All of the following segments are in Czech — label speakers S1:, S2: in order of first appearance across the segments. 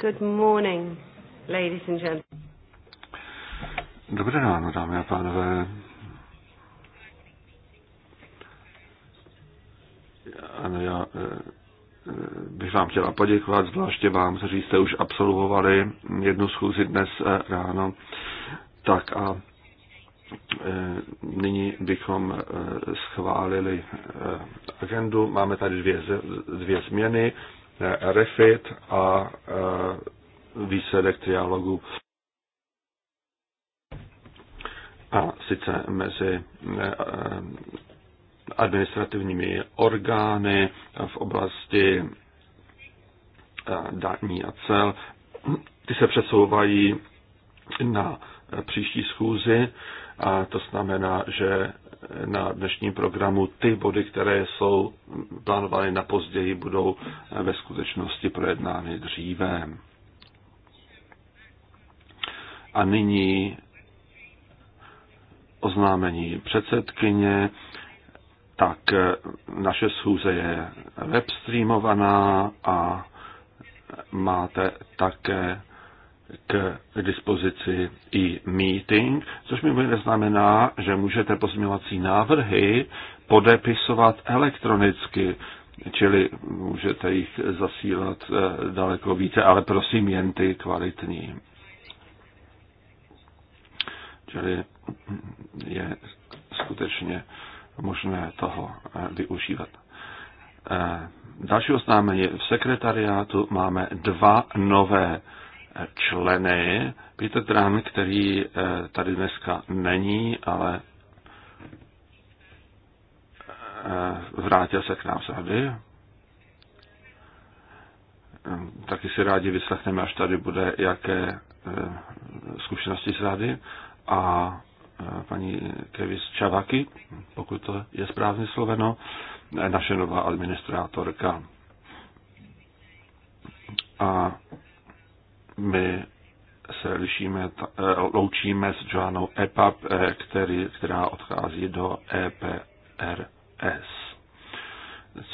S1: Good morning, ladies and gentlemen.
S2: Dobré ráno, dámy a pánové. Ano, já eh, eh, bych vám chtěla poděkovat, zvláště vám, kteří jste už absolvovali jednu schůzi dnes eh, ráno. Tak a Nyní bychom schválili agendu. Máme tady dvě, dvě změny refit a e, výsledek trialogu. A sice mezi e, administrativními orgány v oblasti e, daní a cel. Ty se přesouvají na příští schůzi a to znamená, že na dnešním programu ty body, které jsou plánovány na později, budou ve skutečnosti projednány dříve. A nyní oznámení předsedkyně, tak naše schůze je webstreamovaná a máte také k dispozici i meeting, což mimo jiné znamená, že můžete pozměňovací návrhy podepisovat elektronicky, čili můžete jich zasílat eh, daleko více, ale prosím jen ty kvalitní. Čili je skutečně možné toho eh, využívat. Eh, další oznámení. V sekretariátu máme dva nové členy. Peter Drum, který eh, tady dneska není, ale eh, vrátil se k nám zády. Eh, taky si rádi vyslechneme, až tady bude, jaké zkušenosti zády. A paní Kevis Čavaky, pokud to je správně sloveno, naše nová administrátorka. A my se lišíme, eh, loučíme s Joanou EPAP, eh, který, která odchází do EPRS,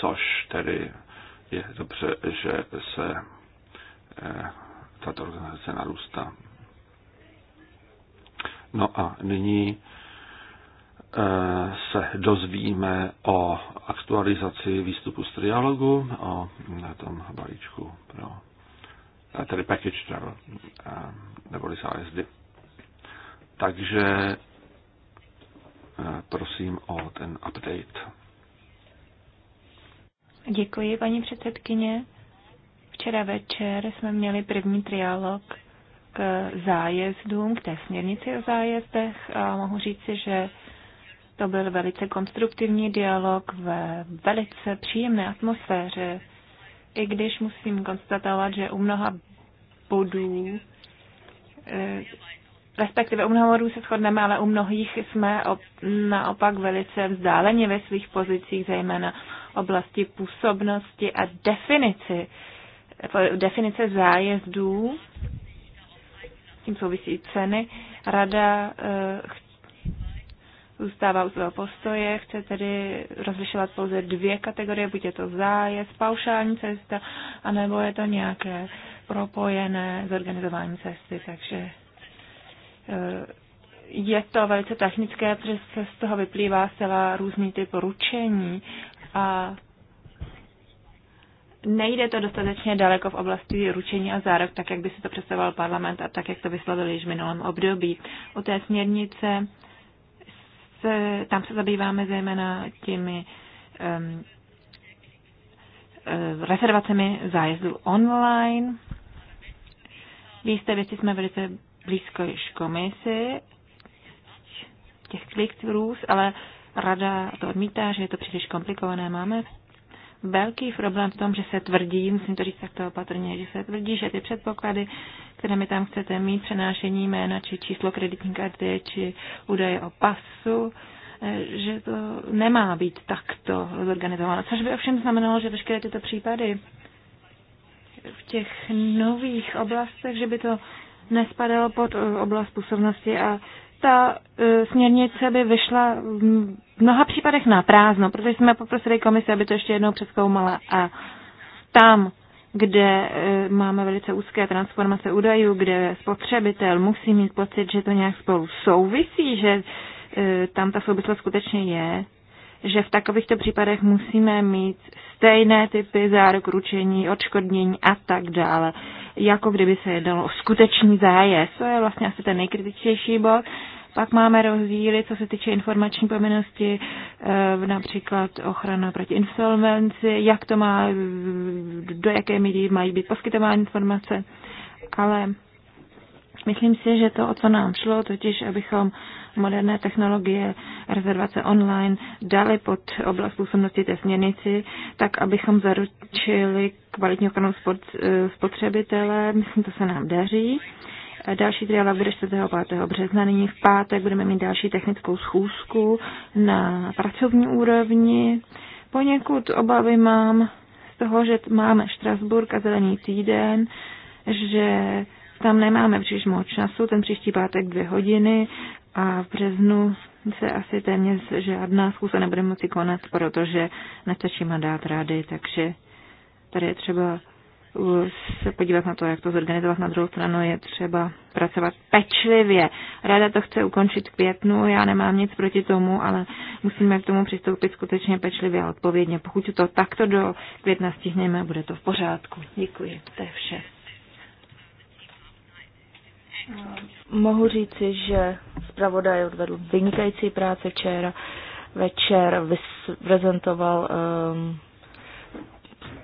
S2: což tedy je dobře, že se eh, tato organizace narůstá. No a nyní se dozvíme o aktualizaci výstupu z trialogu, o tom balíčku pro tedy package travel, neboli zájezdy. Takže prosím o ten update.
S3: Děkuji, paní předsedkyně. Včera večer jsme měli první trialog k zájezdům, k té směrnici o zájezdech a mohu říci, že to byl velice konstruktivní dialog ve velice příjemné atmosféře, i když musím konstatovat, že u mnoha bodů, eh, respektive u mnoha bodů se shodneme, ale u mnohých jsme naopak velice vzdáleni ve svých pozicích, zejména oblasti působnosti a definici, eh, definice zájezdů, s tím souvisí ceny. Rada eh, zůstává u svého postoje, chce tedy rozlišovat pouze dvě kategorie, buď je to zájezd, paušální cesta, anebo je to nějaké propojené zorganizování cesty, takže eh, je to velice technické, protože z toho vyplývá zcela různý typ ručení a nejde to dostatečně daleko v oblasti ručení a zárok, tak jak by si to představoval parlament a tak, jak to vyslovili již v minulém období. U té směrnice se, tam se zabýváme zejména těmi um, rezervacemi zájezdů online. V jisté věci jsme velice blízko již komisi, těch klik ale rada to odmítá, že je to příliš komplikované. Máme velký problém v tom, že se tvrdí, musím to říct takto opatrně, že se tvrdí, že ty předpoklady, které mi tam chcete mít, přenášení jména či číslo kreditní karty či údaje o pasu, eh, že to nemá být takto zorganizováno. Což by ovšem znamenalo, že veškeré tyto případy v těch nových oblastech, že by to nespadalo pod eh, oblast působnosti a ta e, směrnice by vyšla v mnoha případech na prázdno, protože jsme poprosili komisi, aby to ještě jednou přeskoumala a tam, kde e, máme velice úzké transformace údajů, kde spotřebitel musí mít pocit, že to nějak spolu souvisí, že e, tam ta souvislost skutečně je, že v takovýchto případech musíme mít stejné typy záruk ručení, odškodnění a tak dále, jako kdyby se jednalo o skutečný zájezd. To je vlastně asi ten nejkritičtější bod. Pak máme rozdíly, co se týče informační povinnosti, eh, například ochrana proti insolvenci, jak to má, do jaké míry mají být poskytovány informace. Ale myslím si, že to, o co nám šlo, totiž abychom moderné technologie, rezervace online dali pod oblast působnosti té směrnici, tak abychom zaručili kvalitní ochranu eh, spotřebitele. Myslím, to se nám daří. Další trialog bude 4. 5. března, nyní v pátek budeme mít další technickou schůzku na pracovní úrovni. Poněkud obavy mám z toho, že máme Štrasburg a zelený týden, že tam nemáme příliš moc času, ten příští pátek dvě hodiny a v březnu se asi téměř žádná schůze nebude moci konat, protože nestačí mandát rady, takže tady je třeba se podívat na to, jak to zorganizovat. Na druhou stranu je třeba pracovat pečlivě. Rada to chce ukončit v květnu, já nemám nic proti tomu, ale musíme k tomu přistoupit skutečně pečlivě a odpovědně. Pokud to takto do května stihneme, bude to v pořádku.
S4: Děkuji, to je vše. Mohu říci, že zpravodaj odvedl vynikající práci včera. Večer prezentoval um,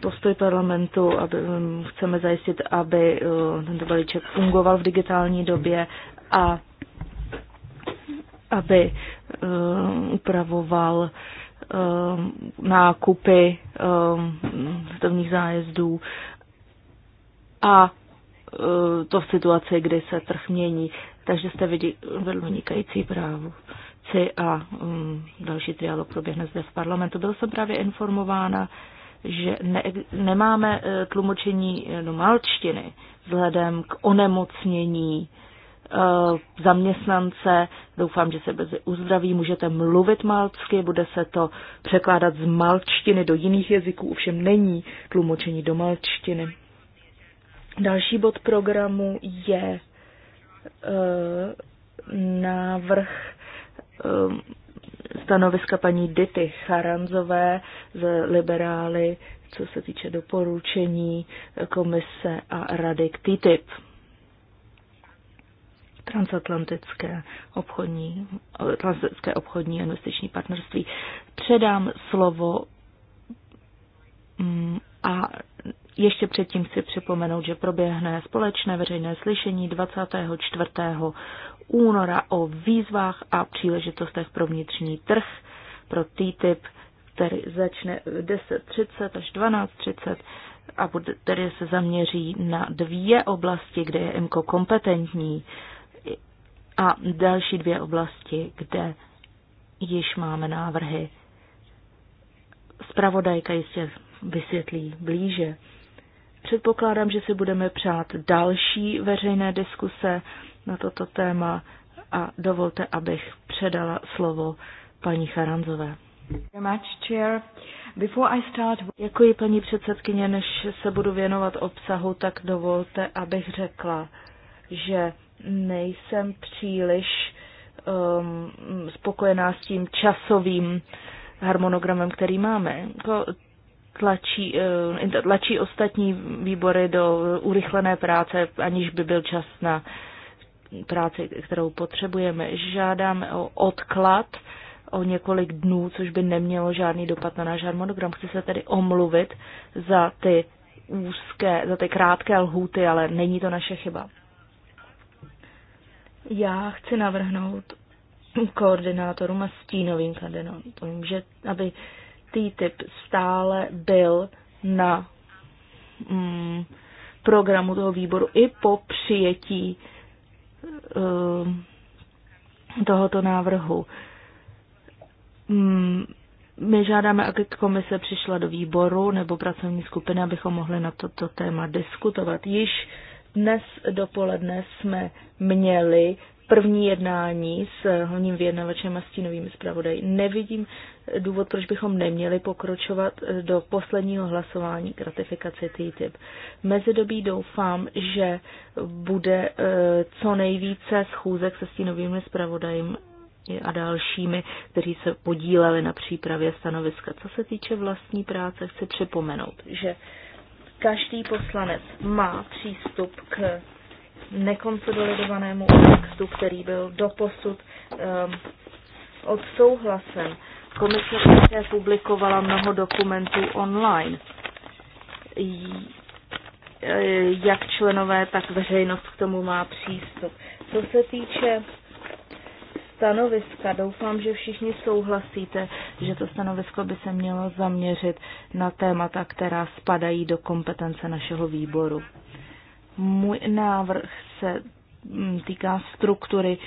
S4: postoj parlamentu, aby, um, chceme zajistit, aby uh, tento balíček fungoval v digitální době a aby uh, upravoval uh, nákupy uh, zájezdů a Eh, to v situaci, kdy se trh mění. Takže jste vedl vynikající právu a um, další trialog proběhne zde v parlamentu. Byl jsem právě informována, že ne, nemáme uh, tlumočení do malčtiny vzhledem k onemocnění uh, zaměstnance. Doufám, že se brzy uzdraví. Můžete mluvit malcky, bude se to překládat z malčtiny do jiných jazyků, ovšem není tlumočení do malčtiny. Další bod programu je eh, návrh eh, stanoviska paní Dity Charanzové z Liberály, co se týče doporučení komise a rady k TTIP. Transatlantické obchodní, eh, transatlantické obchodní a investiční partnerství. Předám slovo mm, a ještě předtím chci připomenout, že proběhne společné veřejné slyšení 24. února o výzvách a příležitostech pro vnitřní trh pro TTIP, který začne v 10.30 až 12.30 a který se zaměří na dvě oblasti, kde je Mko kompetentní a další dvě oblasti, kde již máme návrhy. Spravodajka jistě vysvětlí blíže. Předpokládám, že si budeme přát další veřejné diskuse na toto téma a dovolte, abych předala slovo paní Charanzové. Děkuji, paní předsedkyně. Než se budu věnovat obsahu, tak dovolte, abych řekla, že nejsem příliš um, spokojená s tím časovým harmonogramem, který máme. Jako tlačí, eh, tlačí ostatní výbory do urychlené práce, aniž by byl čas na práci, kterou potřebujeme. Žádám o odklad o několik dnů, což by nemělo žádný dopad na náš harmonogram. Chci se tedy omluvit za ty úzké, za ty krátké lhůty, ale není to naše chyba. Já chci navrhnout koordinátorům a stínovým kandidátům, že aby TTIP stále byl na mm, programu toho výboru i po přijetí um, tohoto návrhu. Um, my žádáme, aby komise přišla do výboru nebo pracovní skupiny, abychom mohli na toto téma diskutovat. Již dnes dopoledne jsme měli první jednání s hlavním vyjednavačem a stínovými zpravodaji. Nevidím důvod, proč bychom neměli pokročovat do posledního hlasování k ratifikaci TTIP. Mezidobí doufám, že bude eh, co nejvíce schůzek se stínovými zpravodajem a dalšími, kteří se podíleli na přípravě stanoviska. Co se týče vlastní práce, chci připomenout, že každý poslanec má přístup k nekonsolidovanému textu, který byl doposud um, odsouhlasen. Komise také publikovala mnoho dokumentů online. Jak členové, tak veřejnost k tomu má přístup. Co se týče stanoviska, doufám, že všichni souhlasíte, že to stanovisko by se mělo zaměřit na témata, která spadají do kompetence našeho výboru. Můj návrh se mm, týká struktury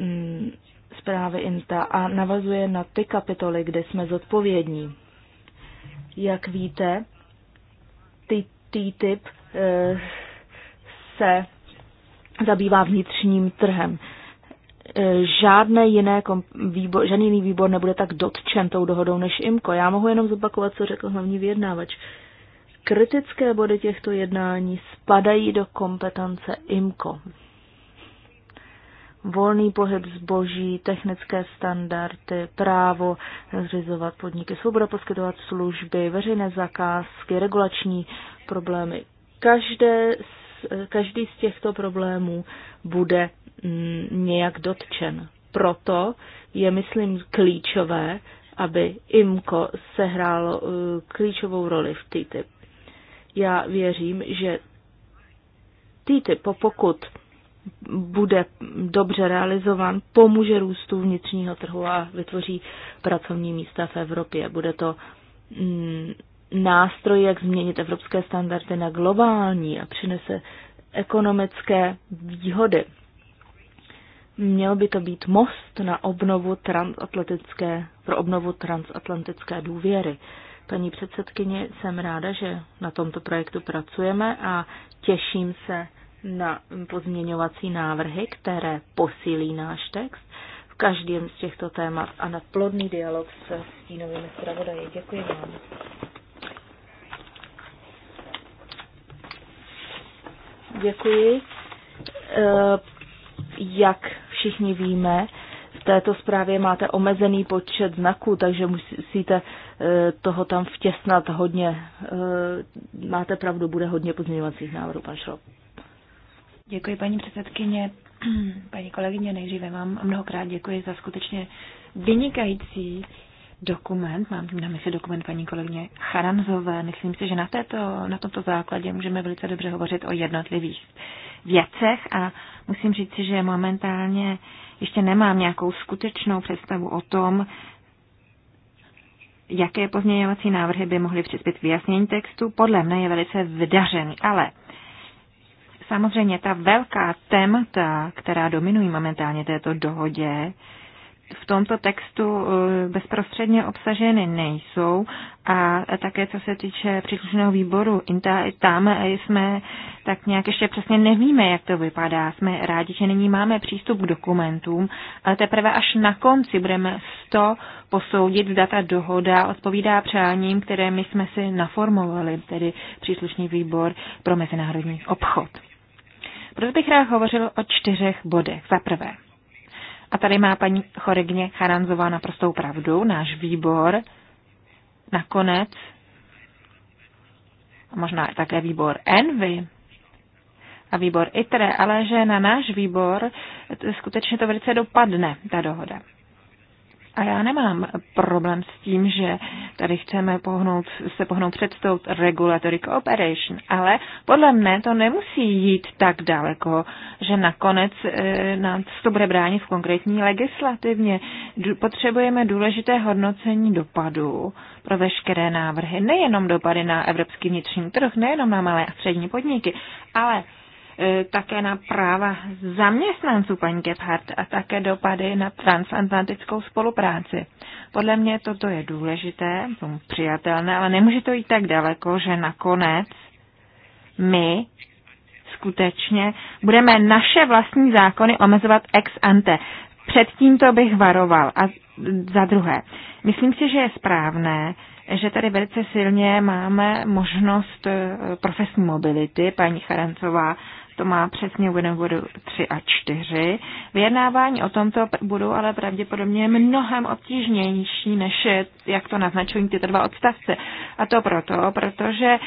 S4: mm, zprávy INTA a navazuje na ty kapitoly, kde jsme zodpovědní. Jak víte, ty TTIP eh, se zabývá vnitřním trhem. Eh, žádné jiné výbor, žádný jiný výbor nebude tak dotčen tou dohodou než IMCO. Já mohu jenom zopakovat, co řekl hlavní vyjednávač. Kritické body těchto jednání spadají do kompetence IMCO. Volný pohyb zboží, technické standardy, právo zřizovat podniky, svoboda poskytovat služby, veřejné zakázky, regulační problémy. Každé každý z těchto problémů bude mm, nějak dotčen. Proto je, myslím, klíčové, aby IMCO sehrálo e, klíčovou roli v TTIP. Já věřím, že TTIP, pokud bude dobře realizován, pomůže růstu vnitřního trhu a vytvoří pracovní místa v Evropě. Bude to mm, nástroj, jak změnit evropské standardy na globální a přinese ekonomické výhody. Měl by to být most na obnovu transatlantické, pro obnovu transatlantické důvěry. Paní předsedkyně, jsem ráda, že na tomto projektu pracujeme a těším se na pozměňovací návrhy, které posílí náš text v každém z těchto témat a na plodný dialog se stínovými zpravodaji. Děkuji vám. Děkuji. Eh, jak všichni víme, této zprávě máte omezený počet znaků, takže musíte e, toho tam vtěsnat hodně. E, máte pravdu, bude hodně pozměňovacích návrhů, pan Šrop.
S3: Děkuji, paní předsedkyně. Paní kolegyně, nejdříve vám mnohokrát děkuji za skutečně vynikající dokument, mám na mysli dokument paní kolegyně Charanzové, myslím si, že na, této, na tomto základě můžeme velice dobře hovořit o jednotlivých věcech a musím říct, že momentálně ještě nemám nějakou skutečnou představu o tom, jaké pozměňovací návrhy by mohly přispět k vyjasnění textu. Podle mne je velice vydařený, ale samozřejmě ta velká témata, která dominují momentálně této dohodě, v tomto textu eh, bezprostředně obsaženy nejsou a také co se týče příslušného výboru, tam jsme tak nějak ještě přesně nevíme, jak to vypadá. Jsme rádi, že nyní máme přístup k dokumentům, ale teprve až na konci budeme 100 posoudit, zda ta dohoda odpovídá přáním, které my jsme si naformovali, tedy příslušný výbor pro mezinárodní obchod. Proto bych rád hovořil o čtyřech bodech. Za prvé, a tady má paní Choregně Charanzová naprostou pravdu. Náš výbor nakonec, a možná také výbor Envy a výbor ITRE, ale že na náš výbor skutečně to velice dopadne, ta dohoda. A já nemám problém s tím, že tady chceme pohnout, se pohnout před tou regulatory cooperation, ale podle mne to nemusí jít tak daleko, že nakonec e, nám to bude bránit v konkrétní legislativně. Potřebujeme důležité hodnocení dopadů pro veškeré návrhy, nejenom dopady na evropský vnitřní trh, nejenom na malé a střední podniky, ale Eh, také na práva zaměstnanců, paní Gebhardt, a také dopady na transatlantickou spolupráci. Podle mě toto je důležité, přijatelné, ale nemůže to jít tak daleko, že nakonec my skutečně budeme naše vlastní zákony omezovat ex ante. Před tímto bych varoval. A za druhé, myslím si, že je správné, že tady velice silně máme možnost eh, profesní mobility. Paní Charancová to má přesně uvedeno v bodu 3 a 4. Vyjednávání o tomto budou ale pravděpodobně mnohem obtížnější, než jak to naznačují tyto dva odstavce. A to proto, protože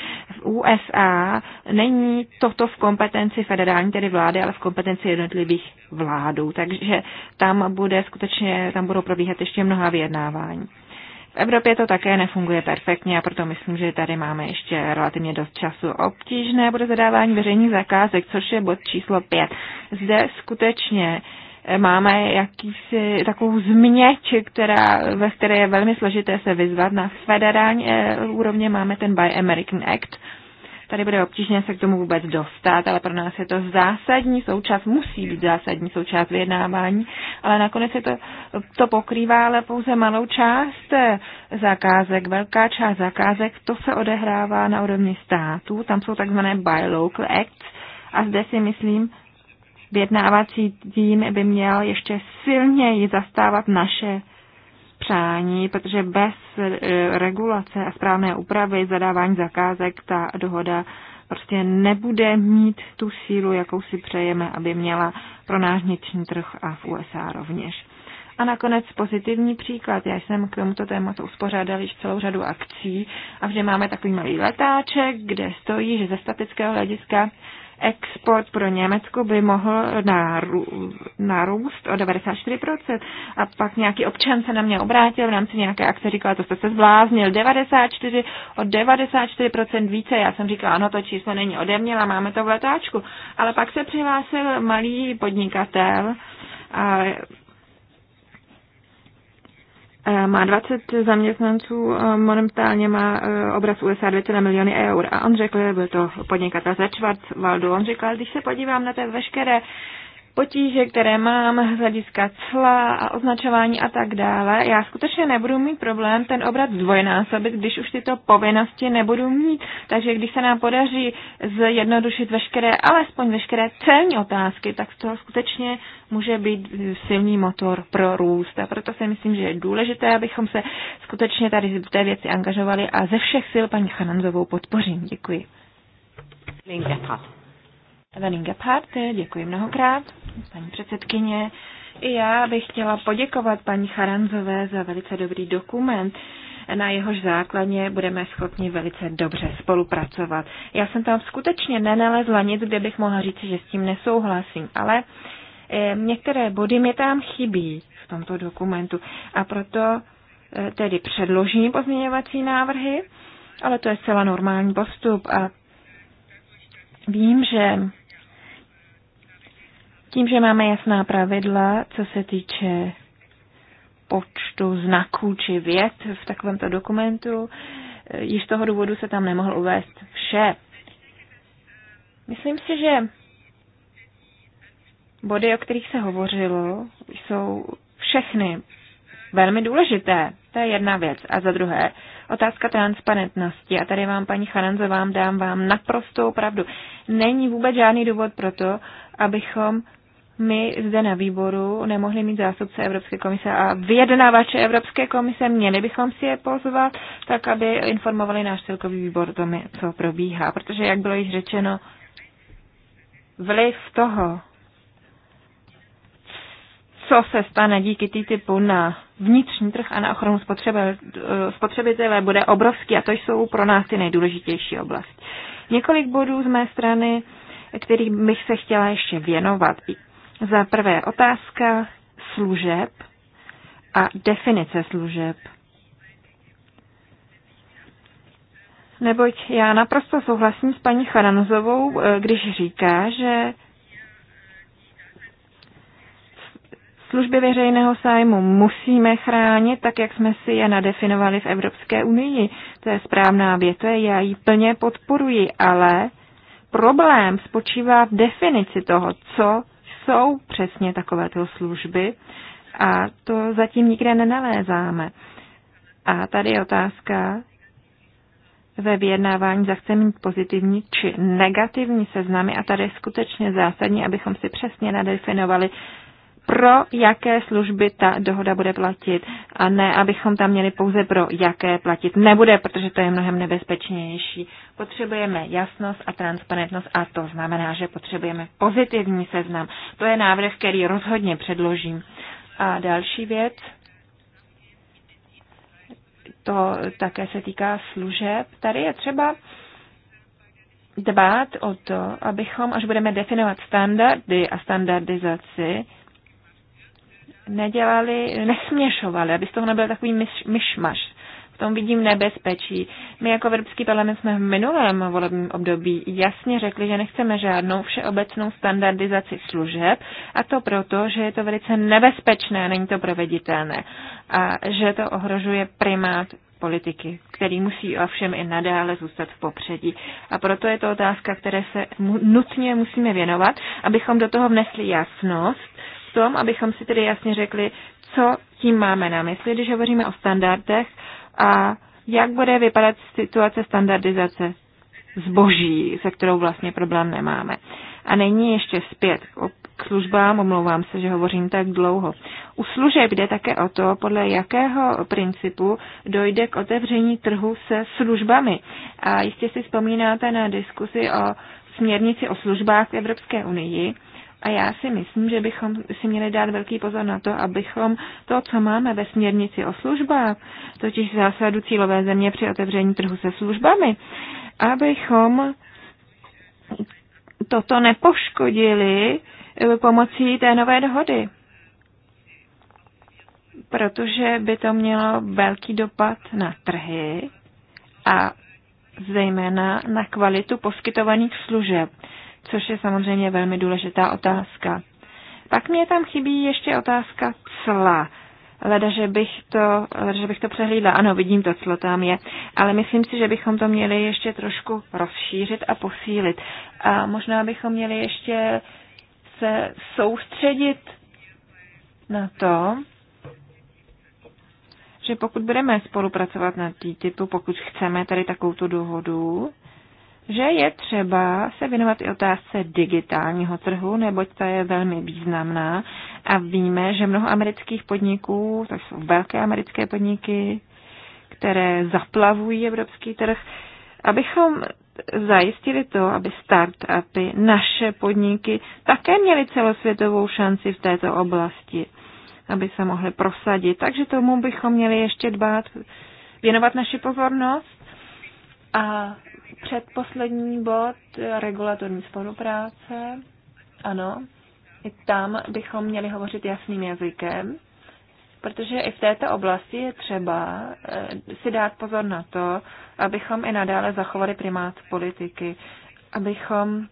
S3: v USA není toto v kompetenci federální, tedy vlády, ale v kompetenci jednotlivých vládů. Takže tam bude skutečně, tam budou probíhat ještě mnoha vyjednávání. V Evropě to také nefunguje perfektně a proto myslím, že tady máme ještě relativně dost času. Obtížné bude zadávání veřejných zakázek, což je bod číslo 5. Zde skutečně máme jakýsi takovou změť, která, ve které je velmi složité se vyzvat. Na federální eh, úrovně máme ten Buy American Act, Tady bude obtížné se k tomu vůbec dostat, ale pro nás je to zásadní součást, musí být zásadní součást vyjednávání, ale nakonec je to, to pokrývá ale pouze malou část zakázek. Velká část zakázek, to se odehrává na úrovni států, tam jsou takzvané by local acts a zde si myslím, vyjednávací tým by měl ještě silněji zastávat naše přání, protože bez e, regulace a správné úpravy zadávání zakázek ta dohoda prostě nebude mít tu sílu, jakou si přejeme, aby měla pro náš vnitřní trh a v USA rovněž. A nakonec pozitivní příklad. Já jsem k tomuto tématu uspořádal již celou řadu akcí a vždy máme takový malý letáček, kde stojí, že ze statického hlediska export pro Německo by mohl narůst o 94%. A pak nějaký občan se na mě obrátil v rámci nějaké akce, říkal, to jste se zbláznil, 94, o 94% více. Já jsem říkala, ano, to číslo není ode mě, a máme to v letáčku. Ale pak se přihlásil malý podnikatel, a Eh, má 20 zaměstnanců, eh, momentálně má eh, obraz USA 2,1 miliony eur. A on řekl, byl to podnikatel ze Valdu, on řekl, když se podívám na ty veškeré potíže, které mám z hlediska cla a označování a tak dále, já skutečně nebudu mít problém ten obrat dvojnásobit, když už tyto povinnosti nebudu mít. Takže když se nám podaří zjednodušit veškeré, alespoň veškeré celní otázky, tak to skutečně může být silný motor pro růst. A proto si myslím, že je důležité, abychom se skutečně tady v té věci angažovali a ze všech sil paní Chananzovou podpořím. Děkuji. Evelyn Gephardt, děkuji mnohokrát paní předsedkyně. I já bych chtěla poděkovat paní Charanzové za velice dobrý dokument na jehož základně budeme schopni velice dobře spolupracovat. Já jsem tam skutečně nenalezla nic, kde bych mohla říct, že s tím nesouhlasím, ale eh, některé body mi tam chybí v tomto dokumentu a proto eh, tedy předložím pozměňovací návrhy, ale to je celá normální postup a vím, že tím, že máme jasná pravidla, co se týče počtu znaků či věd v takovémto dokumentu, eh, již z toho důvodu se tam nemohl uvést vše. Myslím si, že body, o kterých se hovořilo, jsou všechny velmi důležité. To je jedna věc. A za druhé, otázka transparentnosti. A tady vám, paní Charanze, vám dám vám naprostou pravdu. Není vůbec žádný důvod pro to, abychom my zde na výboru nemohli mít zástupce Evropské komise a vyjednávače Evropské komise, měli bychom si je pozvat, tak aby informovali náš celkový výbor o tom, co probíhá. Protože, jak bylo již řečeno, vliv toho, co se stane díky TTIPu na vnitřní trh a na ochranu spotřebitele, bude obrovský a to jsou pro nás ty nejdůležitější oblasti. Několik bodů z mé strany, kterým bych se chtěla ještě věnovat. Za prvé otázka služeb a definice služeb. Neboť já naprosto souhlasím s paní Charanzovou, eh, když říká, že služby veřejného zájmu musíme chránit, tak jak jsme si je nadefinovali v Evropské unii. To je správná věta, já ji plně podporuji, ale problém spočívá v definici toho, co jsou přesně takovéto služby a to zatím nikde nenalézáme. A tady je otázka, ve vyjednávání zachce mít pozitivní či negativní seznamy a tady je skutečně zásadní, abychom si přesně nadefinovali, pro jaké služby ta dohoda bude platit a ne, abychom tam měli pouze pro jaké platit. Nebude, protože to je mnohem nebezpečnější. Potřebujeme jasnost a transparentnost a to znamená, že potřebujeme pozitivní seznam. To je návrh, který rozhodně předložím. A další věc, to také se týká služeb. Tady je třeba dbát o to, abychom, až budeme definovat standardy a standardizaci, nedělali, nesměšovali, aby z toho nebyl takový myš, myšmaš. V tom vidím nebezpečí. My jako Evropský parlament jsme v minulém volebním období jasně řekli, že nechceme žádnou všeobecnou standardizaci služeb a to proto, že je to velice nebezpečné, není to proveditelné a že to ohrožuje primát politiky, který musí ovšem i nadále zůstat v popředí. A proto je to otázka, které se nutně musíme věnovat, abychom do toho vnesli jasnost tom, abychom si tedy jasně řekli, co tím máme na mysli, když hovoříme o standardech a jak bude vypadat situace standardizace zboží, se kterou vlastně problém nemáme. A není ještě zpět k službám, omlouvám se, že hovořím tak dlouho. U služeb jde také o to, podle jakého principu dojde k otevření trhu se službami. A jistě si vzpomínáte na diskusi o směrnici o službách v Evropské unii, a já si myslím, že bychom si měli dát velký pozor na to, abychom to, co máme ve směrnici o službách, totiž zásadu cílové země při otevření trhu se službami, abychom toto nepoškodili eh, pomocí té nové dohody. Protože by to mělo velký dopad na trhy a zejména na kvalitu poskytovaných služeb což je samozřejmě velmi důležitá otázka. Pak mě tam chybí ještě otázka cla. Leda, že bych to, leda, že bych to přehlídla. Ano, vidím to, co tam je. Ale myslím si, že bychom to měli ještě trošku rozšířit a posílit. A možná bychom měli ještě se soustředit na to, že pokud budeme spolupracovat na TTIPu, pokud chceme tady takovou tu dohodu, že je třeba se věnovat i otázce digitálního trhu, neboť ta je velmi významná a víme, že mnoho amerických podniků, to jsou velké americké podniky, které zaplavují evropský trh, abychom zajistili to, aby startupy, naše podniky také měly celosvětovou šanci v této oblasti, aby se mohly prosadit. Takže tomu bychom měli ještě dbát, věnovat naši pozornost a předposlední bod, regulatorní spolupráce. Ano, i tam bychom měli hovořit jasným jazykem, protože i v této oblasti je třeba eh, si dát pozor na to, abychom i nadále zachovali primát politiky, abychom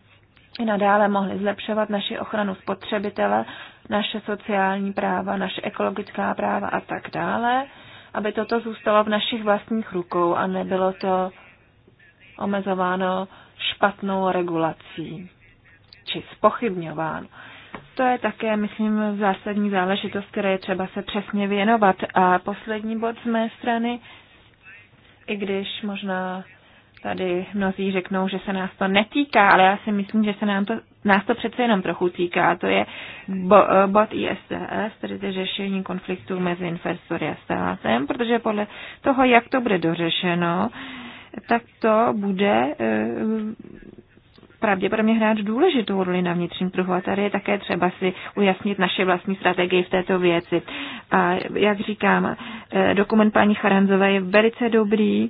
S3: i nadále mohli zlepšovat naši ochranu spotřebitele, naše sociální práva, naše ekologická práva a tak dále, aby toto zůstalo v našich vlastních rukou a nebylo to omezováno špatnou regulací či spochybňováno. To je také, myslím, zásadní záležitost, které je třeba se přesně věnovat. A poslední bod z mé strany, i když možná tady mnozí řeknou, že se nás to netýká, ale já si myslím, že se nám to, nás to přece jenom trochu týká. To je bo, bod ISDS, tedy to řešení konfliktů mezi investory a státem, protože podle toho, jak to bude dořešeno, uh, tak to bude eh, pravděpodobně hrát důležitou roli na vnitřním trhu. A tady je také třeba si ujasnit naše vlastní strategii v této věci. A jak říkám, eh, dokument paní Charanzové je velice dobrý,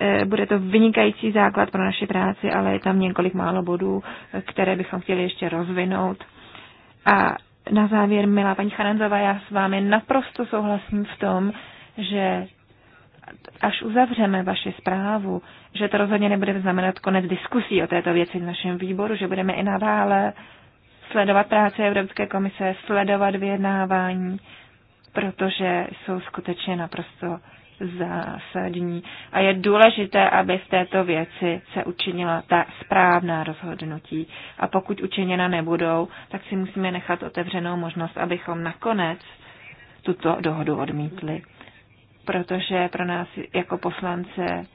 S3: eh, bude to vynikající základ pro naši práci, ale je tam několik málo bodů, které bychom chtěli ještě rozvinout. A na závěr, milá paní Charanzová, já s vámi naprosto souhlasím v tom, že až uzavřeme vaši zprávu, že to rozhodně nebude znamenat konec diskusí o této věci v našem výboru, že budeme i nadále sledovat práci Evropské komise, sledovat vyjednávání, protože jsou skutečně naprosto zásadní. A je důležité, aby v této věci se učinila ta správná rozhodnutí. A pokud učiněna nebudou, tak si musíme nechat otevřenou možnost, abychom nakonec tuto dohodu odmítli protože pro nás jako poslance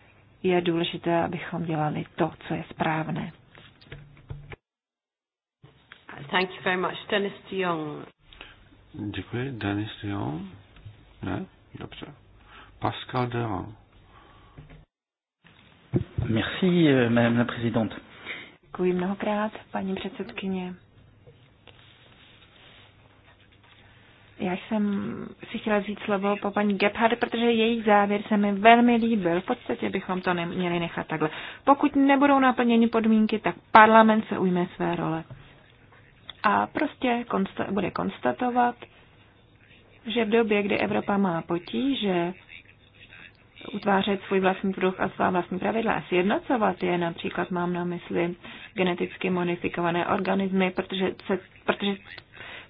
S3: je důležité, abychom dělali to, co je správné.
S1: Thank you very much. Dennis de Jong.
S2: Děkuji. Dennis de Jong? Ne? Dobře. Pascal Jong. Merci, madame la présidente.
S3: Děkuji mnohokrát, paní předsedkyně. Já jsem si chtěla vzít slovo po paní Gebhardt, protože její závěr se mi velmi líbil. V podstatě bychom to neměli nechat takhle. Pokud nebudou naplněny podmínky, tak parlament se ujme své role. A prostě konsta- bude konstatovat, že v době, kdy Evropa má potíže utvářet svůj vlastní druh a svá vlastní pravidla a sjednocovat je, například mám na mysli geneticky modifikované organismy, protože, se, protože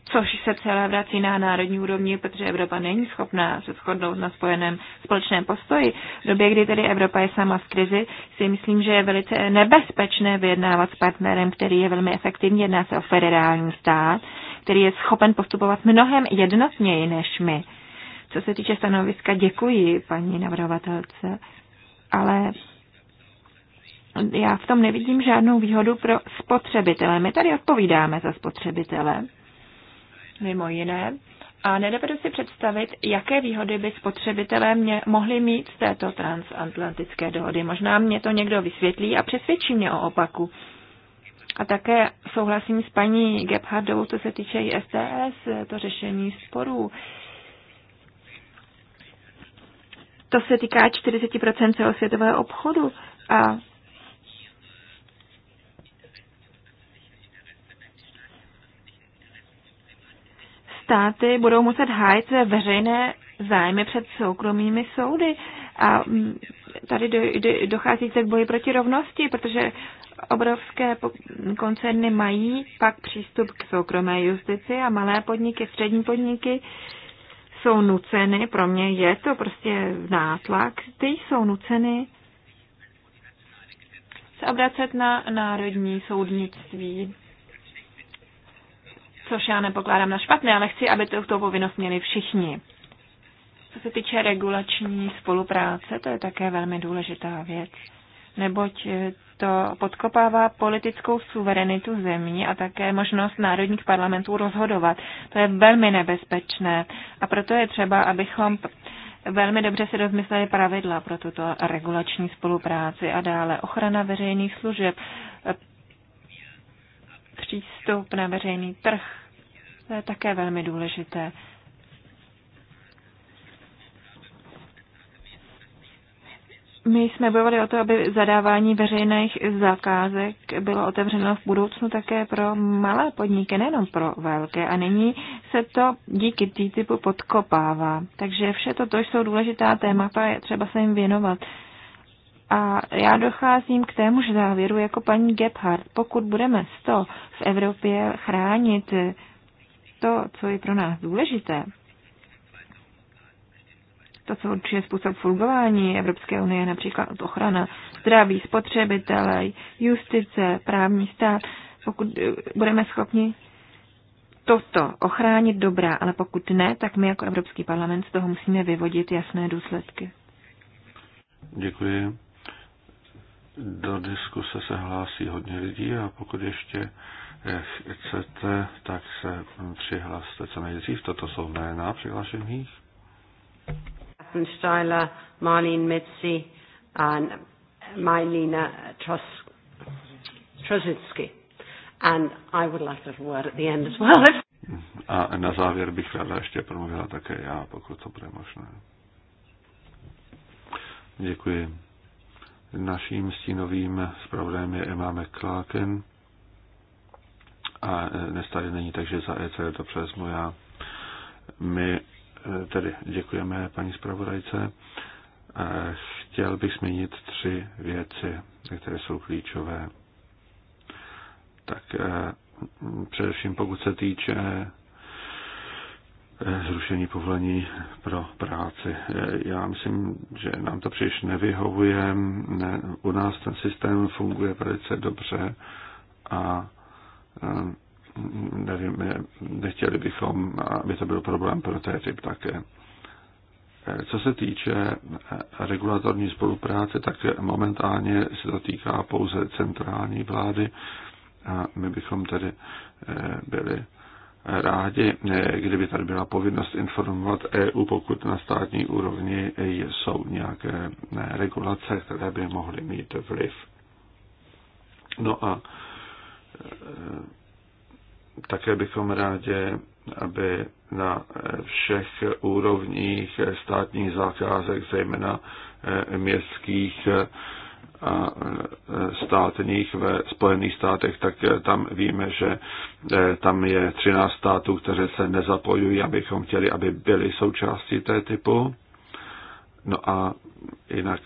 S3: což se celé vrací na národní úrovni, protože Evropa není schopná se shodnout na spojeném společném postoji. V době, kdy tedy Evropa je sama v krizi, si myslím, že je velice nebezpečné vyjednávat s partnerem, který je velmi efektivní, jedná se o federální stát, který je schopen postupovat mnohem jednotněji než my. Co se týče stanoviska, děkuji paní navrhovatelce, ale já v tom nevidím žádnou výhodu pro spotřebitele. My tady odpovídáme za spotřebitele mimo jiné, a nedovedu si představit, jaké výhody by spotřebitelé mě mohli mít z této transatlantické dohody. Možná mě to někdo vysvětlí a přesvědčí mě o opaku. A také souhlasím s paní Gebhardovou, co se týče i STS, to řešení sporů. To se týká 40% celosvětového obchodu a státy budou muset hájit své veřejné zájmy před soukromými soudy. A mm, tady do, do, dochází se k boji proti rovnosti, protože obrovské koncerny mají pak přístup k soukromé justici a malé podniky, střední podniky jsou nuceny, pro mě je to prostě nátlak, ty jsou nuceny se obracet na národní soudnictví což já nepokládám na špatné, ale chci, aby to, tu povinnost měli všichni. Co se týče regulační spolupráce, to je také velmi důležitá věc, neboť to podkopává politickou suverenitu zemí a také možnost národních parlamentů rozhodovat. To je velmi nebezpečné a proto je třeba, abychom velmi dobře si rozmysleli pravidla pro tuto regulační spolupráci a dále ochrana veřejných služeb, přístup na veřejný trh. To je také velmi důležité. My jsme bojovali o to, aby zadávání veřejných zakázek bylo otevřeno v budoucnu také pro malé podniky, nejenom pro velké. A nyní se to díky TTIPu podkopává. Takže vše toto jsou důležitá témata, je třeba se jim věnovat. A já docházím k témuž závěru jako paní Gebhardt. Pokud budeme 100 v Evropě chránit to, co je pro nás důležité, to, co určuje způsob fungování Evropské unie, například ochrana zdraví spotřebitele, justice, právní stát, pokud budeme schopni toto ochránit dobrá, ale pokud ne, tak my jako Evropský parlament z toho musíme vyvodit jasné důsledky.
S2: Děkuji. Do diskuse se hlásí hodně lidí a pokud ještě chcete, tak se přihlaste co nejdřív. Toto jsou jména přihlášených.
S1: Steiler, Marlene Mitzi a Majlina Trositsky. And I would like a word at the end as well.
S2: A na závěr bych ráda ještě promluvila také já, pokud to bude možné. Děkuji. Naším stínovým zpravodajem je Emma McClarkin a e, dnes tady není, takže za ECR to přesmu já. My e, tedy děkujeme paní zpravodajce. E, chtěl bych zmínit tři věci, které jsou klíčové. Tak především pokud se týče zrušení povolení pro práci. Já myslím, že nám to příliš nevyhovuje. Ne, u nás ten systém funguje velice dobře a eh, nevím, nechtěli bychom, aby to byl problém pro té typ také. Eh, co se týče eh, regulatorní spolupráce, tak momentálně se to týká pouze centrální vlády a my bychom tedy byli rádi, eh, kdyby tady byla povinnost informovat EU, pokud na státní úrovni jsou nějaké eh, regulace, které by mohly mít vliv. No a eh, také bychom rádi, aby na všech úrovních státních zakázek, zejména městských, a e, státních ve Spojených státech, tak e, tam víme, že e, tam je 13 států, které se nezapojují, abychom chtěli, aby byly součástí té typu. No a jinak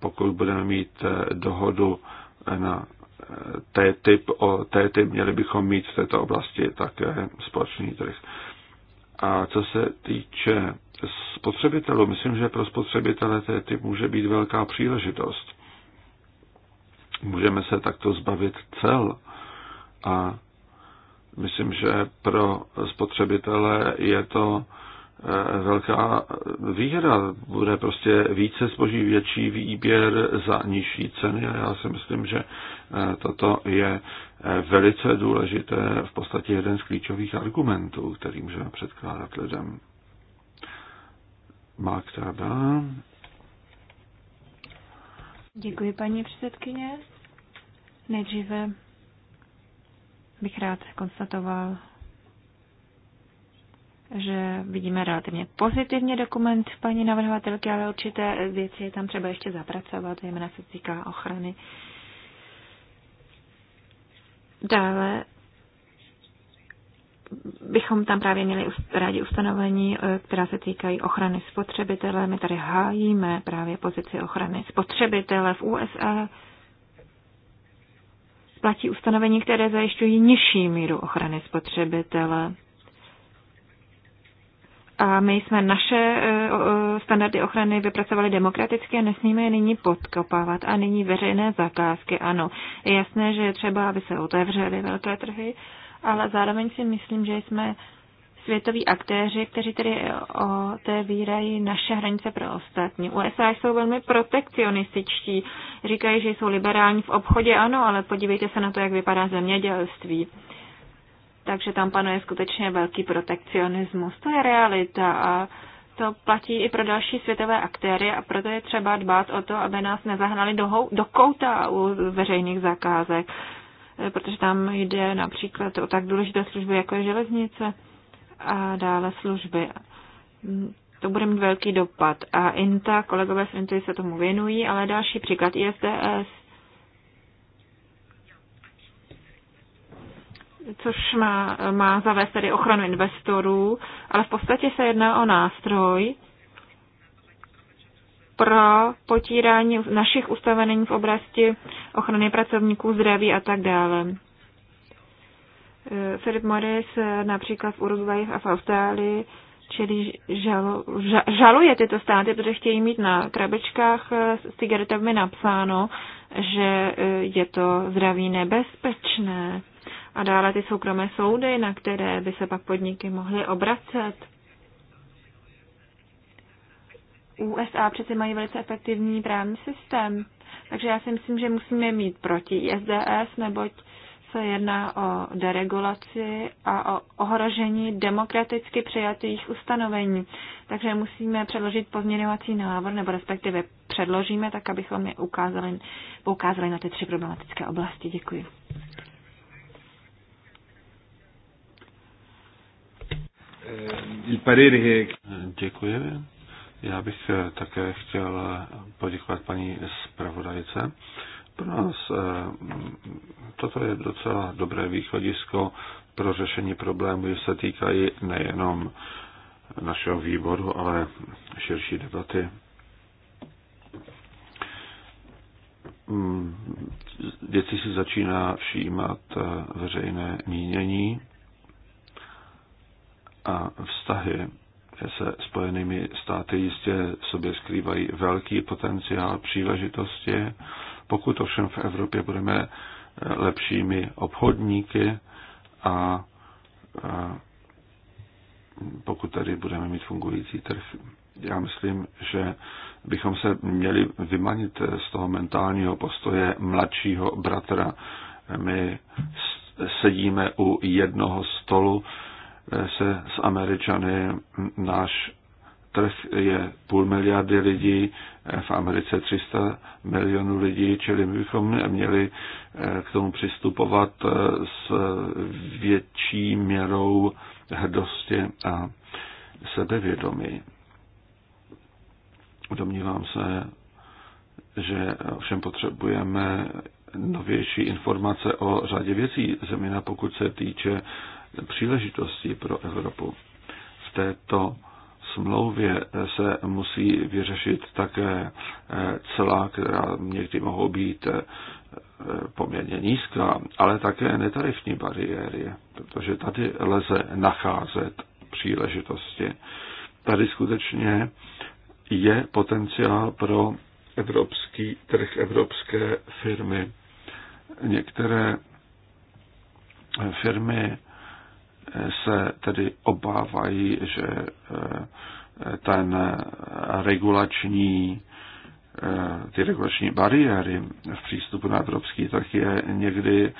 S2: pokud budeme mít dohodu na té typ, o té typ měli bychom mít v této oblasti také společný trh. A co se týče spotřebitelů, myslím, že pro spotřebitele té typ může být velká příležitost. Můžeme se takto zbavit cel a myslím, že pro spotřebitele je to eh, velká výhra. Bude prostě více zboží, větší výběr za nižší ceny a já si myslím, že eh, toto je eh, velice důležité, v podstatě jeden z klíčových argumentů, který můžeme předkládat lidem. Mark Tada.
S3: Děkuji, paní předsedkyně. Nejdříve bych rád konstatoval, že vidíme relativně pozitivně dokument paní navrhovatelky, ale určité věci je tam třeba ještě zapracovat, zejména se týká ochrany. Dále bychom tam právě měli rádi ustanovení, eh, která se týkají ochrany spotřebitele. My tady hájíme právě pozici ochrany spotřebitele v USA. Platí ustanovení, které zajišťují nižší míru ochrany spotřebitele. A my jsme naše eh, standardy ochrany vypracovali demokraticky a nesmíme je nyní podkopávat. A nyní veřejné zakázky, ano. Je jasné, že je třeba, aby se otevřely velké trhy, ale zároveň si myslím, že jsme světoví aktéři, kteří tedy otevírají naše hranice pro ostatní. USA jsou velmi protekcionističtí, říkají, že jsou liberální v obchodě, ano, ale podívejte se na to, jak vypadá zemědělství. Takže tam panuje skutečně velký protekcionismus. To je realita a to platí i pro další světové aktéry a proto je třeba dbát o to, aby nás nezahnali do, hou, do kouta u veřejných zakázek. Eh, protože tam jde například o tak důležité služby, jako je železnice a dále služby. Mm, to bude mít velký dopad. A INTA, kolegové z INTA se tomu věnují, ale další příklad ISDS, což má, má zavést tedy ochranu investorů, ale v podstatě se jedná o nástroj, pro potírání našich ustanovení v oblasti ochrany pracovníků, zdraví a tak dále. Eh, Philip Morris eh, například v Uruguay a v Austrálii čili žalo, ža, žaluje tyto státy, protože chtějí mít na krabičkách eh, s cigaretami napsáno, že je to zdraví nebezpečné. A dále ty soukromé soudy, na které by se pak podniky mohly obracet. USA přece mají velice efektivní právní systém. Takže já si myslím, že musíme mít proti SDS, neboť se jedná o deregulaci a o ohrožení demokraticky přijatých ustanovení. Takže musíme předložit pozměňovací návrh, nebo respektive předložíme, tak abychom je ukázali, poukázali na ty tři problematické oblasti. Děkuji.
S2: Děkuji. Já bych eh, také chtěl eh, poděkovat paní zpravodajce. Pro nás eh, toto je docela dobré východisko pro řešení problémů, které se týkají nejenom našeho výboru, ale širší debaty. Mm, děti si začíná všímat veřejné mínění a vztahy se Spojenými státy jistě sobě skrývají velký potenciál příležitosti. Pokud ovšem v Evropě budeme eh, lepšími obchodníky a eh, pokud tady budeme mít fungující trh. Já myslím, že bychom se měli vymanit eh, z toho mentálního postoje mladšího bratra. My sedíme u jednoho stolu se s Američany. Náš trh je půl miliardy lidí, v Americe 300 milionů lidí, čili my bychom měli eh, k tomu přistupovat eh, s větší měrou hrdosti a sebevědomí. Domnívám se, že všem potřebujeme novější informace o řadě věcí, zejména pokud se týče příležitostí pro Evropu. V této smlouvě se musí vyřešit také eh, cela, která někdy mohou být eh, poměrně nízká, ale také netarifní bariéry, protože tady lze nacházet příležitosti. Tady skutečně je potenciál pro evropský trh, evropské firmy. Některé firmy se tedy obávají, že eh, ten regulační, eh, ty regulační bariéry v přístupu na evropský trh je někdy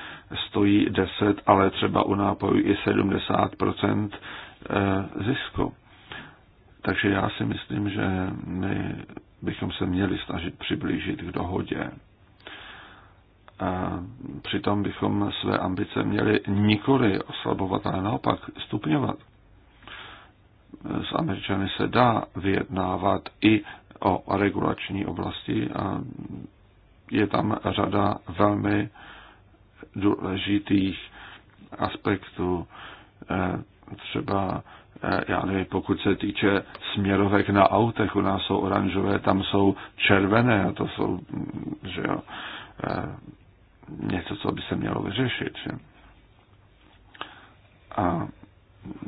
S2: stojí 10, ale třeba u nápojů i 70 eh, zisku. Takže já si myslím, že my bychom se měli snažit přiblížit k dohodě. A přitom bychom své ambice měli nikoli oslabovat, ale naopak stupňovat. S Američany se dá vyjednávat i o regulační oblasti a je tam řada velmi důležitých aspektů. E, třeba, e, já nevím, pokud se týče směrovek na autech, u nás jsou oranžové, tam jsou červené, a to jsou, mm, že jo, e, něco, co by se mělo vyřešit. Že? A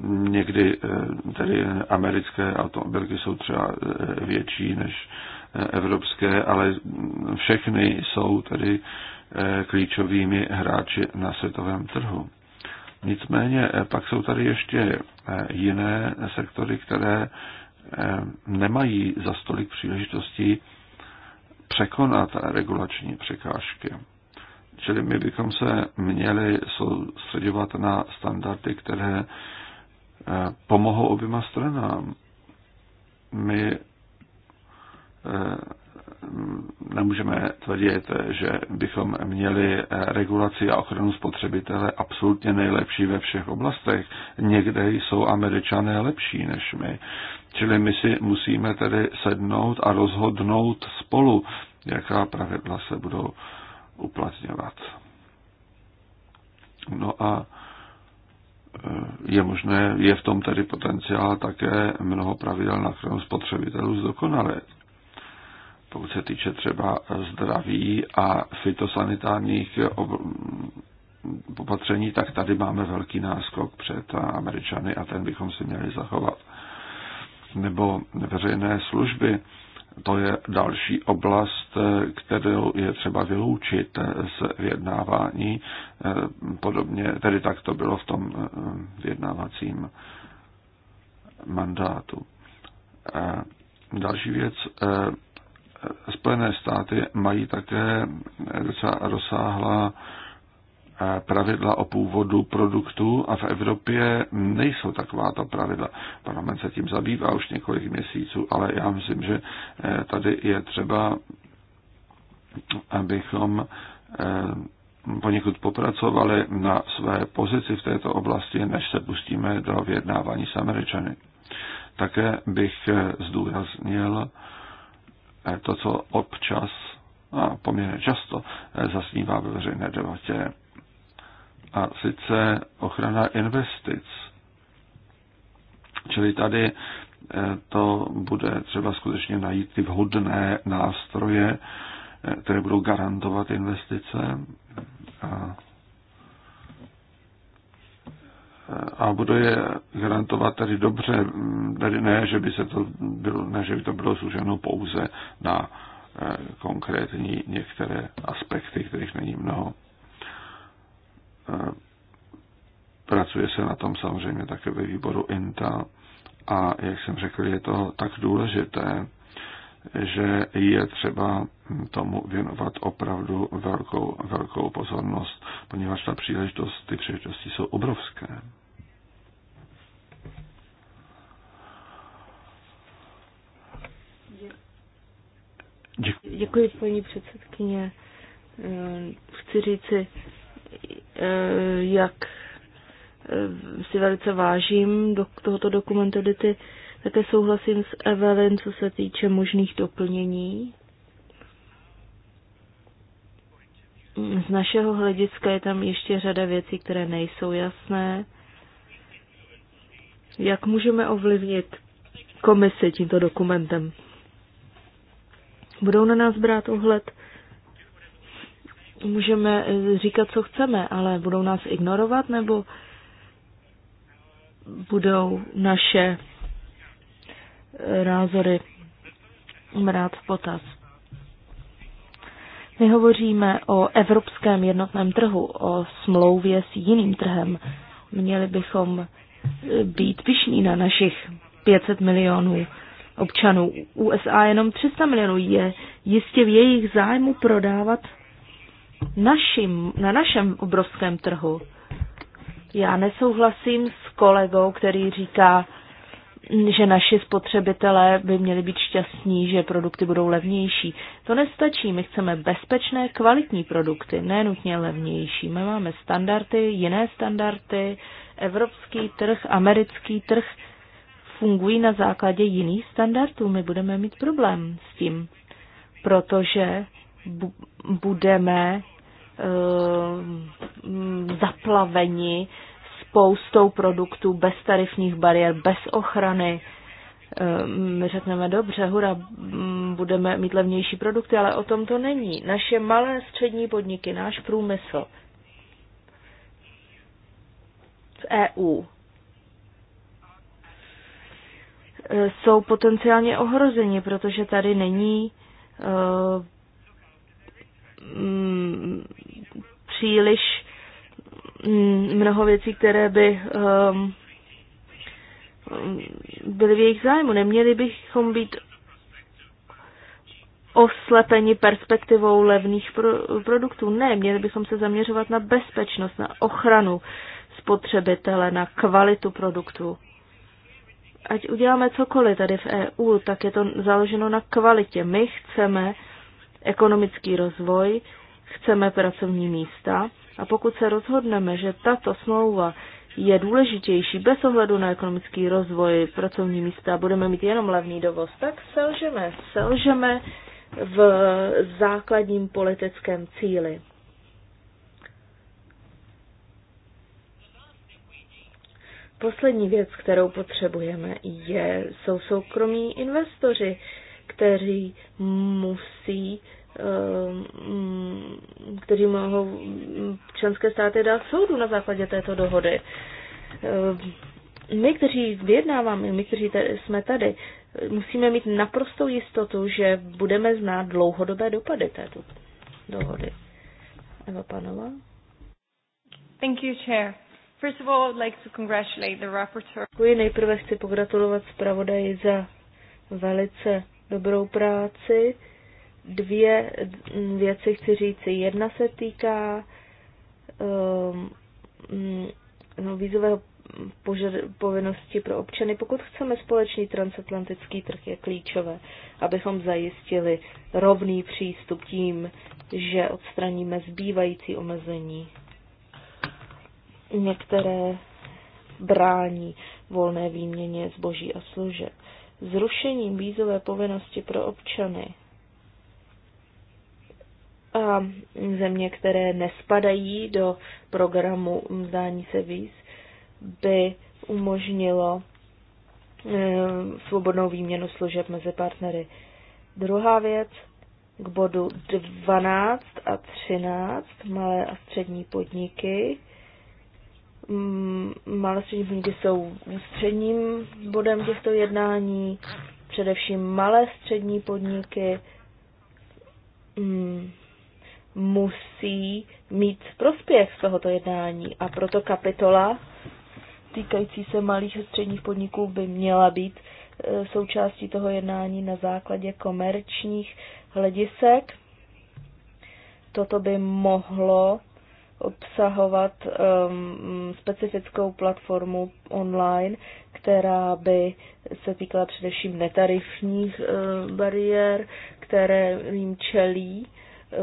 S2: někdy eh, tedy americké automobilky jsou třeba eh, větší než eh, evropské, ale všechny jsou tedy klíčovými hráči na světovém trhu. Nicméně pak jsou tady ještě jiné sektory, které nemají za stolik příležitostí překonat regulační překážky. Čili my bychom se měli soustředovat na standardy, které eh, pomohou oběma stranám. My eh, nemůžeme tvrdit, že bychom měli eh, regulaci a ochranu spotřebitele absolutně nejlepší ve všech oblastech. Někde jsou američané lepší než my. Čili my si musíme tedy sednout a rozhodnout spolu, jaká pravidla se budou uplatňovat. No a e, je možné, je v tom tedy potenciál také mnoho pravidel na ochranu spotřebitelů zdokonalit. Pokud se týče třeba zdraví a fitosanitárních opatření, tak tady máme velký náskok před Američany a ten bychom si měli zachovat. Nebo veřejné služby to je další oblast, kterou je třeba vyloučit z vyjednávání. Podobně, tedy tak to bylo v tom eh, vyjednávacím mandátu. Eh, další věc, eh, Spojené státy mají také docela rozsáhlá pravidla o původu produktů a v Evropě nejsou takováto pravidla. Parlament se tím zabývá už několik měsíců, ale já myslím, že eh, tady je třeba, abychom eh, poněkud popracovali na své pozici v této oblasti, než se pustíme do vyjednávání s Američany. Také bych eh, zdůraznil to, co občas a poměrně často zasnívá ve veřejné debatě a sice ochrana investic. Čili tady eh, to bude třeba skutečně najít ty vhodné nástroje, eh, které budou garantovat investice a, eh, a budou je garantovat tady dobře, hm, tady ne, že by, se to bylo, ne, že by to bylo zúženo pouze na konkrétní některé aspekty, kterých není mnoho. Pracuje se na tom samozřejmě také ve výboru INTA a, jak jsem řekl, je to tak důležité, že je třeba tomu věnovat opravdu velkou, velkou pozornost, poněvadž ta příležitost, ty příležitosti jsou obrovské.
S4: Děkuji, paní předsedkyně. Chci říci, Eh, jak eh, si velice vážím do tohoto dokumentu, kdy ty také souhlasím s Evelyn, co se týče možných doplnění. Z našeho hlediska je tam ještě řada věcí, které nejsou jasné. Jak můžeme ovlivnit komisi tímto dokumentem? Budou na nás brát ohled? můžeme eh, říkat, co chceme, ale budou nás ignorovat nebo budou naše eh, názory brát v potaz. My hovoříme o evropském jednotném trhu, o smlouvě s jiným trhem. Měli bychom eh, být pišní na našich 500 milionů občanů. USA jenom 300 milionů je jistě v jejich zájmu prodávat našim, na našem obrovském trhu. Já nesouhlasím s kolegou, který říká, že naši spotřebitelé by měli být šťastní, že produkty budou levnější. To nestačí, my chceme bezpečné, kvalitní produkty, ne nutně levnější. My máme standardy, jiné standardy, evropský trh, americký trh fungují na základě jiných standardů. My budeme mít problém s tím, protože budeme Eh, zaplaveni spoustou produktů bez tarifních bariér, bez ochrany. Eh, my řekneme, dobře, hura, mm, budeme mít levnější produkty, ale o tom to není. Naše malé střední podniky, náš průmysl v EU eh, jsou potenciálně ohrozeni, protože tady není mm, příliš mm, mnoho věcí, které by um, um, byly v jejich zájmu. Neměli bychom být oslepeni perspektivou levných pro, produktů. Ne, měli bychom se zaměřovat na bezpečnost, na ochranu spotřebitele, na kvalitu produktů. Ať uděláme cokoliv tady v EU, tak je to založeno na kvalitě. My chceme ekonomický rozvoj, chceme pracovní místa a pokud se rozhodneme, že tato smlouva je důležitější bez ohledu na ekonomický rozvoj pracovní místa a budeme mít jenom levný dovoz, tak selžeme, selžeme v základním politickém cíli. Poslední věc, kterou potřebujeme, je, jsou soukromí investoři, kteří musí Eh, mm, kteří mohou členské státy dát soudu na základě této dohody. Eh, my, kteří vyjednáváme, my, kteří jsme tady, musíme mít naprostou jistotu, že budeme znát dlouhodobé dopady této dohody. Eva Panova.
S3: Thank you, Chair. First of all, I'd like to congratulate the rapporteur. Děkuji.
S4: Nejprve chci pogratulovat zpravodaji za velice dobrou práci dvě věci chci říct. Jedna se týká um, no, vízového povinnosti pro občany. Pokud chceme společný transatlantický trh, je klíčové, abychom zajistili rovný přístup tím, že odstraníme zbývající omezení. Některé brání volné výměně zboží a služeb. Zrušením vízové povinnosti pro občany a země, které nespadají do programu vzdání se víc, by umožnilo eh, svobodnou výměnu služeb mezi partnery. Druhá věc k bodu 12 a 13, malé a střední podniky. Mm, malé a střední podniky jsou středním bodem těchto jednání, především malé střední podniky. Mm, musí mít prospěch z tohoto jednání a proto kapitola týkající se malých a středních podniků by měla být e, součástí toho jednání na základě komerčních hledisek. Toto by mohlo obsahovat um, specifickou platformu online, která by se týkala především netarifních uh, bariér, které jim čelí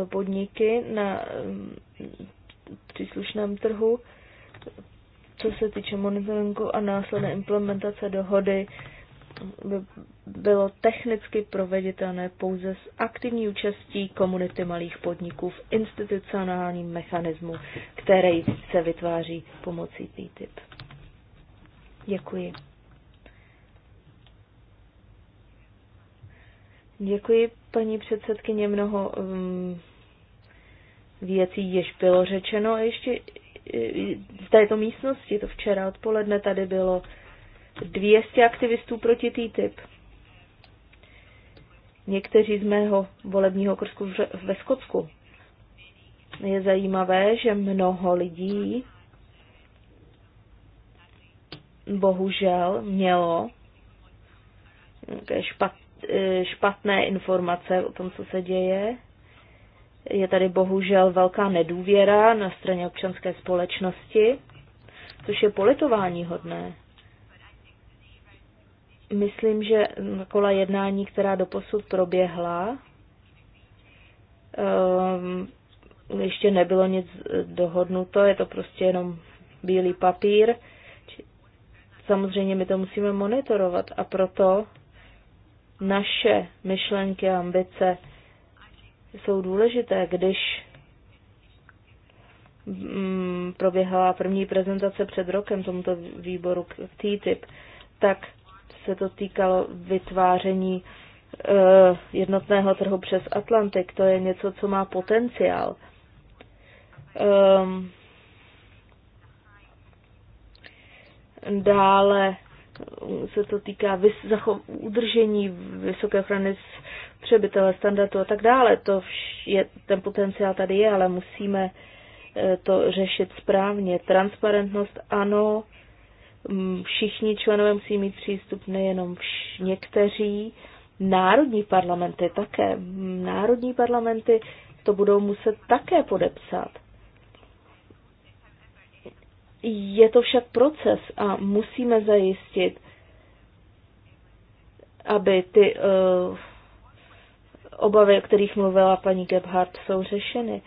S4: podniky na mm, příslušném trhu, co se týče monitoringu a následné implementace dohody, by bylo technicky proveditelné pouze s aktivní účastí komunity malých podniků v institucionálním mechanismu, který se vytváří pomocí TTIP. Děkuji. Děkuji, paní předsedkyně, mnoho um, věcí jež bylo řečeno. A ještě eh, v této místnosti, to včera odpoledne, tady bylo 200 aktivistů proti TTIP. Někteří z mého volebního okrsku ve Skotsku. Je zajímavé, že mnoho lidí bohužel mělo eh, špatné Eh, špatné informace o tom, co se děje. Je tady bohužel velká nedůvěra na straně občanské společnosti, což je politování hodné. Myslím, že kola jednání, která doposud proběhla, ehm, ještě nebylo nic dohodnuto, je to prostě jenom bílý papír. Samozřejmě my to musíme monitorovat a proto naše myšlenky a ambice jsou důležité, když mm, proběhla první prezentace před rokem tomuto výboru k TTIP, tak se to týkalo vytváření e, jednotného trhu přes Atlantik. To je něco, co má potenciál. Ehm, dále se to týká vys- zacho- udržení vysoké ochrany přebytele standardu a tak dále. To je, ten potenciál tady je, ale musíme eh, to řešit správně. Transparentnost ano, mm, všichni členové musí mít přístup, nejenom vš- někteří. Národní parlamenty také. Mm, národní parlamenty to budou muset také podepsat. Je to však proces a musíme zajistit, aby ty uh, obavy, o kterých mluvila paní Gebhardt, jsou řešeny.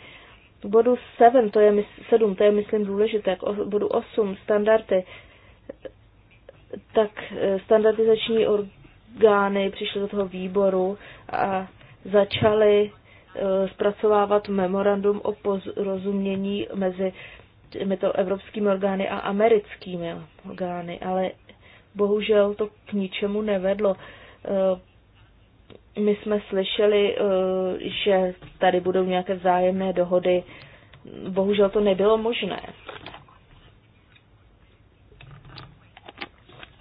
S4: K bodu 7, to je, 7, to je myslím důležité, k bodu 8, standardy, tak eh, standardizační orgány přišly do toho výboru a začaly eh, zpracovávat memorandum o porozumění mezi to evropskými orgány a americkými orgány, ale bohužel to k ničemu nevedlo. Eh, my jsme slyšeli, eh, že tady budou nějaké vzájemné dohody. Bohužel to nebylo možné.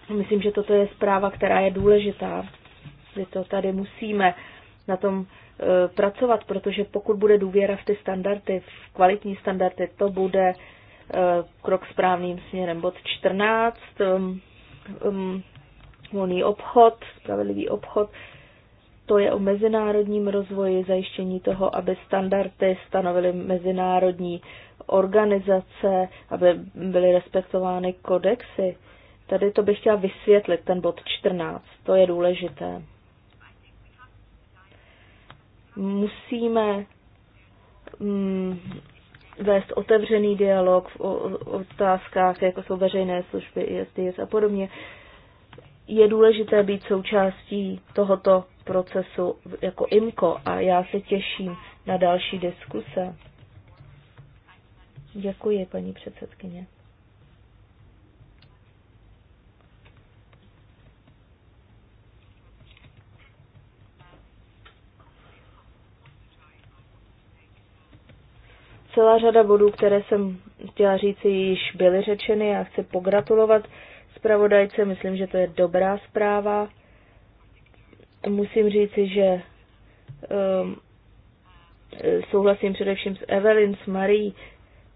S4: Myslím, že toto je zpráva, která je důležitá. My to tady musíme na tom eh, pracovat, protože pokud bude důvěra v ty standardy, v kvalitní standardy, to bude Eh, krok správným směrem. Bod 14, um, um, obchod, spravedlivý obchod, to je o mezinárodním rozvoji, zajištění toho, aby standardy stanovily mezinárodní organizace, aby byly respektovány kodexy. Tady to bych chtěla vysvětlit, ten bod 14, to je důležité. Musíme mm, vést otevřený dialog v otázkách, jako jsou veřejné služby, ISDS a podobně. Je důležité být součástí tohoto procesu jako IMCO a já se těším na další diskuse. Děkuji, paní předsedkyně. Celá řada bodů, které jsem chtěla říci, již byly řečeny. Já chci pogratulovat zpravodajce, myslím, že to je dobrá zpráva. Musím říci, že um, souhlasím především s Evelyn, s Marí.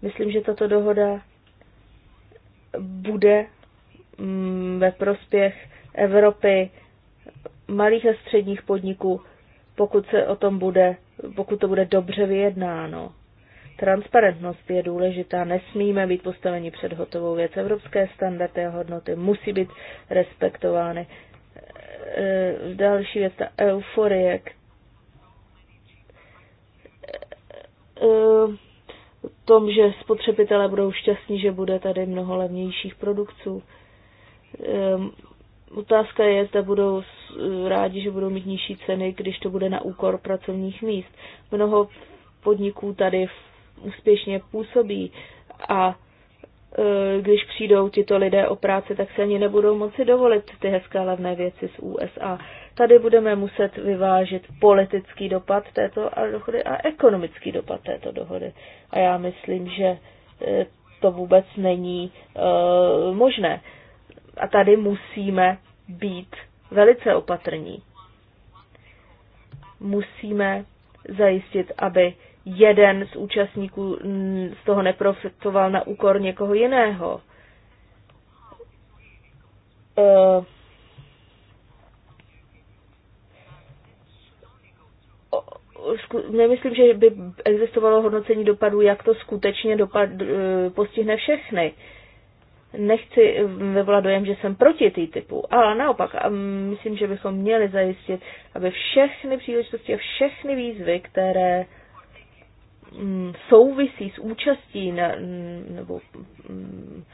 S4: Myslím, že tato dohoda bude um, ve prospěch Evropy, malých a středních podniků, pokud se o tom bude, pokud to bude dobře vyjednáno. Transparentnost je důležitá, nesmíme být postaveni před hotovou věc. Evropské standardy a hodnoty musí být respektovány. Eh, další věc, ta euforie. Eh, tom, že spotřebitelé budou šťastní, že bude tady mnoho levnějších produktů. Eh, otázka je, zda budou rádi, že budou mít nižší ceny, když to bude na úkor pracovních míst. Mnoho podniků tady úspěšně působí a e, když přijdou tito lidé o práci, tak se ani nebudou moci dovolit ty hezké levné věci z USA. Tady budeme muset vyvážit politický dopad této dohody a ekonomický dopad této dohody. A já myslím, že e, to vůbec není uh, možné. A tady musíme být velice opatrní. Musíme zajistit, aby jeden z účastníků z toho neprofitoval na úkor někoho jiného. Uh, nemyslím, že by existovalo hodnocení dopadů, jak to skutečně dopad, eh, postihne všechny. Nechci eh, vyvolat dojem, že jsem proti té typu, ale naopak, myslím, že bychom měli zajistit, aby všechny příležitosti a všechny výzvy, které Mm, souvisí s účastí na, mm, nebo, mm,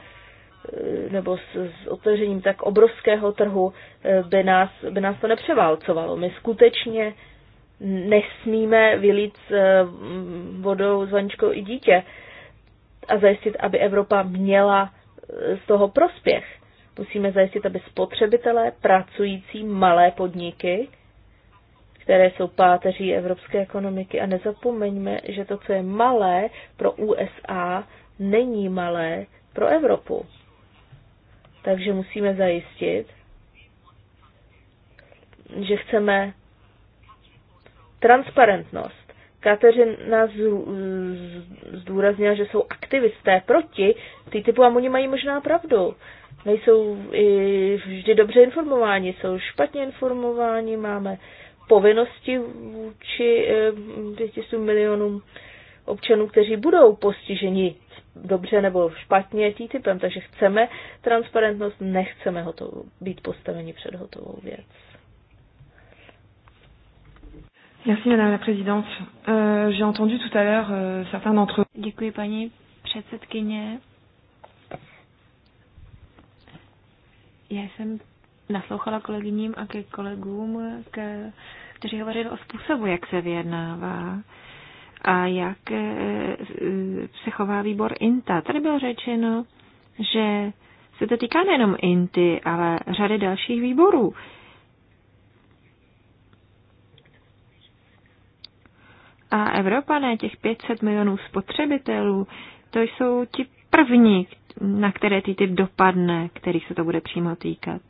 S4: e, nebo s, s otevřením tak obrovského trhu, e, by nás, by nás to nepřeválcovalo. My skutečně nesmíme vylít s e, vodou, s vaničkou i dítě a zajistit, aby Evropa měla z toho prospěch. Musíme zajistit, aby spotřebitelé, pracující malé podniky, které jsou páteří evropské ekonomiky. A nezapomeňme, že to, co je malé pro USA, není malé pro Evropu. Takže musíme zajistit, že chceme transparentnost. Kateřina zdůraznila, že jsou aktivisté proti ty typu a oni mají možná pravdu. Nejsou i vždy dobře informováni, jsou špatně informováni, máme povinnosti vůči 500 eh, milionům občanů, kteří budou postiženi dobře nebo špatně TTIPem. Takže chceme transparentnost, nechceme hotovou, být postaveni před hotovou věc.
S3: Merci Madame la Présidente. Euh, J'ai entendu tout à l'heure euh, certains d'entre vous. Děkuji paní předsedkyně. Já jsem naslouchala kolegyním a ke kolegům, ke, kteří hovořili o způsobu, jak se vyjednává a jak e, e, se chová výbor INTA. Tady bylo řečeno, že se to týká nejenom INTY, ale řady dalších výborů. A Evropané, těch 500 milionů spotřebitelů, to jsou ti první, na které ty typ dopadne, kterých se to bude přímo týkat.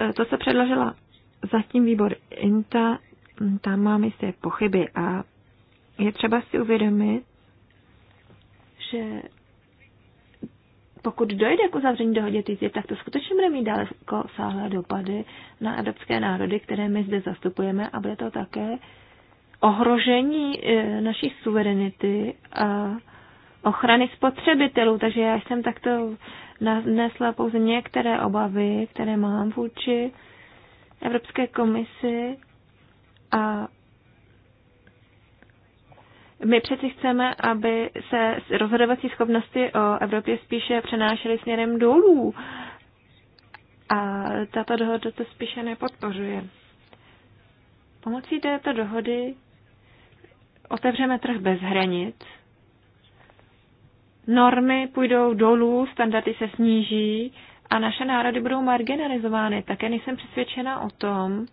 S3: Eh, to, se předložila zatím výbor INTA, mm, tam mám jisté pochyby a je třeba si uvědomit, že pokud dojde k uzavření dohodě TTIP, tak to skutečně bude mít daleko sáhlé dopady na evropské národy, které my zde zastupujeme a bude to také ohrožení eh, naší suverenity a ochrany spotřebitelů. Takže já jsem takto nesla pouze některé obavy, které mám vůči Evropské komisi a my přeci chceme, aby se rozhodovací schopnosti o Evropě spíše přenášely směrem dolů. A tato dohoda to spíše nepodpořuje. Pomocí této dohody otevřeme trh bez hranic, normy půjdou dolů, standardy se sníží a naše národy budou marginalizovány. Také nejsem přesvědčena o tom,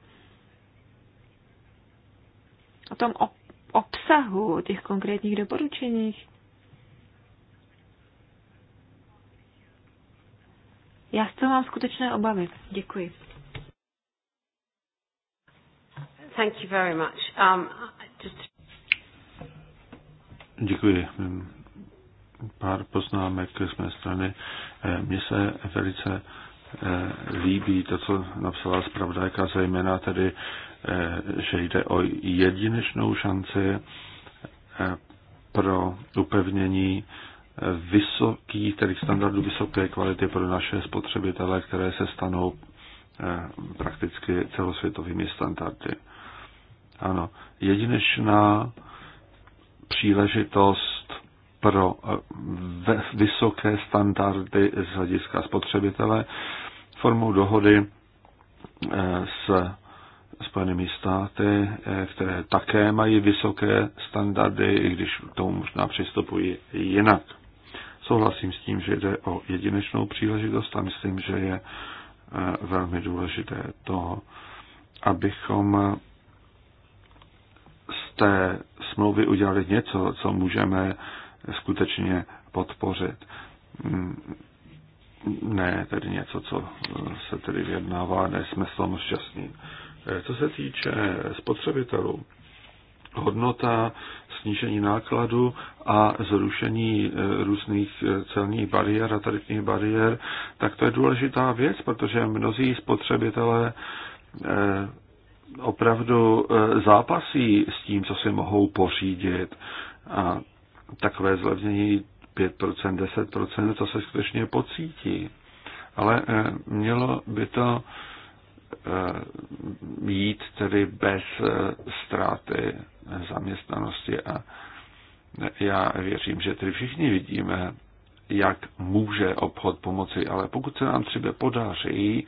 S3: o tom obsahu, o těch konkrétních doporučeních. Já z toho mám skutečné obavy. Děkuji.
S1: Thank you very much. Um, just...
S2: Děkuji pár poznámek z mé strany. Eh, mně se velice eh, líbí to, co napsala zpravodajka, zejména tedy, eh, že jde o jedinečnou šanci pro upevnění vysokých, tedy standardů vysoké kvality pro naše spotřebitele, které se stanou prakticky celosvětovými standardy. Ano, jedinečná příležitost pro eh, vysoké standardy z hlediska spotřebitele formou dohody eh, s Spojenými státy, eh, které také mají vysoké standardy, i když k tomu možná přistupují jinak. Souhlasím s tím, že jde o jedinečnou příležitost a myslím, že je velmi důležité to, abychom z té smlouvy udělali něco, co můžeme skutečně podpořit. Mm, ne, tedy něco, co eh, se tedy vyjednává, nejsme s tom šťastní. Eh, co se týče spotřebitelů, hodnota snížení nákladu a zrušení eh, různých celních bariér a tarifních bariér, tak to je důležitá věc, protože mnozí spotřebitelé opravdu zápasí s tím, co si mohou pořídit. A takové zlevnění 5%, 10%, to se skutečně pocítí. Ale eh, mělo by to eh, jít tedy bez eh, ztráty zaměstnanosti a já věřím, že tedy všichni vidíme, jak může obchod pomoci, ale pokud se nám třeba podaří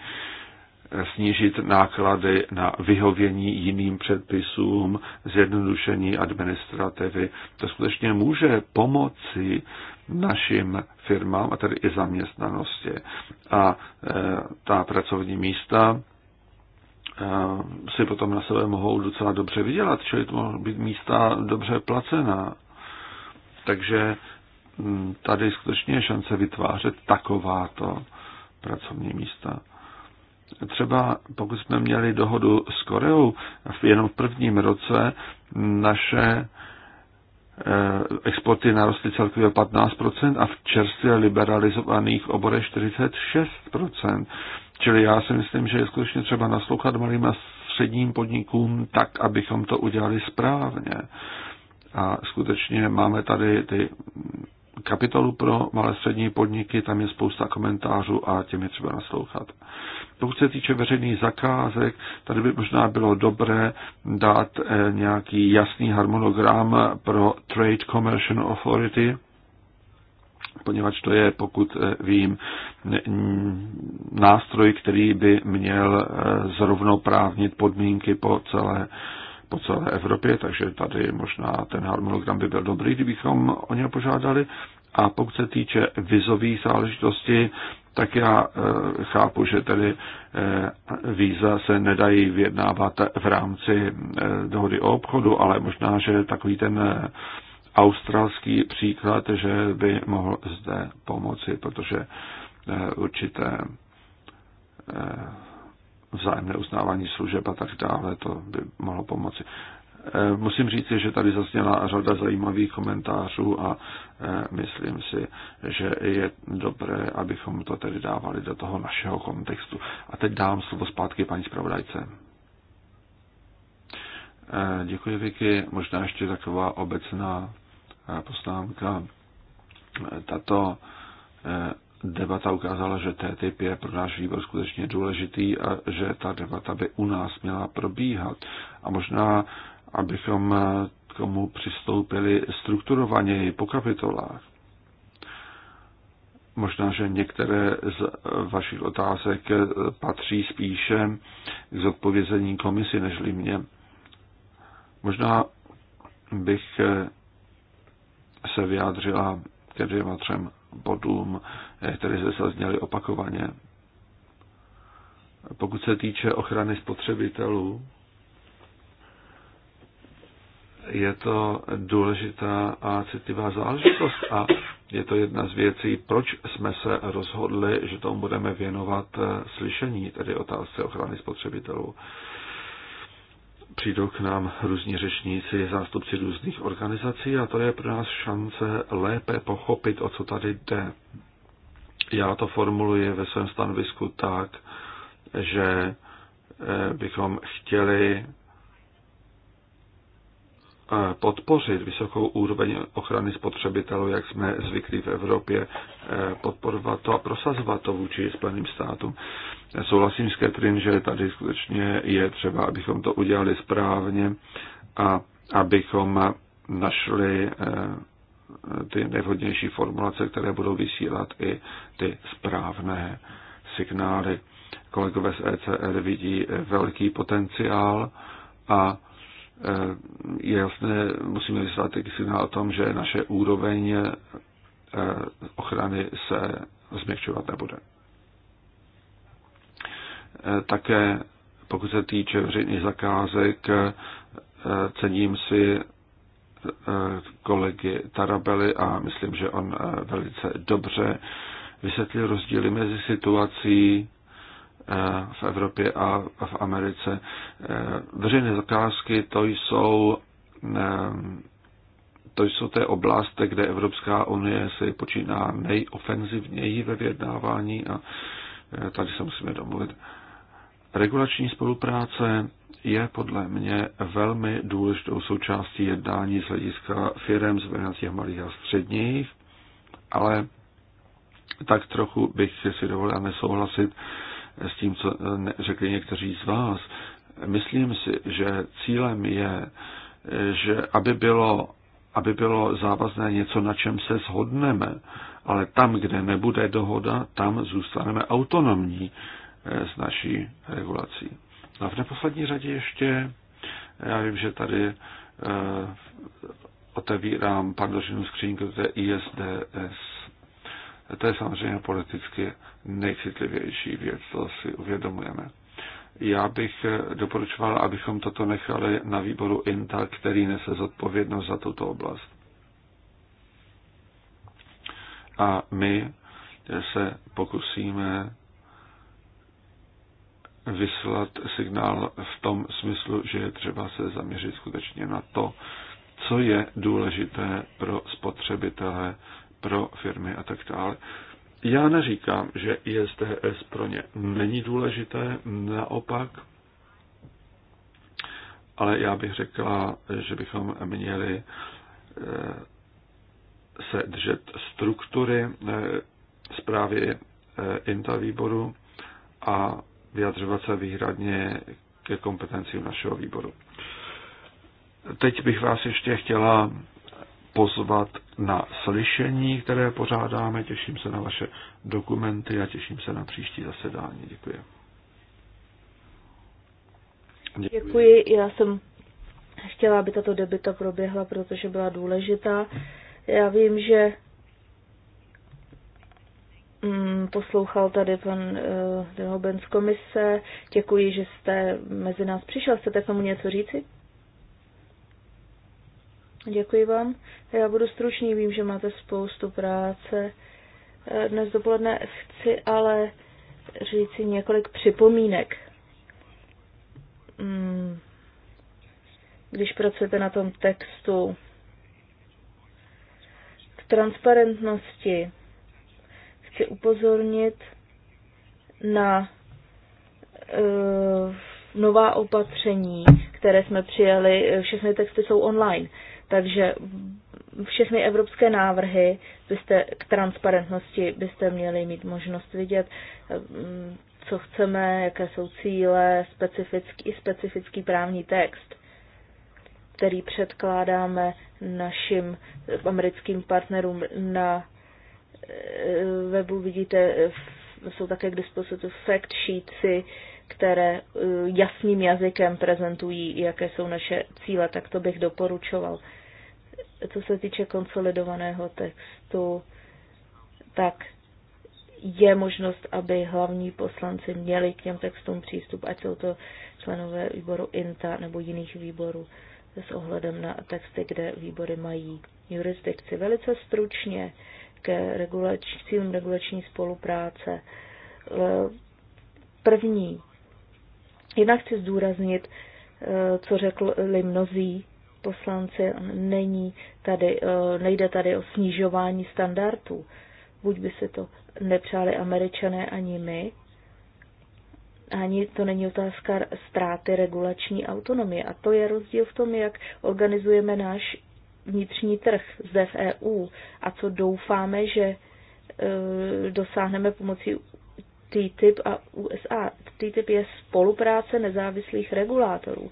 S2: snížit náklady na vyhovění jiným předpisům, zjednodušení administrativy. To skutečně může pomoci našim firmám, a tedy i zaměstnanosti. A e, ta pracovní místa e, si potom na sebe mohou docela dobře vydělat, čili to mohou být místa dobře placená. Takže tady skutečně je šance vytvářet takováto pracovní místa třeba pokud jsme měli dohodu s Koreou, jenom v prvním roce naše eh, exporty narostly celkově 15% a v čerstvě liberalizovaných oborech 46%. Čili já si myslím, že je skutečně třeba naslouchat malým a středním podnikům tak, abychom to udělali správně. A skutečně máme tady ty kapitolu pro malé střední podniky, tam je spousta komentářů a těm je třeba naslouchat. Pokud se týče veřejných zakázek, tady by možná bylo dobré dát eh, nějaký jasný harmonogram pro Trade Commercial Authority, poněvadž to je, pokud eh, vím, nástroj, který by měl eh, zrovnoprávnit podmínky po celé po celé Evropě, takže tady možná ten harmonogram by byl dobrý, kdybychom o něj požádali. A pokud se týče vizových záležitostí, tak já eh, chápu, že tedy eh, víza se nedají vyjednávat v rámci eh, dohody o obchodu, ale možná, že takový ten australský příklad, že by mohl zde pomoci, protože určité vzájemné uznávání služeb a tak dále, to by mohlo pomoci. E, musím říct, že tady zazněla řada zajímavých komentářů a e, myslím si, že je dobré, abychom to tedy dávali do toho našeho kontextu. A teď dám slovo zpátky paní zpravodajce. E, děkuji, Vicky. Možná ještě taková obecná poznámka. Tato debata ukázala, že TTIP je pro náš výbor skutečně důležitý a že ta debata by u nás měla probíhat. A možná, abychom k tomu přistoupili strukturovaněji po kapitolách. Možná, že některé z vašich otázek patří spíše k zodpovězení komisi nežli mě. Možná bych se vyjádřila ke dvěma třem bodům které se zazněly opakovaně. Pokud se týče ochrany spotřebitelů, je to důležitá a citlivá záležitost a je to jedna z věcí, proč jsme se rozhodli, že tomu budeme věnovat slyšení, tedy otázce ochrany spotřebitelů. Přijdou k nám různí řečníci, zástupci různých organizací a to je pro nás šance lépe pochopit, o co tady jde. Já to formuluji ve svém stanovisku tak, že eh, bychom chtěli eh, podpořit vysokou úroveň ochrany spotřebitelů, jak jsme zvyklí v Evropě, eh, podporovat to a prosazovat to vůči Spojeným státům. Souhlasím s Katrin, že tady skutečně je třeba, abychom to udělali správně a abychom našli ty nejvhodnější formulace, které budou vysílat i ty správné signály. Kolegové z ECR vidí velký potenciál a e, je jasné, musíme vyslat i signál o tom, že naše úroveň e, ochrany se změkčovat nebude. E, také pokud se týče veřejných zakázek, cením si Eh, kolegy Tarabely a myslím, že on eh, velice dobře vysvětlil rozdíly mezi situací eh, v Evropě a v Americe. Veřejné zakázky to jsou to jsou té oblasti, kde Evropská unie se počíná nejofenzivněji ve vyjednávání a tady se musíme domluvit. Regulační spolupráce je podle mě velmi důležitou součástí jednání z hlediska firm těch malých a středních, ale tak trochu bych si dovolil nesouhlasit s tím, co řekli někteří z vás. Myslím si, že cílem je, že aby bylo, aby bylo závazné něco, na čem se shodneme, ale tam, kde nebude dohoda, tam zůstaneme autonomní. Eh, s naší regulací. A v neposlední řadě ještě, já vím, že tady eh, otevírám pandořinu skřínku, to je ISDS. To je samozřejmě politicky nejcitlivější věc, to si uvědomujeme. Já bych eh, doporučoval, abychom toto nechali na výboru INTA, který nese zodpovědnost za tuto oblast. A my se pokusíme vyslat signál v tom smyslu, že je třeba se zaměřit skutečně na to, co je důležité pro spotřebitele, pro firmy a tak dále. Já neříkám, že ISDS pro ně není důležité, naopak, ale já bych řekla, že bychom měli eh, se držet struktury eh, zprávy eh, INTA výboru a vyjadřovat se výhradně ke kompetencím našeho výboru. Teď bych vás ještě chtěla pozvat na slyšení, které pořádáme. Těším se na vaše dokumenty a těším se na příští zasedání. Děkuji. Děkuji. Děkuji.
S4: Já jsem chtěla, aby tato debita proběhla, protože byla důležitá. Já vím, že Mm, poslouchal tady pan uh, eh, Dehoben z komise. Děkuji, že jste mezi nás přišel. Chcete k tomu něco říci? Děkuji vám. Já budu stručný, vím, že máte spoustu práce. Eh, dnes dopoledne chci ale říci několik připomínek. Mm, když pracujete na tom textu k transparentnosti, chci upozornit na uh, nová opatření, které jsme přijali. Všechny texty jsou online, takže všechny evropské návrhy byste k transparentnosti byste měli mít možnost vidět, e, co chceme, jaké jsou cíle, specifický, specifický právní text, který předkládáme našim americkým partnerům na Eh, webu vidíte, eh, jsou také k dispozici fact sheetsy, které eh, jasným jazykem prezentují, jaké jsou naše cíle, tak to bych doporučoval. Co se týče konsolidovaného textu, tak je možnost, aby hlavní poslanci měli k těm textům přístup, ať jsou to členové výboru INTA nebo jiných výborů s ohledem na texty, kde výbory mají jurisdikci. Velice stručně ke regulač, cílům regulační spolupráce. E, první, Jinak chci zdůraznit, e, co řekli mnozí poslanci, není tady, e, nejde tady o snižování standardů. Buď by se to nepřáli američané ani my, ani to není otázka ztráty regulační autonomie. A to je rozdíl v tom, jak organizujeme náš vnitřní trh zde v EU a co doufáme, že e, dosáhneme pomocí TTIP a USA. TTIP je spolupráce nezávislých regulátorů.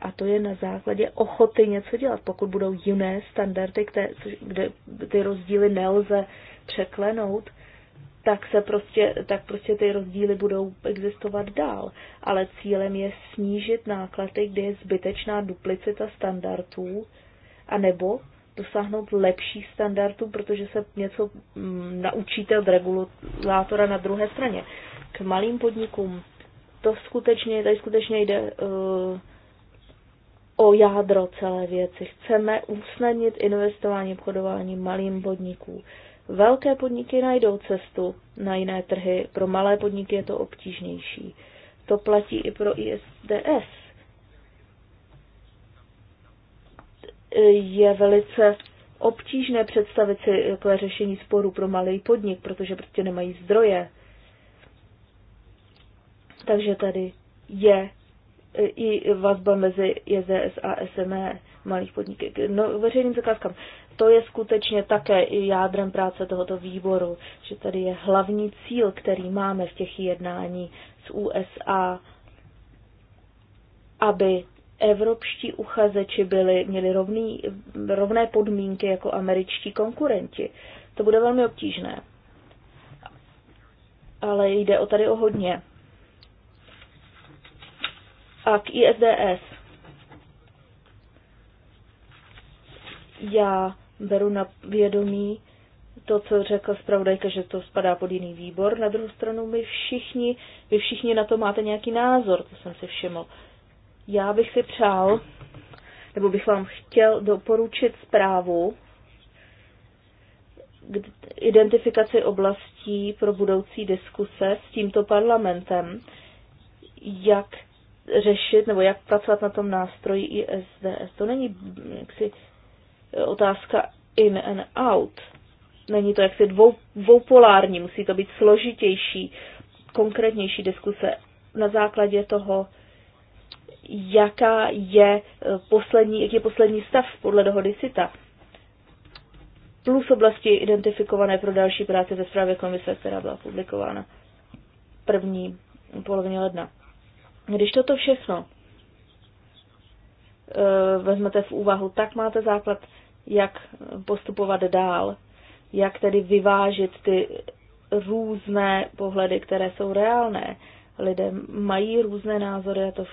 S4: A to je na základě ochoty něco dělat. Pokud budou jiné standardy, které, kde ty rozdíly nelze překlenout, tak se prostě, tak prostě ty rozdíly budou existovat dál. Ale cílem je snížit náklady, kde je zbytečná duplicita standardů, anebo dosáhnout lepší standardů, protože se něco mm, naučíte od regulátora na druhé straně. K malým podnikům to skutečně, tady skutečně jde uh, o jádro celé věci. Chceme usnadnit investování obchodování malým podnikům. Velké podniky najdou cestu na jiné trhy, pro malé podniky je to obtížnější. To platí i pro ISDS. Je velice obtížné představit si takové řešení sporu pro malý podnik, protože prostě nemají zdroje. Takže tady je i vazba mezi JZS a SME malých podniky. No, veřejným zakázkám to je skutečně také i jádrem práce tohoto výboru, že tady je hlavní cíl, který máme v těch jednání s USA, aby evropští uchazeči byli, měli rovný, rovné podmínky jako američtí konkurenti. To bude velmi obtížné. Ale jde o tady o hodně. A k ISDS. Já beru na vědomí to, co řekl zpravodajka, že to spadá pod jiný výbor. Na druhou stranu my všichni, vy všichni na to máte nějaký názor, to jsem si všiml. Já bych si přál, nebo bych vám chtěl doporučit zprávu k identifikaci oblastí pro budoucí diskuse s tímto parlamentem, jak řešit nebo jak pracovat na tom nástroji ISDS. To není jaksi otázka in and out. Není to jaksi dvou, dvoupolární, musí to být složitější, konkrétnější diskuse na základě toho, jaká je eh, poslední, jaký je poslední stav podle dohody CITA. Plus oblasti identifikované pro další práce ve zprávě komise, která byla publikována první polovině ledna. Když toto všechno eh, vezmete v úvahu, tak máte základ jak postupovat dál, jak tedy vyvážit ty různé pohledy, které jsou reálné. Lidé mají různé názory a to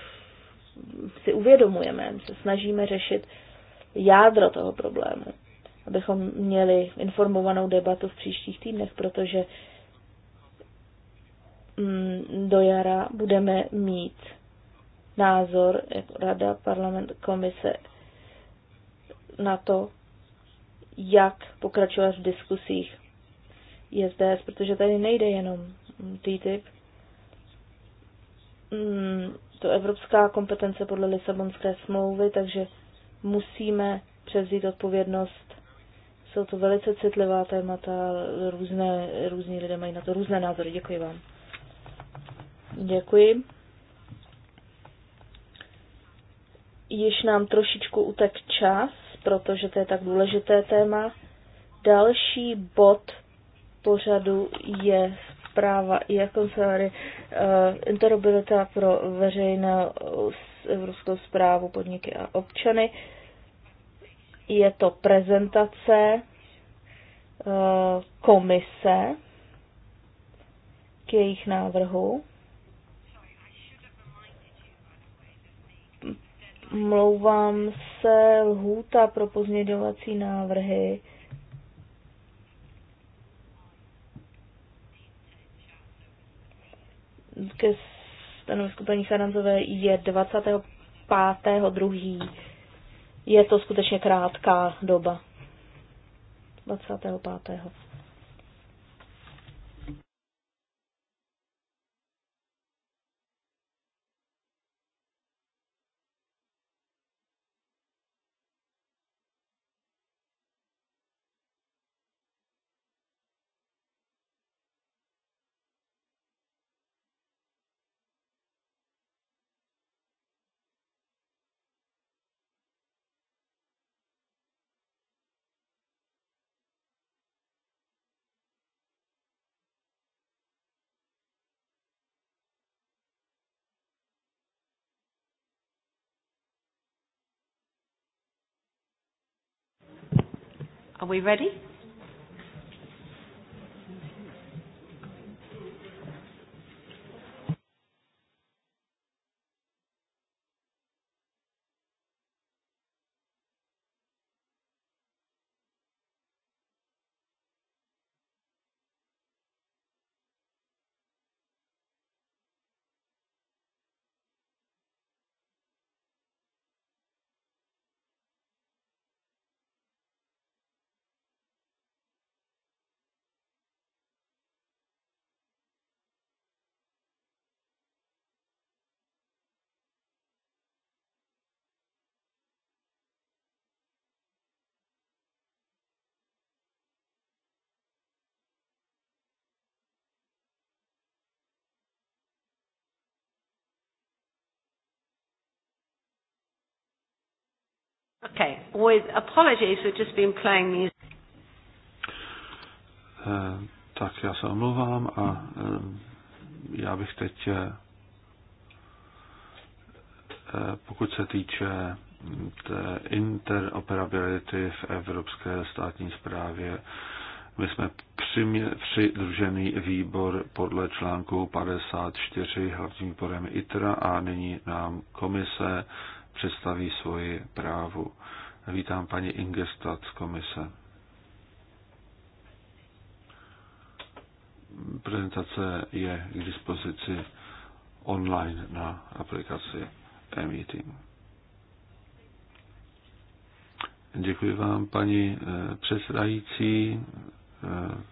S4: si uvědomujeme, se snažíme řešit jádro toho problému, abychom měli informovanou debatu v příštích týdnech, protože mm, do jara budeme mít názor jako Rada, Parlament, Komise na to, jak pokračovat v diskusích ISDS, protože tady nejde jenom TTIP. Mm, to evropská kompetence podle Lisabonské smlouvy, takže musíme převzít odpovědnost. Jsou to velice citlivá témata, různé, různí lidé mají na to různé názory. Děkuji vám. Děkuji. Již nám trošičku utek čas protože to je tak důležité téma. Další bod pořadu je zpráva jako sorry, eh, interoperabilita pro veřejnou eh, evropskou zprávu, podniky a občany. Je to prezentace eh, komise k jejich návrhu. Mlouvám se, lhůta pro pozměňovací návrhy ke stanovisku paní Sarantové je 25.2. Je to skutečně krátká doba. 25.
S1: Are we ready? Okay, with apologies, we've just been playing music.
S2: Eh, tak já se omlouvám a eh, já bych teď, eh, pokud se týče mm, té interoperability v evropské státní správě, my jsme přimě, přidružený výbor podle článku 54 hlavním výborem ITRA a nyní nám komise představí svoji právu. Vítám paní Ingestat z komise. Prezentace je k dispozici online na aplikaci e-meeting. Děkuji vám, paní eh, předsedající. Eh,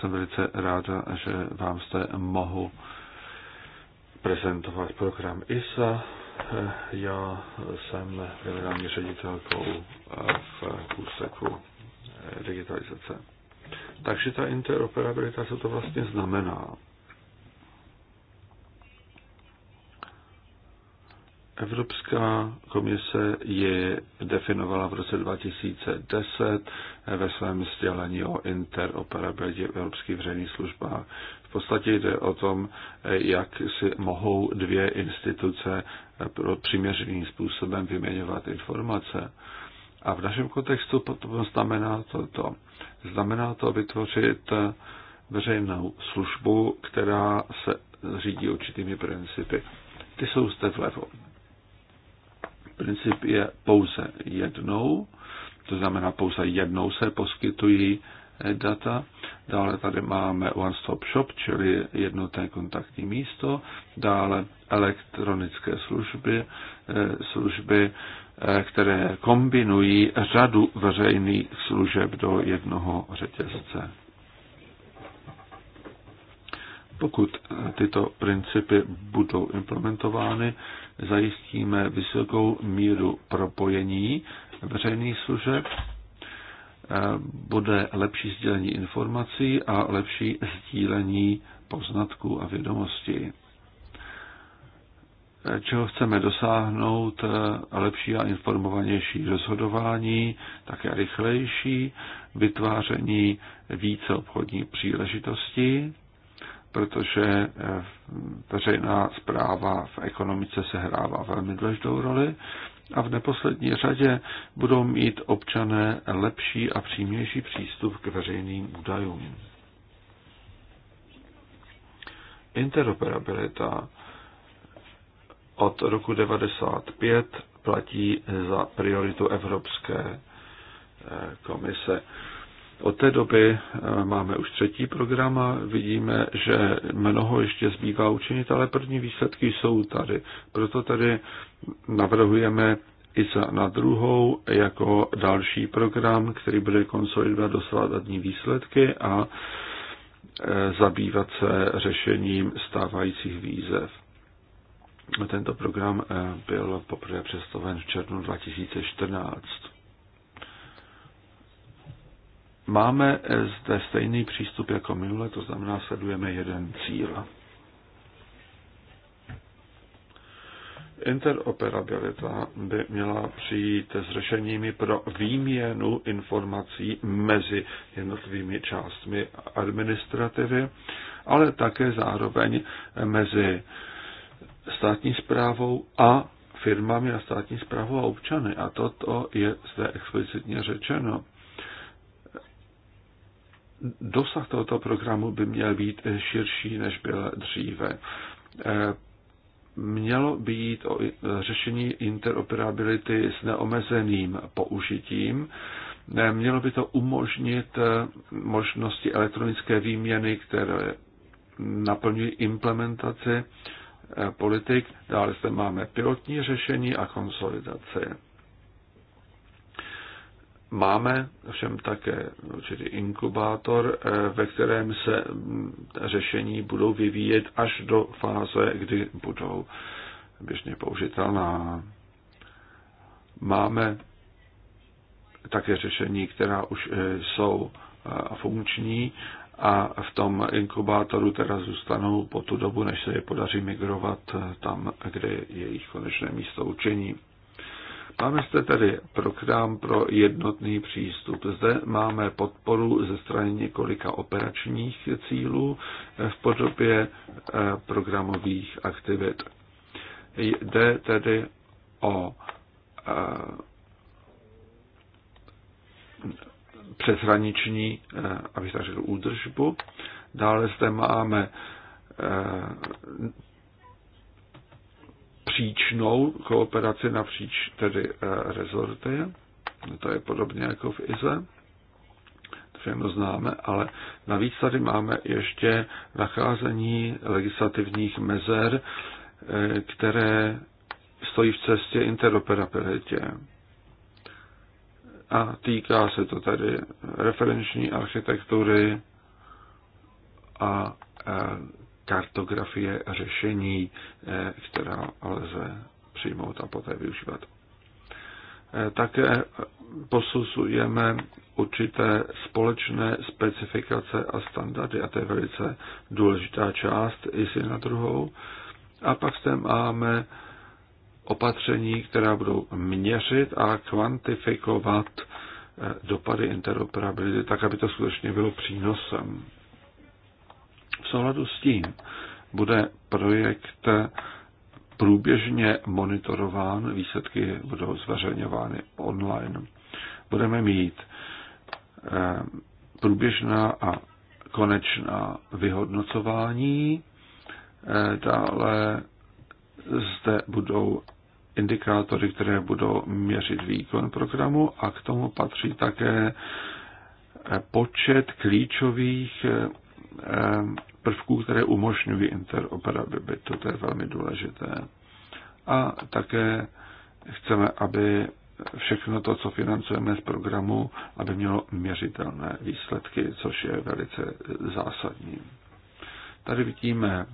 S2: jsem velice ráda, že vám jste mohu prezentovat program ISA já jsem generální ředitelkou v úseku digitalizace. Takže ta interoperabilita, co to vlastně znamená? Evropská komise ji definovala v roce 2010 ve svém sdělení o interoperabilitě v evropských veřejných službách podstatě jde o tom, jak si mohou dvě instituce pro přiměřeným způsobem vyměňovat informace. A v našem kontextu potom znamená to, to. Znamená to vytvořit veřejnou službu, která se řídí určitými principy. Ty jsou zde vlevo. Princip je pouze jednou, to znamená pouze jednou se poskytují data Dále tady máme One Stop Shop, čili jednotné kontaktní místo. Dále elektronické služby, eh, služby, eh, které kombinují řadu veřejných služeb do jednoho řetězce. Pokud eh, tyto principy budou implementovány, zajistíme vysokou míru propojení veřejných služeb Eh, bude lepší sdělení informací a lepší sdílení poznatků a vědomostí. Eh, čeho chceme dosáhnout, eh, lepší a informovanější rozhodování, také rychlejší, vytváření více obchodních příležitostí, protože veřejná zpráva v ekonomice sehrává velmi důležitou roli a v neposlední řadě budou mít občané lepší a přímější přístup k veřejným údajům. Interoperabilita od roku 1995 platí za prioritu Evropské eh, komise. Od té doby eh, máme už třetí program a vidíme, že mnoho ještě zbývá učinit, ale první výsledky jsou tady. Proto tady navrhujeme i na druhou jako další program, který bude konsolidovat dosávadní výsledky a eh, zabývat se řešením stávajících výzev. Tento program eh, byl poprvé představen v červnu 2014. Máme eh, zde stejný přístup jako minule, to znamená, sledujeme jeden cíl. Interoperabilita by měla přijít s řešeními pro výměnu informací mezi jednotlivými částmi administrativy, ale také zároveň mezi státní zprávou a firmami a státní zprávou a občany. A toto je zde explicitně řečeno. Dosah tohoto programu by měl být širší, než byl dříve. Eh, mělo by o eh, řešení interoperability s neomezeným použitím. Eh, mělo by to umožnit možnosti elektronické výměny, které naplňují implementaci politik. Dále zde máme pilotní řešení a konsolidace. Máme všem také určitý inkubátor, eh, ve kterém se mm, řešení budou vyvíjet až do fáze, kdy budou běžně použitelná. Máme také řešení, která už eh, jsou eh, funkční a v tom inkubátoru teda zůstanou po tu dobu, než se je podaří migrovat tam, kde je jejich konečné místo učení. Máme zde tedy program pro jednotný přístup. Zde máme podporu ze strany několika operačních cílů v podobě eh, programových aktivit. Jde tedy o eh, přeshraniční, eh, abych tak řekl, údržbu. Dále zde máme příčnou kooperaci napříč tedy eh, rezorty. To je podobně jako v IZE. Všechno známe, ale navíc tady máme ještě nacházení legislativních mezer, eh, které stojí v cestě interoperabilitě. A týká se to tady referenční architektury a eh, kartografie řešení, eh, která lze přijmout a poté využívat. Eh, také posuzujeme určité společné specifikace a standardy a to je velice důležitá část i si na druhou. A pak zde máme opatření, která budou měřit a kvantifikovat eh, dopady interoperability, tak aby to skutečně bylo přínosem souladu s tím bude projekt průběžně monitorován, výsledky budou zveřejňovány online. Budeme mít eh, průběžná a konečná vyhodnocování, eh, dále zde budou indikátory, které budou měřit výkon programu a k tomu patří také eh, počet klíčových prvků, které umožňují interoperabilitu. To je velmi důležité. A také chceme, aby všechno to, co financujeme z programu, aby mělo měřitelné výsledky, což je velice zásadní. Tady vidíme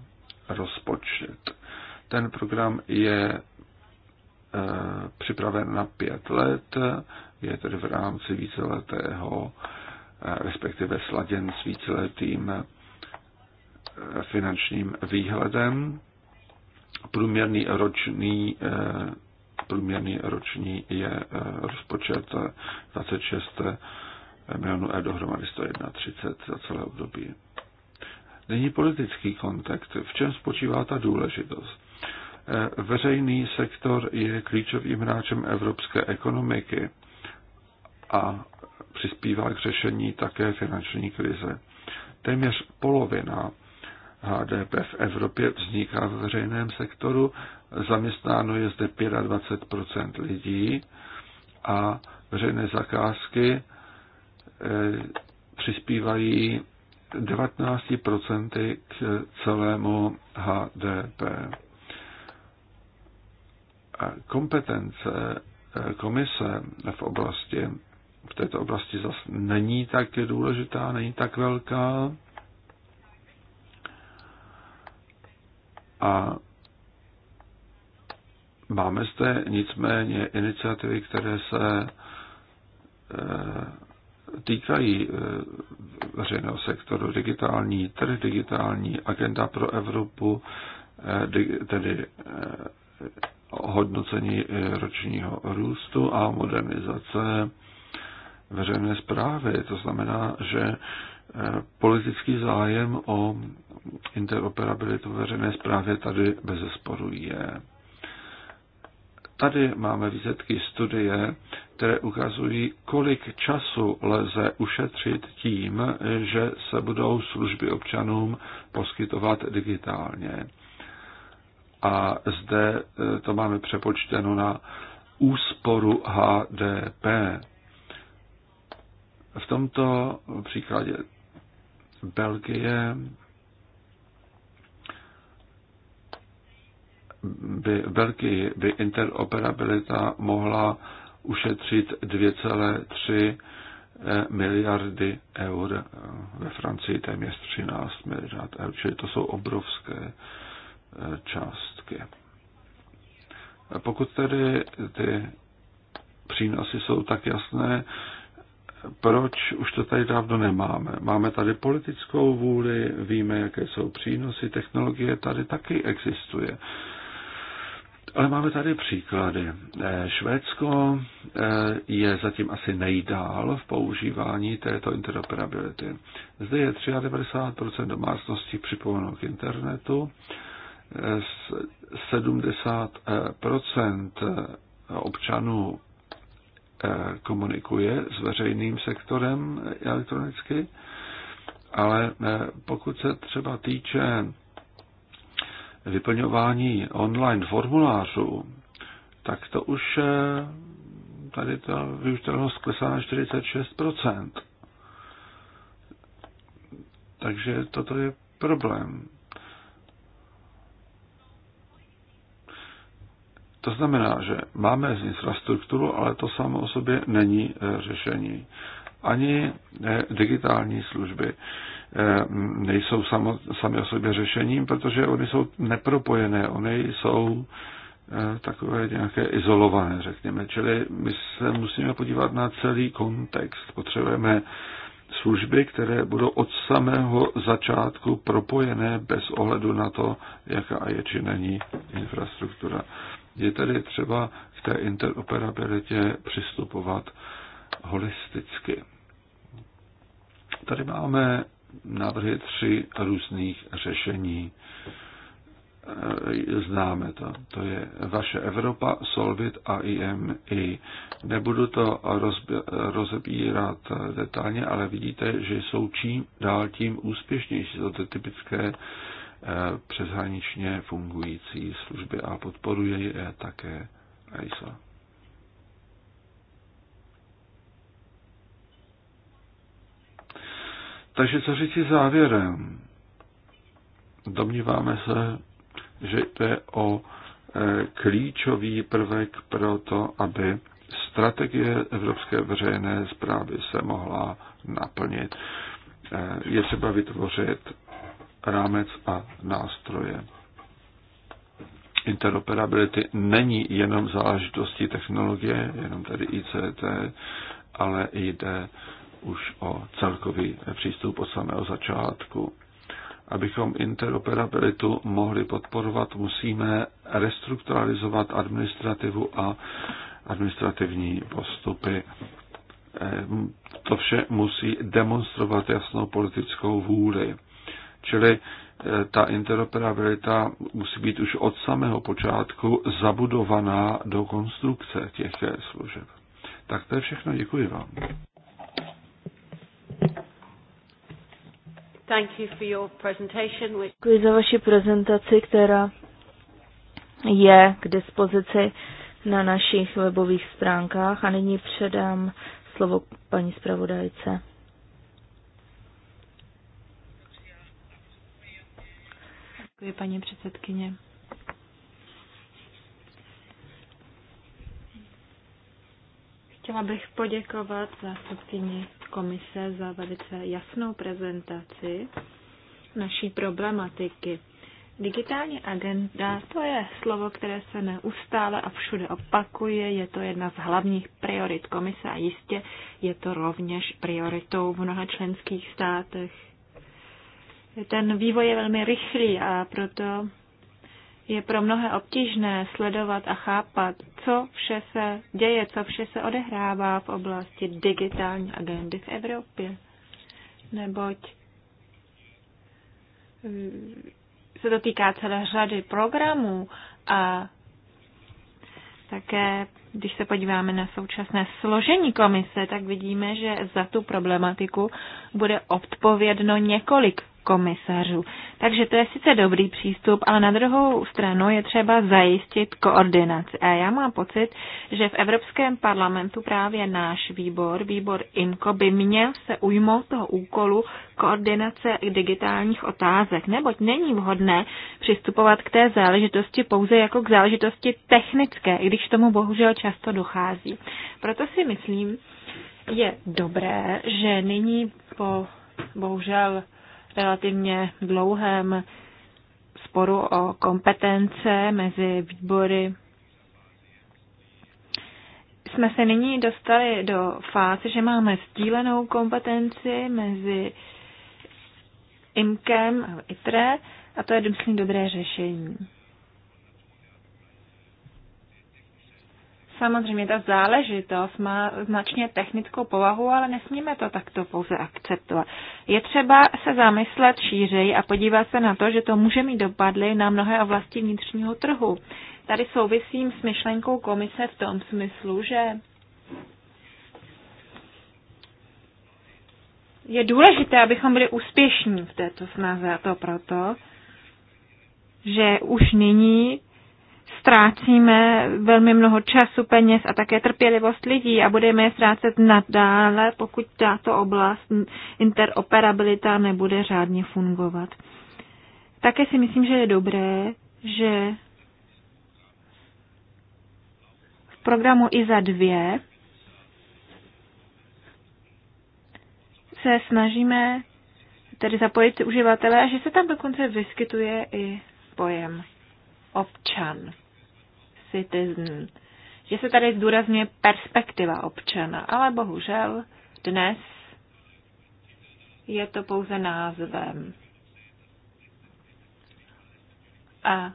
S2: rozpočet. Ten program je e, připraven na pět let, je tedy v rámci víceletého, e, respektive sladěn s víceletým finančním výhledem. Průměrný roční, eh, průměrný roční je eh, rozpočet 26 eh, milionů E dohromady 131 za celé období. Není politický kontext. V čem spočívá ta důležitost? Veřejný sektor je klíčovým hráčem evropské ekonomiky a přispívá k řešení také finanční krize. Téměř polovina HDP v Evropě vzniká ve veřejném sektoru, zaměstnáno je zde 25 lidí a veřejné zakázky eh, přispívají 19 k celému HDP. Kompetence eh, komise v oblasti v této oblasti zase není tak důležitá, není tak velká A máme zde nicméně iniciativy, které se eh, týkají eh, veřejného sektoru, digitální trh, digitální agenda pro Evropu, eh, tedy hodnocení ročního růstu a modernizace veřejné zprávy. To znamená, že politický zájem o interoperabilitu veřejné zprávy tady bez sporu je. Tady máme výsledky studie, které ukazují, kolik času lze ušetřit tím, že se budou služby občanům poskytovat digitálně. A zde eh, to máme přepočteno na úsporu HDP. V tomto příkladě Belgie by velký by interoperabilita mohla ušetřit 2,3 eh, miliardy eur, eh, ve Francii téměř 13 miliard eur, čili to jsou obrovské eh, částky. Pokud tedy ty přínosy jsou tak jasné, proč už to tady dávno nemáme? Máme tady politickou vůli, víme, jaké jsou přínosy, technologie tady taky existuje. Ale máme tady příklady. Eh, Švédsko eh, je zatím asi nejdál v používání této interoperability. Zde je 93% domácností připojeno k internetu, 70% eh, občanů komunikuje s veřejným sektorem elektronicky, ale pokud se třeba týče vyplňování online formulářů, tak to už eh, tady ta využitelnost klesá na 46%. Takže toto je problém. To znamená, že máme z infrastrukturu, ale to samo o sobě není eh, řešení. Ani eh, digitální služby. Eh, nejsou samo, sami o sobě řešením, protože oni jsou nepropojené, oni jsou eh, takové nějaké izolované, řekněme. Čili my se musíme podívat na celý kontext. Potřebujeme služby, které budou od samého začátku propojené bez ohledu na to, jaká je či není infrastruktura. Je tedy třeba k té interoperabilitě přistupovat holisticky. Tady máme návrhy tři různých řešení. E, známe to. To je vaše Evropa, Solvit a IMI. Nebudu to rozebírat detailně, ale vidíte, že jsou čím dál tím úspěšnější. To je typické e, přeshraničně fungující služby a podporuje je také ISO. Takže co říci závěrem? Domníváme se, že jde o e, klíčový prvek pro to, aby strategie evropské veřejné zprávy se mohla naplnit. E, je třeba vytvořit rámec a nástroje. Interoperability není jenom záležitostí technologie, jenom tedy ICT, ale jde už o celkový přístup od samého začátku. Abychom interoperabilitu mohli podporovat, musíme restrukturalizovat administrativu a administrativní postupy. Eh, to vše musí demonstrovat jasnou politickou vůli. Čili eh, ta interoperabilita musí být už od samého počátku zabudovaná do konstrukce těch eh, služeb. Tak to je všechno, děkuji vám.
S1: Thank you for your presentation.
S4: Děkuji za vaši prezentaci, která je k dispozici na našich webových stránkách. A nyní předám slovo paní zpravodajce.
S3: Děkuji, paní předsedkyně. Chtěla bych poděkovat zástupkyni komise za velice jasnou prezentaci naší problematiky. Digitální agenda, to je slovo, které se neustále a všude opakuje, je to jedna z hlavních priorit komise a jistě je to rovněž prioritou v mnoha členských státech. Ten vývoj je velmi rychlý a proto je pro mnohé obtížné sledovat a chápat, co vše se děje, co vše se odehrává v oblasti digitální agendy v Evropě. Neboť eh, se to týká celé řady programů a také, když se podíváme na současné složení komise, tak vidíme, že za tu problematiku bude odpovědno několik komisařů. Takže to je sice dobrý přístup, ale na druhou stranu je třeba zajistit koordinaci. A já mám pocit, že v Evropském parlamentu právě náš výbor, výbor INCO, by měl se ujmout toho úkolu koordinace digitálních otázek, neboť není vhodné přistupovat k té záležitosti pouze jako k záležitosti technické, i když tomu bohužel často dochází. Proto si myslím, je dobré, že nyní po bohužel relativně dlouhém sporu o kompetence mezi výbory jsme se nyní dostali do fáze, že máme sdílenou kompetenci mezi IMKem a ITRE a to je, myslím, dobré řešení. Samozřejmě ta záležitost má značně technickou povahu, ale nesmíme to takto pouze akceptovat. Je třeba se zamyslet šířej a podívat se na to, že to může mít dopadly na mnohé oblasti vnitřního trhu. Tady souvisím s myšlenkou komise v tom smyslu, že je důležité, abychom byli úspěšní v této snaze a to proto, že už nyní ztrácíme velmi mnoho času, peněz a také trpělivost lidí a budeme je ztrácet nadále, pokud tato oblast interoperabilita nebude řádně fungovat. Také si myslím, že je dobré, že v programu IZA 2 se snažíme tedy zapojit uživatele a že se tam dokonce vyskytuje i pojem občan, citizen, že se tady zdůrazňuje perspektiva občana, ale bohužel dnes je to pouze názvem. A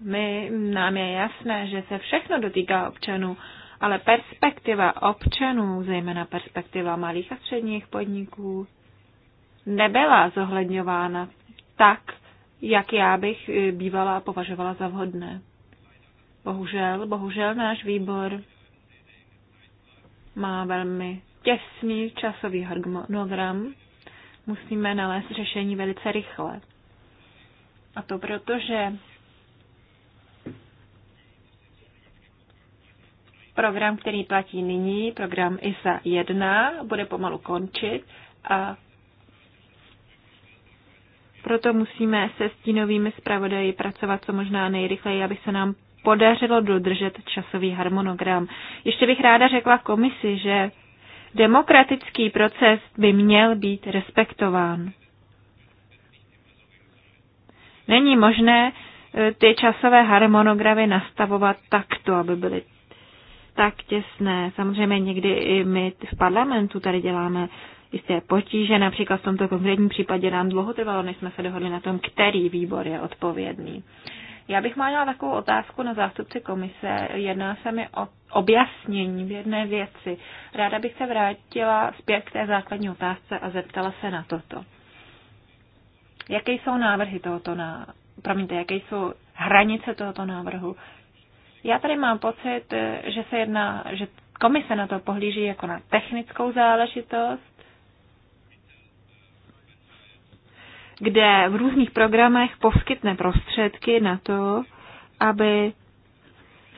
S3: my, nám je jasné, že se všechno dotýká občanů, ale perspektiva občanů, zejména perspektiva malých a středních podniků, nebyla zohledňována tak, jak já bych eh, bývala považovala za vhodné. Bohužel, bohužel náš výbor má velmi těsný časový harmonogram. Musíme nalézt řešení velice rychle. A to proto, že program, který platí nyní, program ISA 1, bude pomalu končit a proto musíme se stínovými zpravodaji pracovat co možná nejrychleji, aby se nám podařilo dodržet časový harmonogram. Ještě bych ráda řekla komisi, že demokratický proces by měl být respektován. Není možné e, ty časové harmonogramy nastavovat takto, aby byly tak těsné. Samozřejmě někdy i my v parlamentu tady děláme jisté potíže. Například v tomto konkrétním případě nám dlouho trvalo, než jsme se dohodli na tom, který výbor je odpovědný. Já bych měla takovou otázku na zástupce komise. Jedná se mi o objasnění v jedné věci. Ráda bych se vrátila zpět k té základní otázce a zeptala se na toto. Jaké jsou návrhy tohoto na, promiňte, jaké jsou hranice tohoto návrhu? Já tady mám pocit, že se jedná, že komise na to pohlíží jako na technickou záležitost kde v různých programech poskytne prostředky na to, aby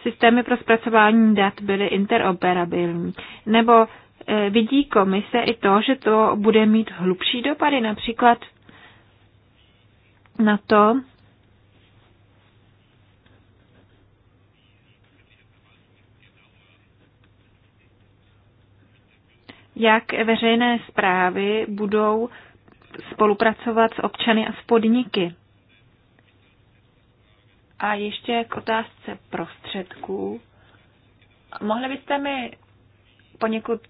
S3: systémy pro zpracování dat byly interoperabilní. Nebo e, vidí komise i to, že to bude mít hlubší dopady, například na to, jak veřejné zprávy budou spolupracovat s občany a s podniky. A ještě k otázce prostředků. Mohli byste mi poněkud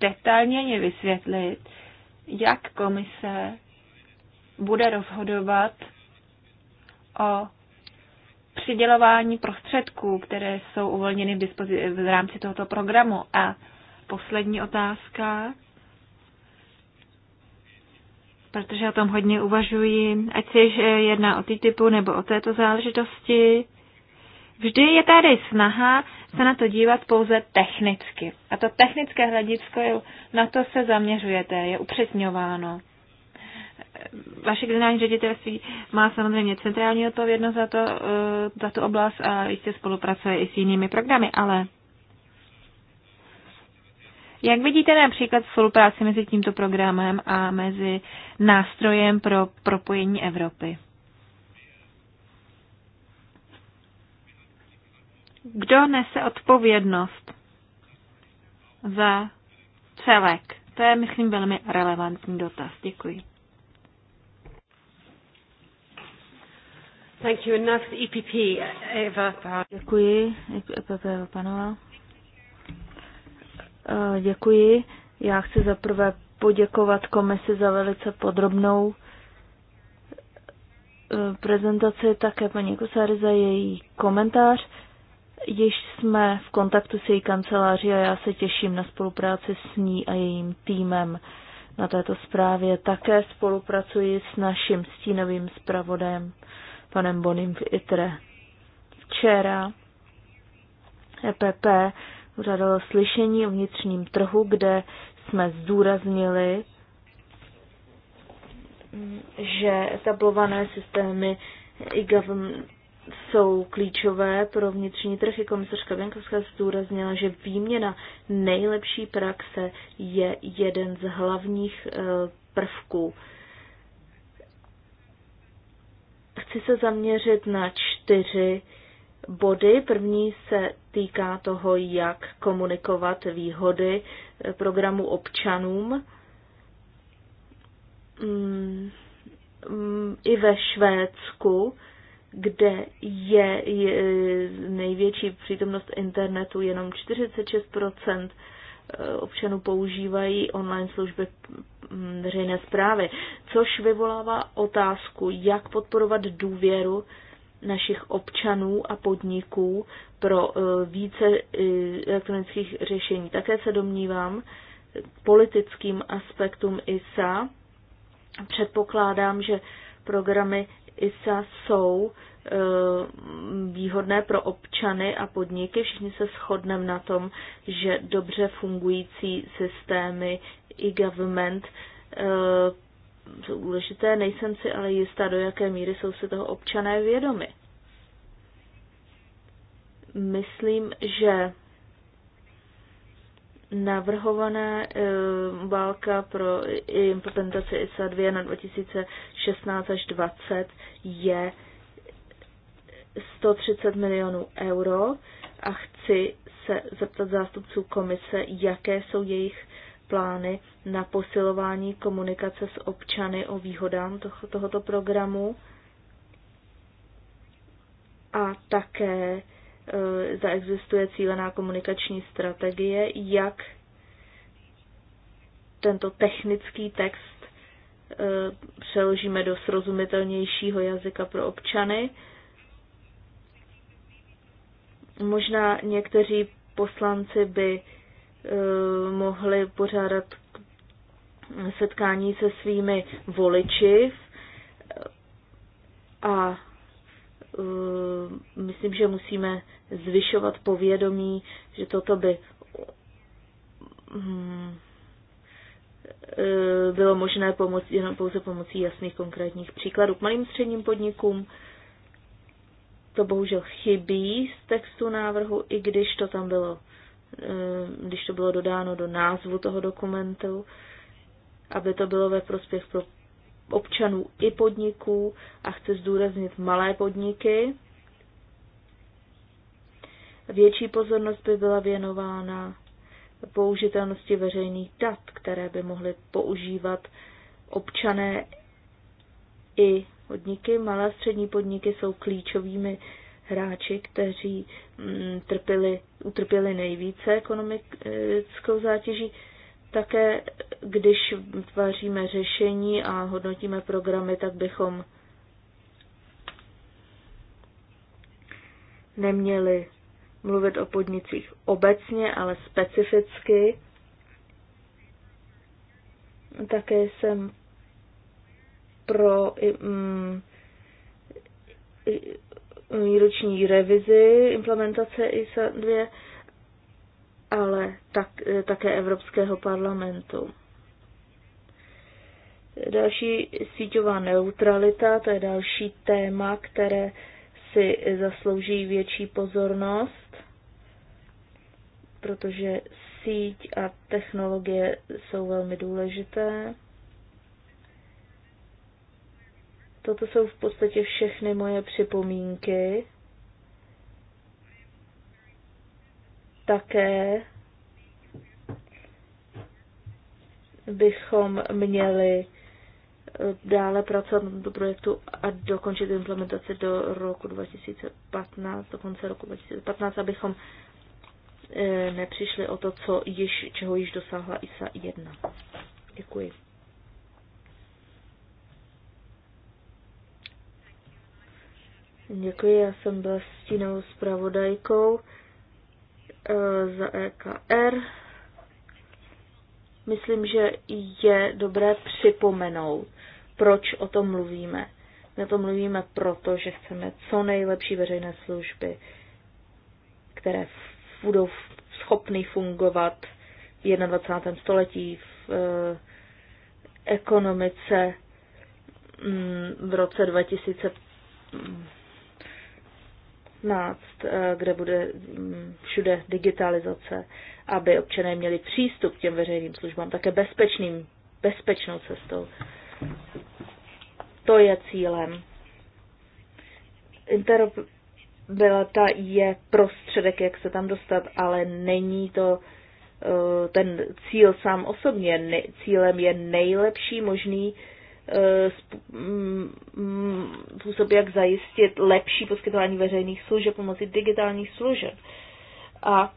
S3: detailněji vysvětlit, jak komise bude rozhodovat o přidělování prostředků, které jsou uvolněny v, dispozi- v rámci tohoto programu. A poslední otázka protože o tom hodně uvažuji, ať se eh, jedná o ty typu nebo o této záležitosti. Vždy je tady snaha se na to dívat pouze technicky. A to technické hledisko, je, na to se zaměřujete, je upřesňováno. Vaše generální ředitelství má samozřejmě centrální odpovědnost za, to, eh, za tu oblast a jistě spolupracuje i s jinými programy, ale jak vidíte například spolupráci mezi tímto programem a mezi nástrojem pro propojení Evropy. Kdo nese odpovědnost za celek? To je, myslím, velmi relevantní dotaz. Děkuji.
S1: Thank you. Enough EPP, Eva.
S4: Děkuji, EPP Eva Panova. Eh, děkuji. Já chci zaprvé poděkovat komisi za velice podrobnou eh, prezentaci, také paní Kosáry za její komentář. Již jsme v kontaktu s její kanceláří a já se těším na spolupráci s ní a jejím týmem na této zprávě. Také spolupracuji s naším stínovým zpravodem, panem Bonim v ITRE. Včera EPP uřadalo slyšení o vnitřním trhu, kde jsme zdůraznili, že etablované systémy e-government jsou klíčové pro vnitřní trh. I komisařka Věnkovská zdůraznila, že výměna nejlepší praxe je jeden z hlavních eh, prvků. Chci se zaměřit na čtyři body. První se týká toho, jak komunikovat výhody eh, programu občanům. Mm, mm, I ve Švédsku, kde je největší přítomnost internetu, jenom 46 eh, občanů používají online služby mm, veřejné zprávy, což vyvolává otázku, jak podporovat důvěru našich občanů a podniků pro eh, více eh, elektronických řešení. Také se domnívám politickým aspektům ISA. Předpokládám, že programy ISA jsou eh, výhodné pro občany a podniky. Všichni se shodneme na tom, že dobře fungující systémy i government jsou důležité, nejsem si ale jistá, do jaké míry jsou si toho občané vědomi. Myslím, že navrhovaná e, válka pro implementaci ISA 2 na 2016 až 20 je 130 milionů euro a chci se zeptat zástupců komise, jaké jsou jejich plány na posilování komunikace s občany o výhodám tohoto programu a také e, zaexistuje cílená komunikační strategie, jak tento technický text e, přeložíme do srozumitelnějšího jazyka pro občany. Možná někteří poslanci by Eh, mohli pořádat setkání se svými voliči eh, a eh, myslím, že musíme zvyšovat povědomí, že toto by hm, bylo možné pomoci, jenom pouze pomocí jasných konkrétních příkladů. K malým středním podnikům to bohužel chybí z textu návrhu, i když to tam bylo Eh, když to bylo dodáno do názvu toho dokumentu, aby to bylo ve prospěch pro občanů i podniků a chce zdůraznit malé podniky. Větší pozornost by byla věnována použitelnosti veřejných dat, které by mohly používat občané i podniky. Malé a střední podniky jsou klíčovými hráči, kteří mm, trpěli, utrpěli nejvíce ekonomickou zátěží, také když tváříme řešení a hodnotíme programy, tak bychom neměli mluvit o podnicích obecně, ale specificky. Také jsem pro mm, výroční revizi implementace ISA 2, ale tak, eh, také Evropského parlamentu. Další síťová neutralita, to je další téma, které si zaslouží větší pozornost, protože síť a technologie jsou velmi důležité. Toto jsou v podstatě všechny moje připomínky. Také bychom měli eh, dále pracovat na tomto projektu a dokončit implementaci do roku 2015, do konce roku 2015, abychom eh, nepřišli o to, co již, čeho již dosáhla ISA 1. Děkuji. Děkuji, já jsem byla stínovou zpravodajkou eh, za EKR. Myslím, že je dobré připomenout, proč o tom mluvíme. My o tom mluvíme proto, že chceme co nejlepší veřejné služby, které budou schopny fungovat v 21. století v eh, ekonomice mm, v roce 2000 15, eh, kde bude mm, všude digitalizace, aby občané měli přístup k těm veřejným službám, také bezpečným, bezpečnou cestou. To je cílem. Interoperabilita je prostředek, jak se tam dostat, ale není to eh, ten cíl sám osobně. Cílem je nejlepší možný Eh, mm, způsob, jak zajistit lepší poskytování veřejných služeb pomocí digitálních služeb. A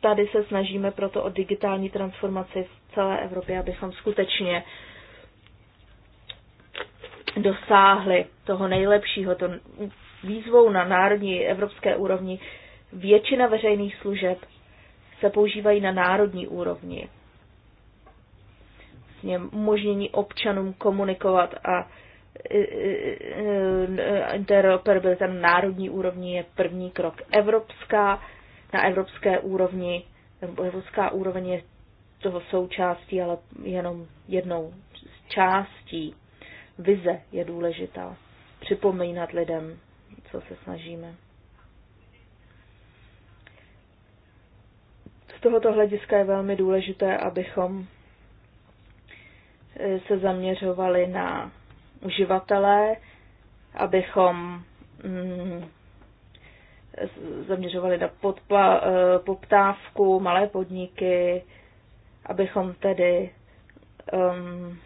S4: tady se snažíme proto o digitální transformaci v celé Evropě, abychom skutečně dosáhli toho nejlepšího. To výzvou na národní evropské úrovni většina veřejných služeb se používají na národní úrovni vlastně možnění občanům komunikovat a e, e, e, interoperabilita na národní úrovni je první krok. Evropská, na evropské úrovni, evropská úroveň je toho součástí, ale jenom jednou z částí. Vize je důležitá. Připomínat lidem, co se snažíme. Z tohoto hlediska je velmi důležité, abychom se zaměřovali na uživatele, abychom mm, zaměřovali na podpa, eh, poptávku, malé podniky, abychom tedy um,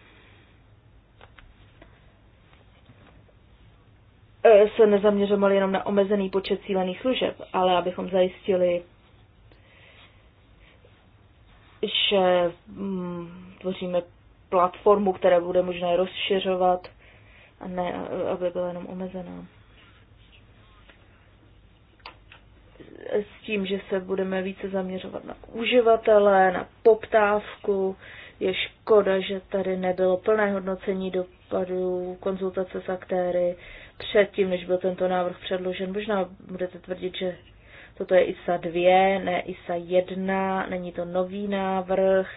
S4: se nezaměřovali jenom na omezený počet cílených služeb, ale abychom zajistili, že um, tvoříme platformu, která bude možné rozšiřovat a ne, aby byla jenom omezená. S tím, že se budeme více zaměřovat na uživatele, na poptávku, je škoda, že tady nebylo plné hodnocení dopadů, konzultace s aktéry předtím, než byl tento návrh předložen. Možná budete tvrdit, že toto je ISA 2, ne ISA 1, není to nový návrh,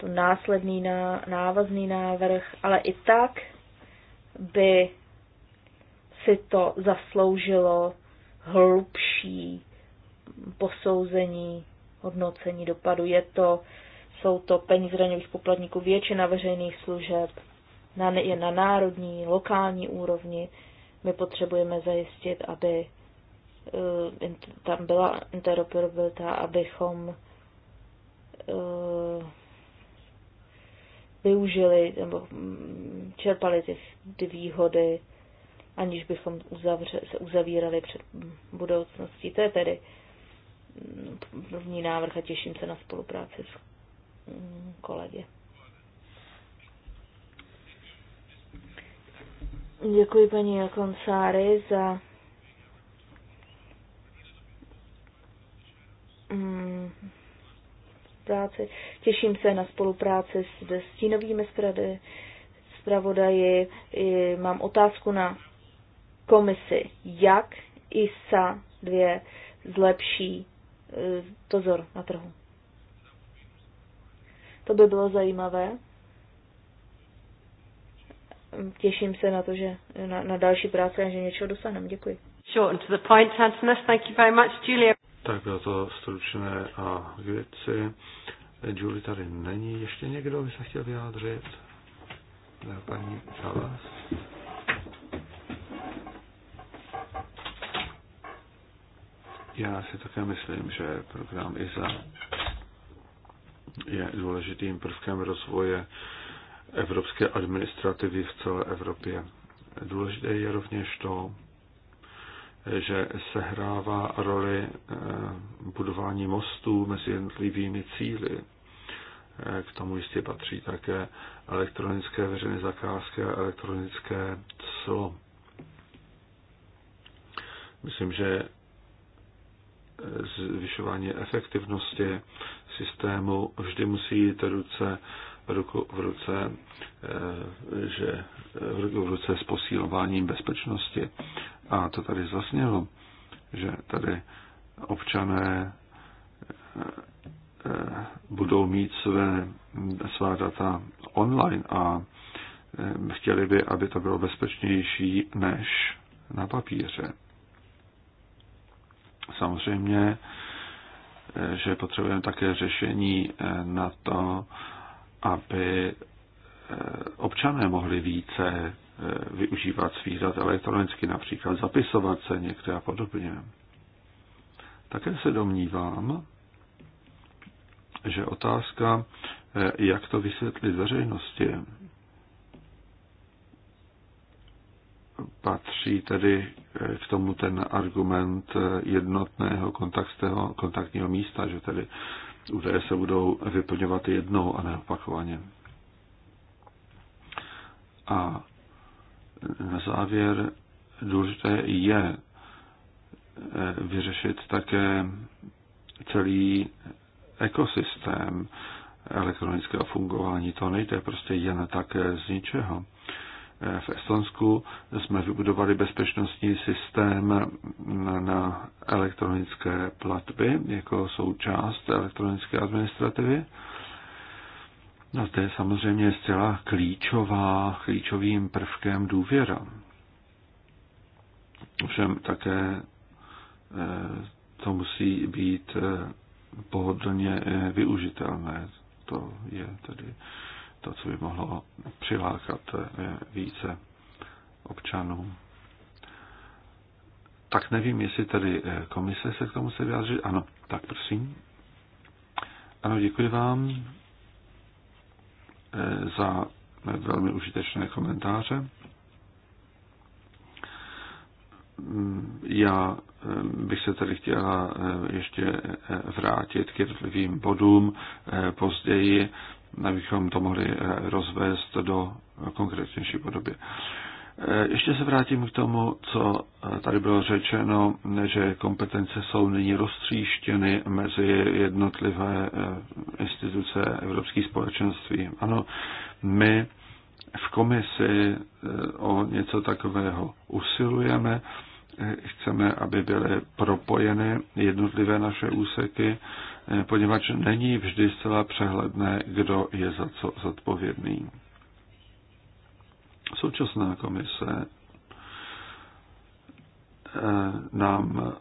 S4: to následný ná, návazný návrh, ale i tak by si to zasloužilo hlubší posouzení, hodnocení dopadu. Je to, jsou to peníze daňových poplatníků, většina veřejných služeb, na, je na národní, lokální úrovni. My potřebujeme zajistit, aby eh, tam byla interoperabilita, abychom eh, využili nebo mm, čerpali ty, ty výhody, aniž bychom uzavře, se uzavírali před mm, budoucností. To je tedy mm, první návrh a těším se na spolupráci s kolegy. Děkuji paní Jakonsáry za mm, spolupráci. Těším se na spolupráci s stínovými zpravodaji. Mám otázku na komisi, jak ISA 2 zlepší tozor e, na trhu. To by bylo zajímavé. Těším se na to, že na, na další práci a že něčeho dosáhneme. Děkuji.
S2: Short
S1: and to the point, Antonis, thank you very much, Julia.
S2: Tak bylo to stručné a věci. Julie tady není. Ještě někdo by se chtěl vyjádřit? Ne, paní Kalas. Já si také myslím, že program ISA je důležitým prvkem rozvoje evropské administrativy v celé Evropě. Důležité je rovněž to, že sehrává roli eh, budování mostů mezi jednotlivými cíly. Eh, k tomu jistě patří také elektronické veřejné zakázky a elektronické clo. Myslím, že eh, zvyšování efektivnosti systému vždy musí jít ruce ruku v ruce, eh, že eh, ruku v ruce s posílováním bezpečnosti. A to tady zasnělo, že tady občané eh, budou mít své, svá data online a chtěli by, aby to bylo bezpečnější než na papíře. Samozřejmě, že potřebujeme také řešení na to, aby eh, občané mohli více eh, využívat svých dat elektronicky, například zapisovat se někde a podobně. Také se domnívám, že otázka, eh, jak to vysvětlit veřejnosti, patří tedy k tomu ten argument jednotného kontaktního místa, že tedy údaje se budou vyplňovat jednou a ne opakovaně. A na závěr důležité je eh, vyřešit také celý ekosystém elektronického fungování. To nejde prostě jen tak z ničeho v Estonsku jsme vybudovali bezpečnostní systém na elektronické platby jako součást elektronické administrativy. A to je samozřejmě zcela klíčová, klíčovým prvkem důvěra. Všem také eh, to musí být eh, pohodlně eh, využitelné. To je tedy to, co by mohlo přilákat eh, více občanů. Tak nevím, jestli tady eh, komise se k tomu se vyjádří. Ano, tak prosím. Ano, děkuji vám eh, za velmi užitečné komentáře. Já bych se tady chtěla ještě vrátit k jednotlivým bodům později abychom to mohli eh, rozvést do konkrétnější podoby. Eh, ještě se vrátím k tomu, co eh, tady bylo řečeno, že kompetence jsou nyní roztříštěny mezi jednotlivé instituce Evropských společenství. Ano, my v komisi o něco takového usilujeme chceme, aby byly propojeny jednotlivé naše úseky, eh, poněvadž není vždy zcela přehledné, kdo je za co zodpovědný. Současná komise eh, nám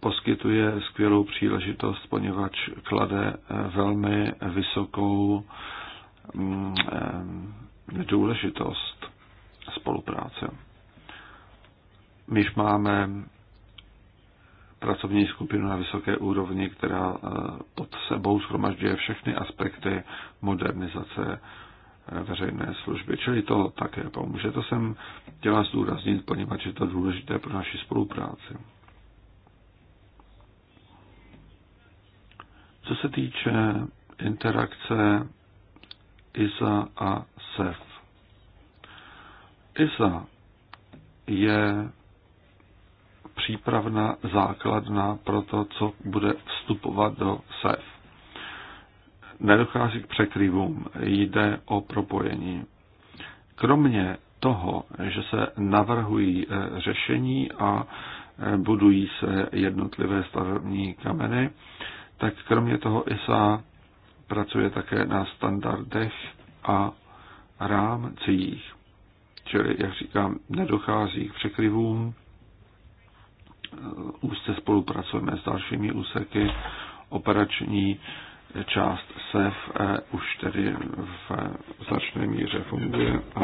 S2: poskytuje skvělou příležitost, poněvadž klade eh, velmi vysokou mm, důležitost spolupráce už máme pracovní skupinu na vysoké úrovni, která eh, pod sebou schromažďuje všechny aspekty modernizace eh, veřejné služby. Čili to také pomůže. To jsem chtěla zdůraznit, poněvadž je to důležité pro naši spolupráci. Co se týče interakce ISA a SEF. ISA je přípravná základna pro to, co bude vstupovat do SEF. Nedochází k překryvům, jde o propojení. Kromě toho, že se navrhují eh, řešení a eh, budují se jednotlivé stavební kameny, tak kromě toho ISA pracuje také na standardech a rámcích. Čili, jak říkám, nedochází k překryvům, úzce uh, spolupracujeme s dalšími úseky. Operační část SEF eh, už tedy eh, v značné míře funguje a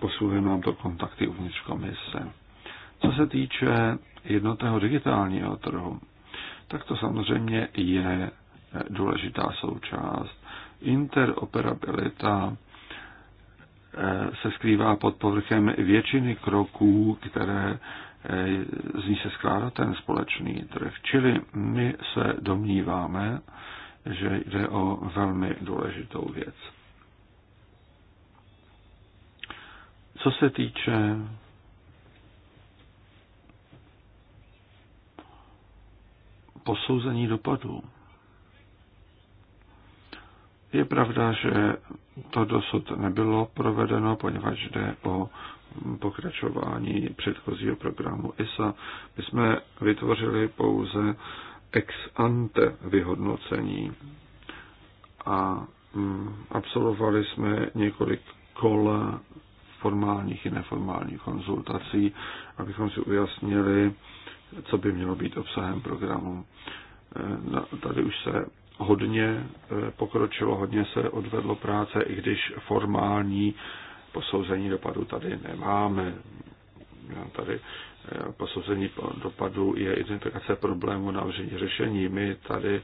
S2: posluhuje nám to kontakty uvnitř komise. Co se týče jednotného digitálního trhu, tak to samozřejmě je eh, důležitá součást. Interoperabilita se skrývá pod povrchem většiny kroků, které z ní se skládá ten společný trh. Čili my se domníváme, že jde o velmi důležitou věc. Co se týče posouzení dopadů, je pravda, že to dosud nebylo provedeno, poněvadž jde o pokračování předchozího programu ISA. My jsme vytvořili pouze ex ante vyhodnocení a mm, absolvovali jsme několik kol formálních i neformálních konzultací, abychom si ujasnili, co by mělo být obsahem programu. E, tady už se hodně e, pokročilo, hodně se odvedlo práce, i když formální posouzení dopadu tady nemáme. Tady eh, posouzení dopadu je identifikace problému na vření řešení. My tady eh,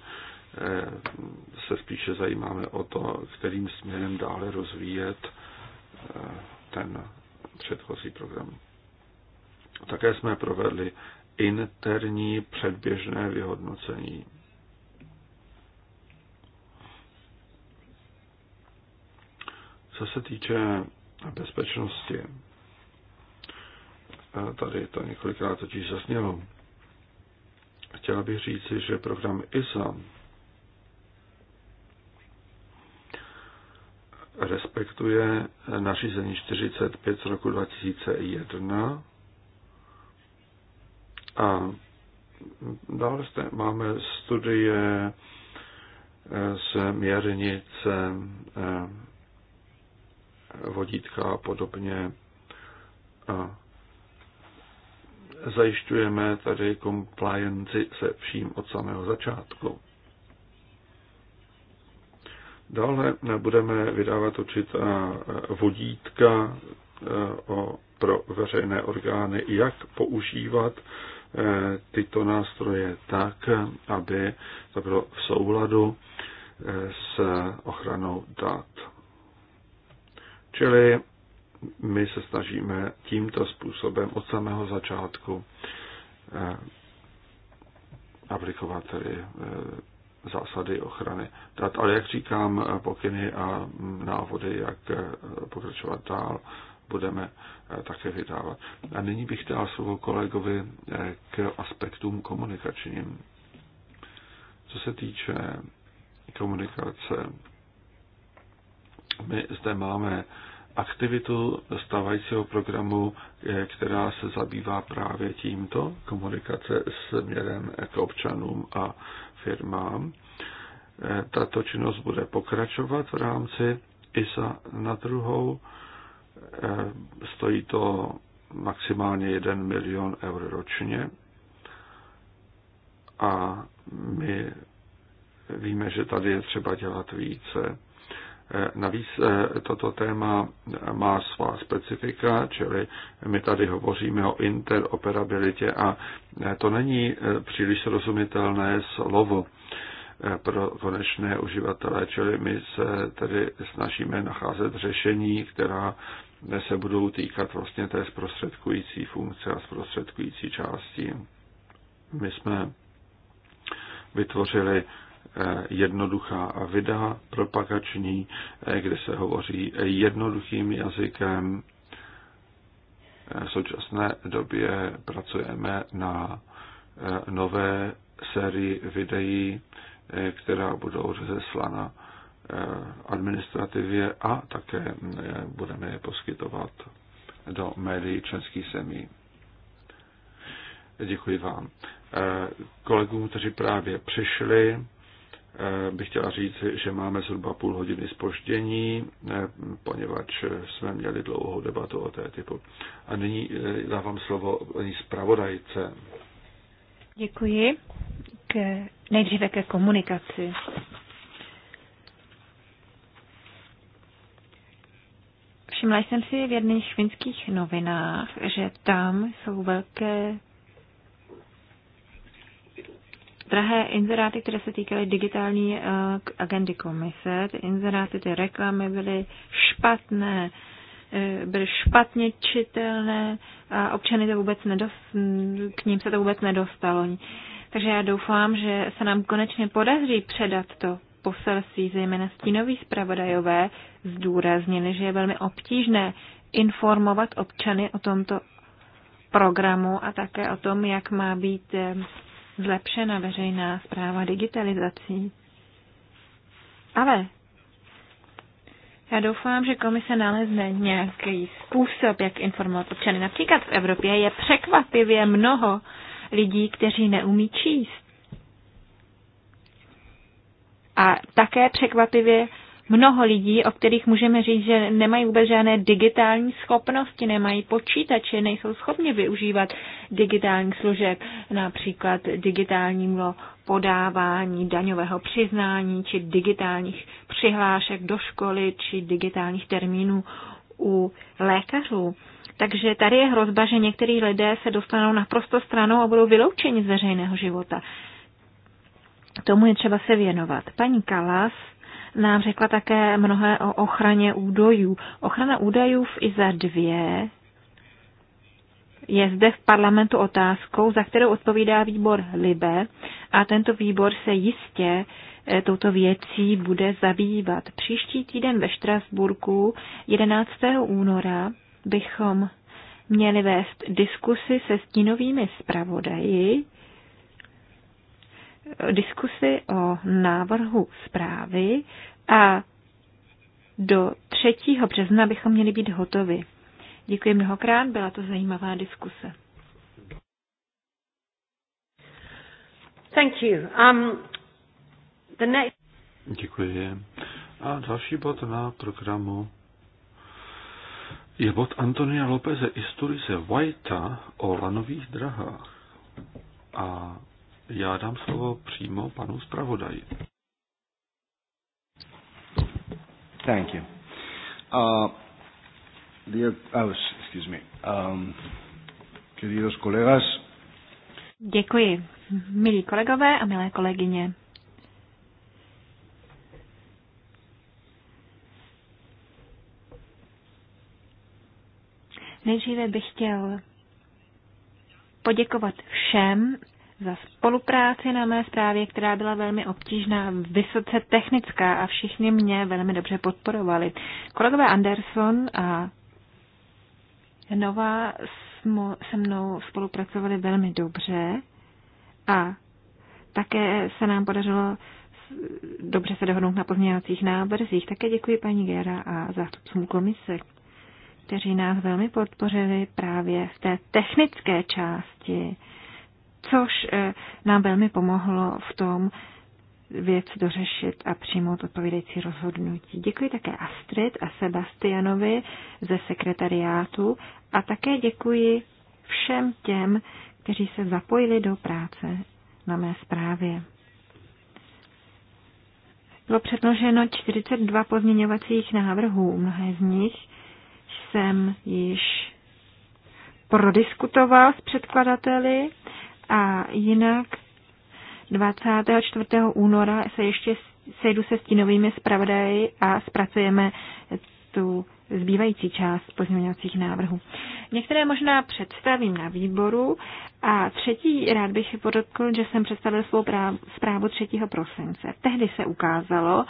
S2: se spíše zajímáme o to, kterým směrem dále rozvíjet eh, ten předchozí program. Také jsme provedli interní předběžné vyhodnocení. Co se týče bezpečnosti. Tady to několikrát totiž zaznělo. Chtěla bych říci, že program ISA respektuje nařízení 45 z roku 2001 a dále jste, máme studie měrnice eh, vodítka a podobně. A zajišťujeme tady complianci se vším od samého začátku. Dále budeme vydávat určitá vodítka eh, pro veřejné orgány, jak používat eh, tyto nástroje tak, aby to bylo v souladu eh, s ochranou dat. Čili my se snažíme tímto způsobem od samého začátku eh, aplikovat tedy eh, zásady ochrany dat. Ale jak říkám, pokyny a návody, jak eh, pokračovat dál, budeme také vydávat. A nyní bych dal slovo kolegovi k aspektům komunikačním. Co se týče komunikace, my zde máme aktivitu stávajícího programu, eh, která se zabývá právě tímto, komunikace měrem k občanům a firmám. Eh, tato činnost bude pokračovat v rámci ISA na druhou. Eh, stojí to maximálně 1 milion eur ročně. A my víme, že tady je třeba dělat více. Eh, navíc eh, toto téma má svá specifika, čili my tady hovoříme o interoperabilitě a eh, to není příliš srozumitelné slovo pro konečné uživatele, čili my se tedy snažíme nacházet řešení, která se budou týkat vlastně té zprostředkující funkce a zprostředkující části. My jsme vytvořili jednoduchá videa propagační, eh, kde se hovoří jednoduchým jazykem. V současné době pracujeme na eh, nové sérii videí, eh, která budou rozeslana administrativě a také budeme je poskytovat do médií český zemí. Děkuji vám. Kolegům, kteří právě přišli, Eh, bych chtěla říct, že máme zhruba půl hodiny spoždění, eh, poněvadž jsme měli dlouhou debatu o té typu. A nyní eh, dávám slovo paní zpravodajce.
S3: Děkuji. K, nejdříve ke komunikaci. Všimla jsem si v jedných švinských novinách, že tam jsou velké drahé inzeráty, které se týkaly digitální eh, agendy komise. Ty inzeráty, ty reklamy byly špatné, eh, byly špatně čitelné a občany to vůbec nedost, k ním se to vůbec nedostalo. Takže já doufám, že se nám konečně podaří předat to poselství, zejména stínoví zpravodajové, zdůraznili, že je velmi obtížné informovat občany o tomto programu a také o tom, jak má být eh, zlepšena veřejná zpráva digitalizací. Ale já doufám, že komise nalezne nějaký způsob, jak informovat občany. Například v Evropě je překvapivě mnoho lidí, kteří neumí číst. A také překvapivě mnoho lidí, o kterých můžeme říct, že nemají vůbec žádné digitální schopnosti, nemají počítače, nejsou schopni využívat digitální služeb, například digitálnímu podávání daňového přiznání či digitálních přihlášek do školy či digitálních termínů u lékařů. Takže tady je hrozba, že některý lidé se dostanou naprosto stranou a budou vyloučeni z veřejného života. Tomu je třeba se věnovat. Paní Kalas nám řekla také mnohé o ochraně údajů. Ochrana údajů v IZA 2 je zde v parlamentu otázkou, za kterou odpovídá výbor LIBE a tento výbor se jistě eh, touto věcí bude zabývat. Příští týden ve Štrasburku 11. února bychom měli vést diskusy se stínovými zpravodaji diskusi o návrhu zprávy a do 3. března bychom měli být hotovi. Děkuji mnohokrát,
S1: byla to zajímavá diskuse. Thank you. Um, the next...
S2: Děkuji. A další bod na programu je bod Antonia Lopeze Isturize Vajta o lanových drahách. A já dám slovo přímo panu zpravodaji. Thank you. Uh, dear, oh, excuse me. Um, queridos colegas.
S3: Děkuji, milí kolegové a milé kolegyně. Nejdříve bych chtěl poděkovat všem za spolupráci na mé zprávě, která byla velmi obtížná, vysoce technická a všichni mě velmi dobře podporovali. Kolegové Anderson a Nová se mnou spolupracovali velmi dobře a také se nám podařilo dobře se dohodnout na pozměňovacích návrzích. Také děkuji paní Gera a zástupcům komise, kteří nás velmi podpořili právě v té technické části což eh, nám velmi pomohlo v tom věc dořešit a přijmout odpovídající rozhodnutí. Děkuji také Astrid a Sebastianovi ze sekretariátu a také děkuji všem těm, kteří se zapojili do práce na mé zprávě. Bylo předloženo 42 pozměňovacích návrhů, mnohé z nich jsem již prodiskutoval s předkladateli a jinak 24. února se ještě sejdu se stínovými zpravodaji a zpracujeme tu zbývající část pozměňovacích návrhů. Některé možná představím na výboru a třetí rád bych podotkl, že jsem představil svou zprávu 3. prosince. Tehdy se ukázalo,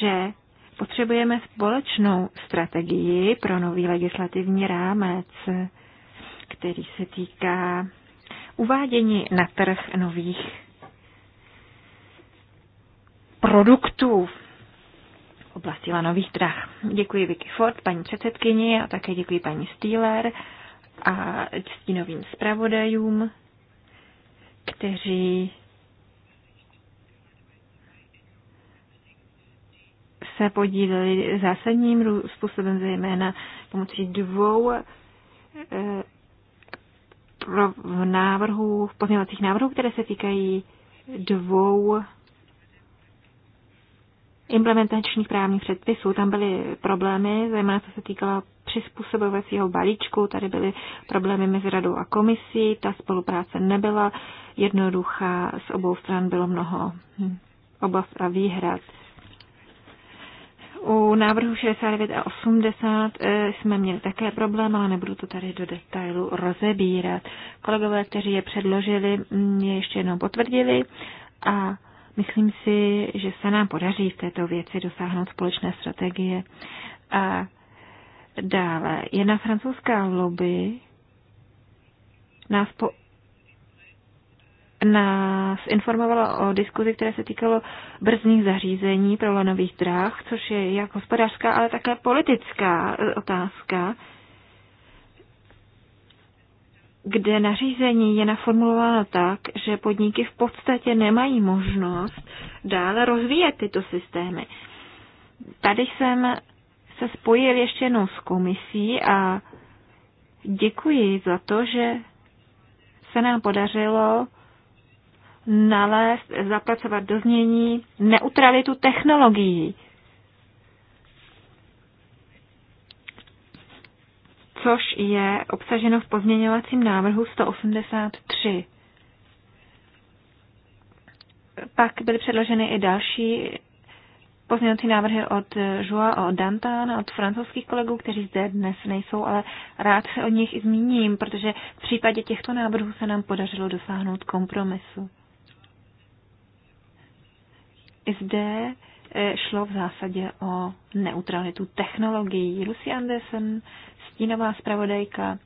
S3: že potřebujeme společnou strategii pro nový legislativní rámec, který se týká uvádění na trh nových produktů v oblasti lanových drah. Děkuji Vicky Ford, paní předsedkyni a také děkuji paní Steeler a stínovým zpravodajům, kteří se podíleli zásadním způsobem, zejména pomocí dvou eh, v návrhu, v pozměňovacích návrhů, které se týkají dvou implementačních právních předpisů. Tam byly problémy, zejména co se týkalo přizpůsobovacího balíčku, tady byly problémy mezi radou a komisí, ta spolupráce nebyla jednoduchá, z obou stran bylo mnoho obav a výhrad. U návrhu 69 a 80 eh, jsme měli také problém, ale nebudu to tady do detailu rozebírat. Kolegové, kteří je předložili, mě ještě jednou potvrdili a myslím si, že se nám podaří v této věci dosáhnout společné strategie. A dále, jedna francouzská lobby nás po nás informovala o diskuzi, které se týkalo brzdních zařízení pro lanových dráh, což je jak hospodářská, ale také politická e, otázka, kde nařízení je naformulováno tak, že podniky v podstatě nemají možnost dále rozvíjet tyto systémy. Tady jsem se spojil ještě jednou s komisí a děkuji za to, že se nám podařilo nalézt, zapracovat do znění neutralitu technologií. Což je obsaženo v pozměňovacím návrhu 183. Pak byly předloženy i další pozměňovací návrhy od Joa a od Dantana, od francouzských kolegů, kteří zde dnes nejsou, ale rád se o nich i zmíním, protože v případě těchto návrhů se nám podařilo dosáhnout kompromisu zde e, šlo v zásadě o neutralitu technologií. Lucy Anderson, stínová zpravodajka,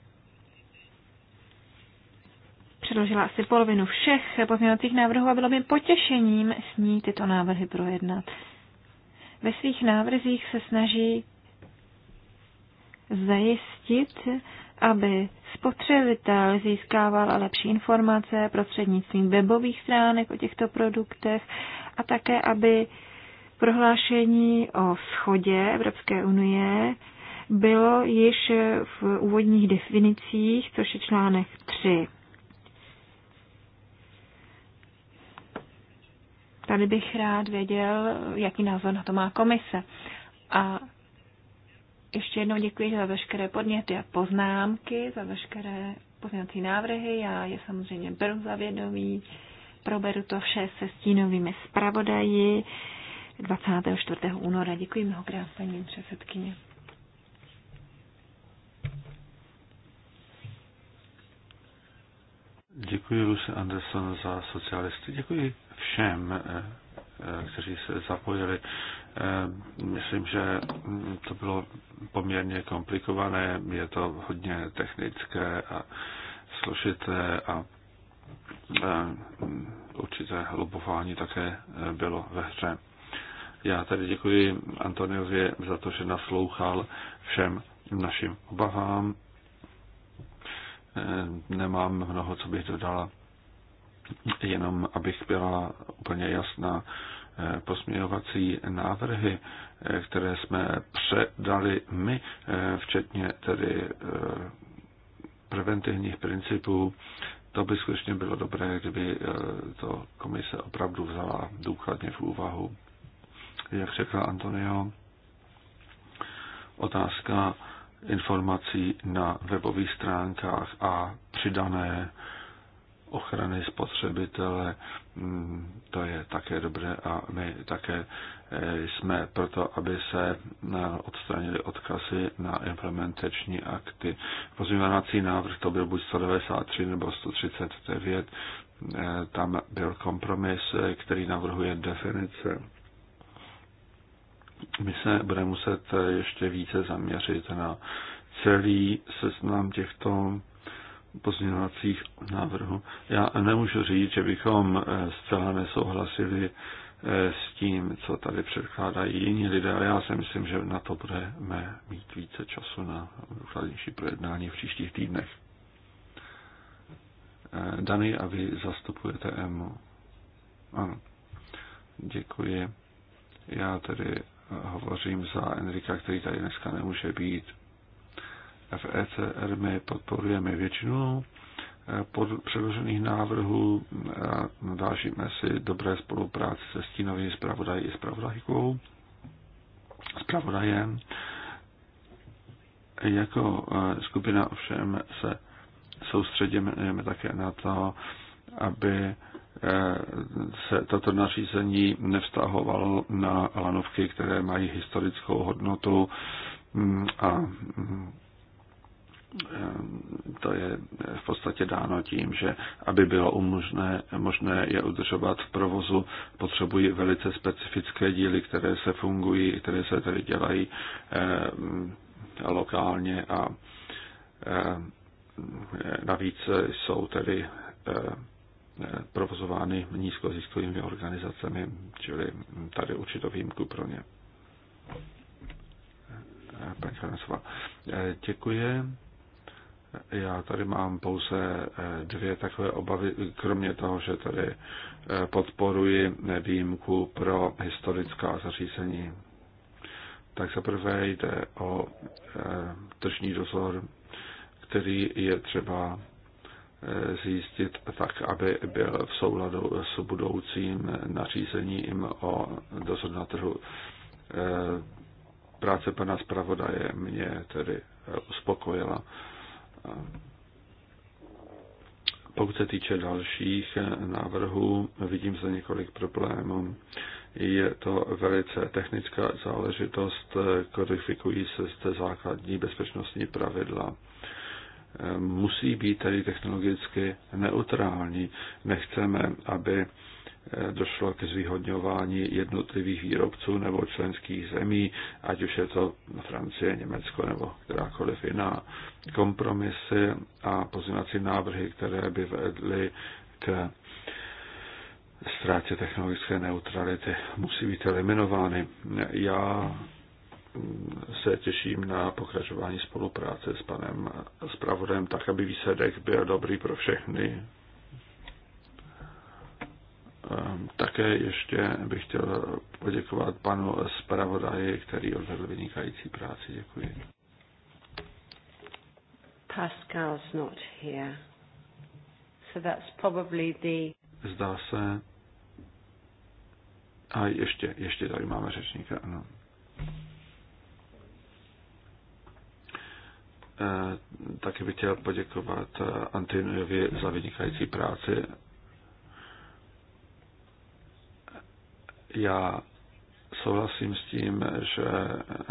S3: předložila asi polovinu všech pozměňovacích návrhů a bylo mi potěšením s ní tyto návrhy projednat. Ve svých návrzích se snaží zajistit, aby spotřebitel získával lepší informace prostřednictvím webových stránek o těchto produktech a také, aby prohlášení o schodě Evropské unie bylo již v úvodních definicích, což je článek 3. Tady bych rád věděl, jaký názor na to má komise. A ještě jednou děkuji za veškeré podněty a poznámky, za veškeré pozměňovací návrhy. Já je samozřejmě beru za vědomí proberu to vše se stínovými zpravodaji 24. února. Děkuji mnohokrát,
S1: paní předsedkyně.
S2: Děkuji Luce Anderson za socialisty. Děkuji všem, eh, eh, kteří se zapojili. Eh, myslím, že hm, to bylo poměrně komplikované, je to hodně technické a složité a Eh, určité lobování také eh, bylo ve hře. Já tady děkuji Antoniovi za to, že naslouchal všem našim obavám. Eh, nemám mnoho, co bych dodala, jenom abych byla úplně jasná. Posměňovací návrhy, které jsme předali my, včetně tedy preventivních principů, to by skutečně bylo dobré, kdyby eh, to komise opravdu vzala důkladně v úvahu. Jak řekla Antonio, otázka informací na webových stránkách a přidané ochrany spotřebitele, mm, to je také dobré a my také jsme proto, aby se eh, odstranili odkazy na implementační akty. Pozměňovací návrh to byl buď 193 nebo 139, eh, tam byl kompromis, eh, který navrhuje definice. My se budeme muset ještě více zaměřit na celý seznam těchto pozměňovacích návrhů. Já nemůžu říct, že bychom zcela nesouhlasili E, s tím, co tady předkládají jiní lidé. ale já si myslím, že na to budeme mít více času na důkladnější projednání v příštích týdnech. E, Dany, a vy zastupujete EMO. Ano, děkuji. Já tedy hovořím za Enrika, který tady dneska nemůže být. V ECR my podporujeme většinu pod předložených návrhů a dalšíme si dobré spolupráci se stínovými zpravodají i zpravodajkou, zpravodajem. Jako eh, skupina ovšem se soustředíme také na to, aby eh, se toto nařízení nevztahovalo na lanovky, které mají historickou hodnotu mm, a mm, Ehm, to je v podstatě dáno tím, že aby bylo umožné, možné je udržovat v provozu, potřebují velice specifické díly, které se fungují, které se tady dělají eh, lokálně a eh, navíc jsou tedy eh, provozovány nízkoziskovými organizacemi, čili tady určitou výjimku pro ně. Ehm, paní ehm, děkuji. Já tady mám pouze eh, dvě takové obavy, kromě toho, že tady eh, podporuji výjimku pro historická zařízení. Tak za prvé jde o eh, tržní dozor, který je třeba zjistit tak, aby byl v souladu s budoucím nařízením o dozor na trhu. Práce pana zpravodaje mě tedy uspokojila pokud se týče dalších návrhů, vidím se několik problémů. Je to velice technická záležitost, kodifikují se zde základní bezpečnostní pravidla. Musí být tedy technologicky neutrální. Nechceme, aby Eh, došlo k zvýhodňování jednotlivých výrobců nebo členských zemí, ať už je to Francie, Německo nebo kterákoliv jiná. Kompromisy a pozměňovací návrhy, které by vedly k ztrátě technologické neutrality, musí být eliminovány. Já se těším na pokračování spolupráce s panem zpravodajem tak, aby výsledek byl dobrý pro všechny Ehm, také ještě bych chtěl poděkovat panu zpravodaji, který odvedl vynikající práci. Děkuji.
S1: Pascal's not here. So that's probably the...
S2: Zdá se. A ještě, ještě tady máme řečníka, ano. Ehm, taky bych chtěl poděkovat eh, Antinovi za vynikající práci Já souhlasím s tím, že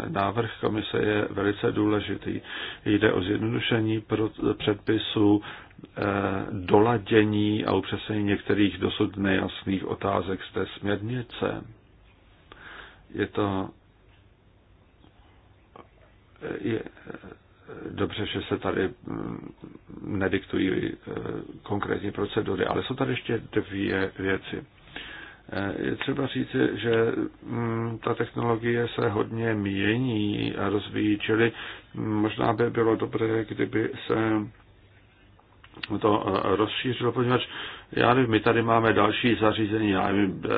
S2: návrh komise je velice důležitý. Jde o zjednodušení předpisů, eh, doladění a upřesnění některých dosud nejasných otázek z té směrnice. Je to je dobře, že se tady mm, nediktují eh, konkrétní procedury, ale jsou tady ještě dvě věci. Je třeba říci, že mm, ta technologie se hodně mění a rozvíjí, čili mm, možná by bylo dobré, kdyby se to eh, rozšířilo, poněvadž já nevím, my tady máme další zařízení, já nevím, eh,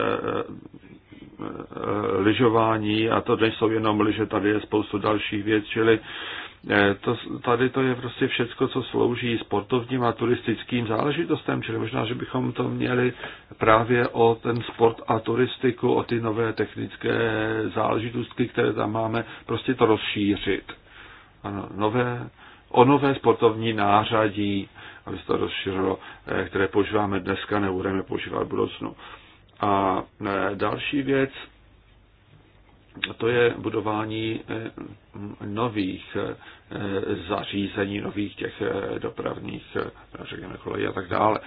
S2: eh, lyžování a to nejsou jenom lyže, tady je spoustu dalších věcí, čili Eh, to, tady to je prostě všecko, co slouží sportovním a turistickým záležitostem, čili možná, že bychom to měli právě o ten sport a turistiku, o ty nové technické záležitosti, které tam máme, prostě to rozšířit. Ano, nové, o nové sportovní nářadí, aby se to rozšířilo, eh, které používáme dneska, nebudeme používat v budoucnu. A eh, další věc, to je budování eh, nových eh, zařízení, nových těch eh, dopravních, řekněme, kolejí a tak dále.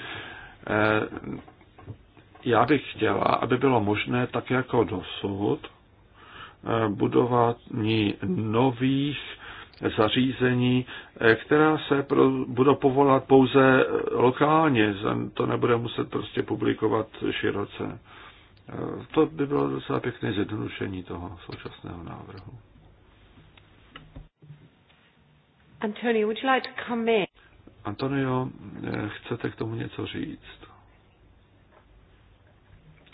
S2: Já bych chtěla, aby bylo možné tak jako dosud budování nových zařízení, která se pro, budou povolat pouze lokálně, to nebude muset prostě publikovat široce. Eh, to by bylo docela pěkné zjednodušení toho současného návrhu.
S1: Antonio, would you like to come in?
S2: Antonio, eh, chcete k tomu něco říct?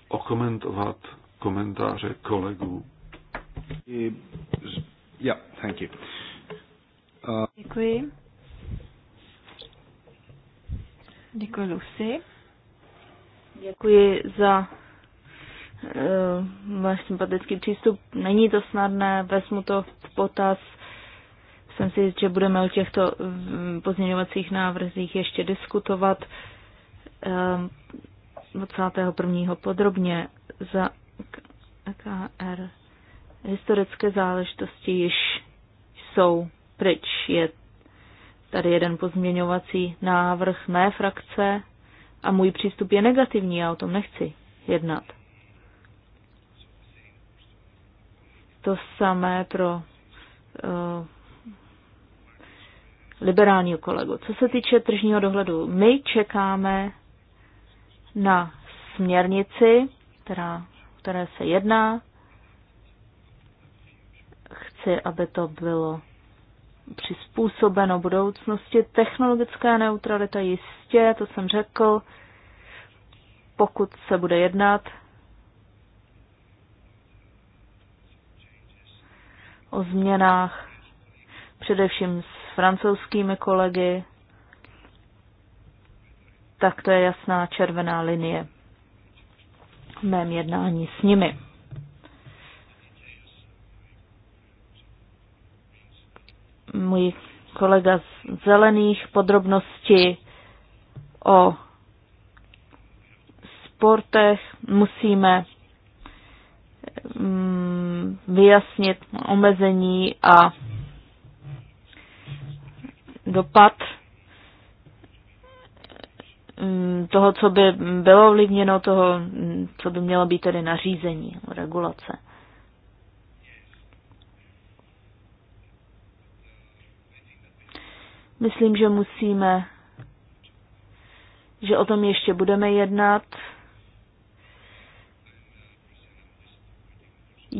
S2: Okomentovat komentáře kolegů? Eh, yeah, thank you. Uh...
S3: Děkuji.
S4: Děkuji, Lucy. Děkuji za Eh, máš sympatický přístup. Není to snadné, vezmu to v potaz. Jsem si že budeme o těchto mm, pozměňovacích návrzích ještě diskutovat 21. Eh, podrobně za KR. Historické záležitosti již jsou pryč. Je tady jeden pozměňovací návrh mé frakce a můj přístup je negativní, já o tom nechci jednat. to samé pro eh, liberálního kolegu. Co se týče tržního dohledu, my čekáme na směrnici, která, které se jedná. Chci, aby to bylo přizpůsobeno budoucnosti. Technologická neutralita jistě, to jsem řekl, pokud se bude jednat, o změnách, především s francouzskými kolegy, tak to je jasná červená linie v mém jednání s nimi. Můj kolega z zelených podrobnosti o sportech musíme mm, vyjasnit omezení a dopad mm, toho, co by bylo ovlivněno, toho, mm, co by mělo být tedy nařízení, regulace. Myslím, že musíme, že o tom ještě budeme jednat.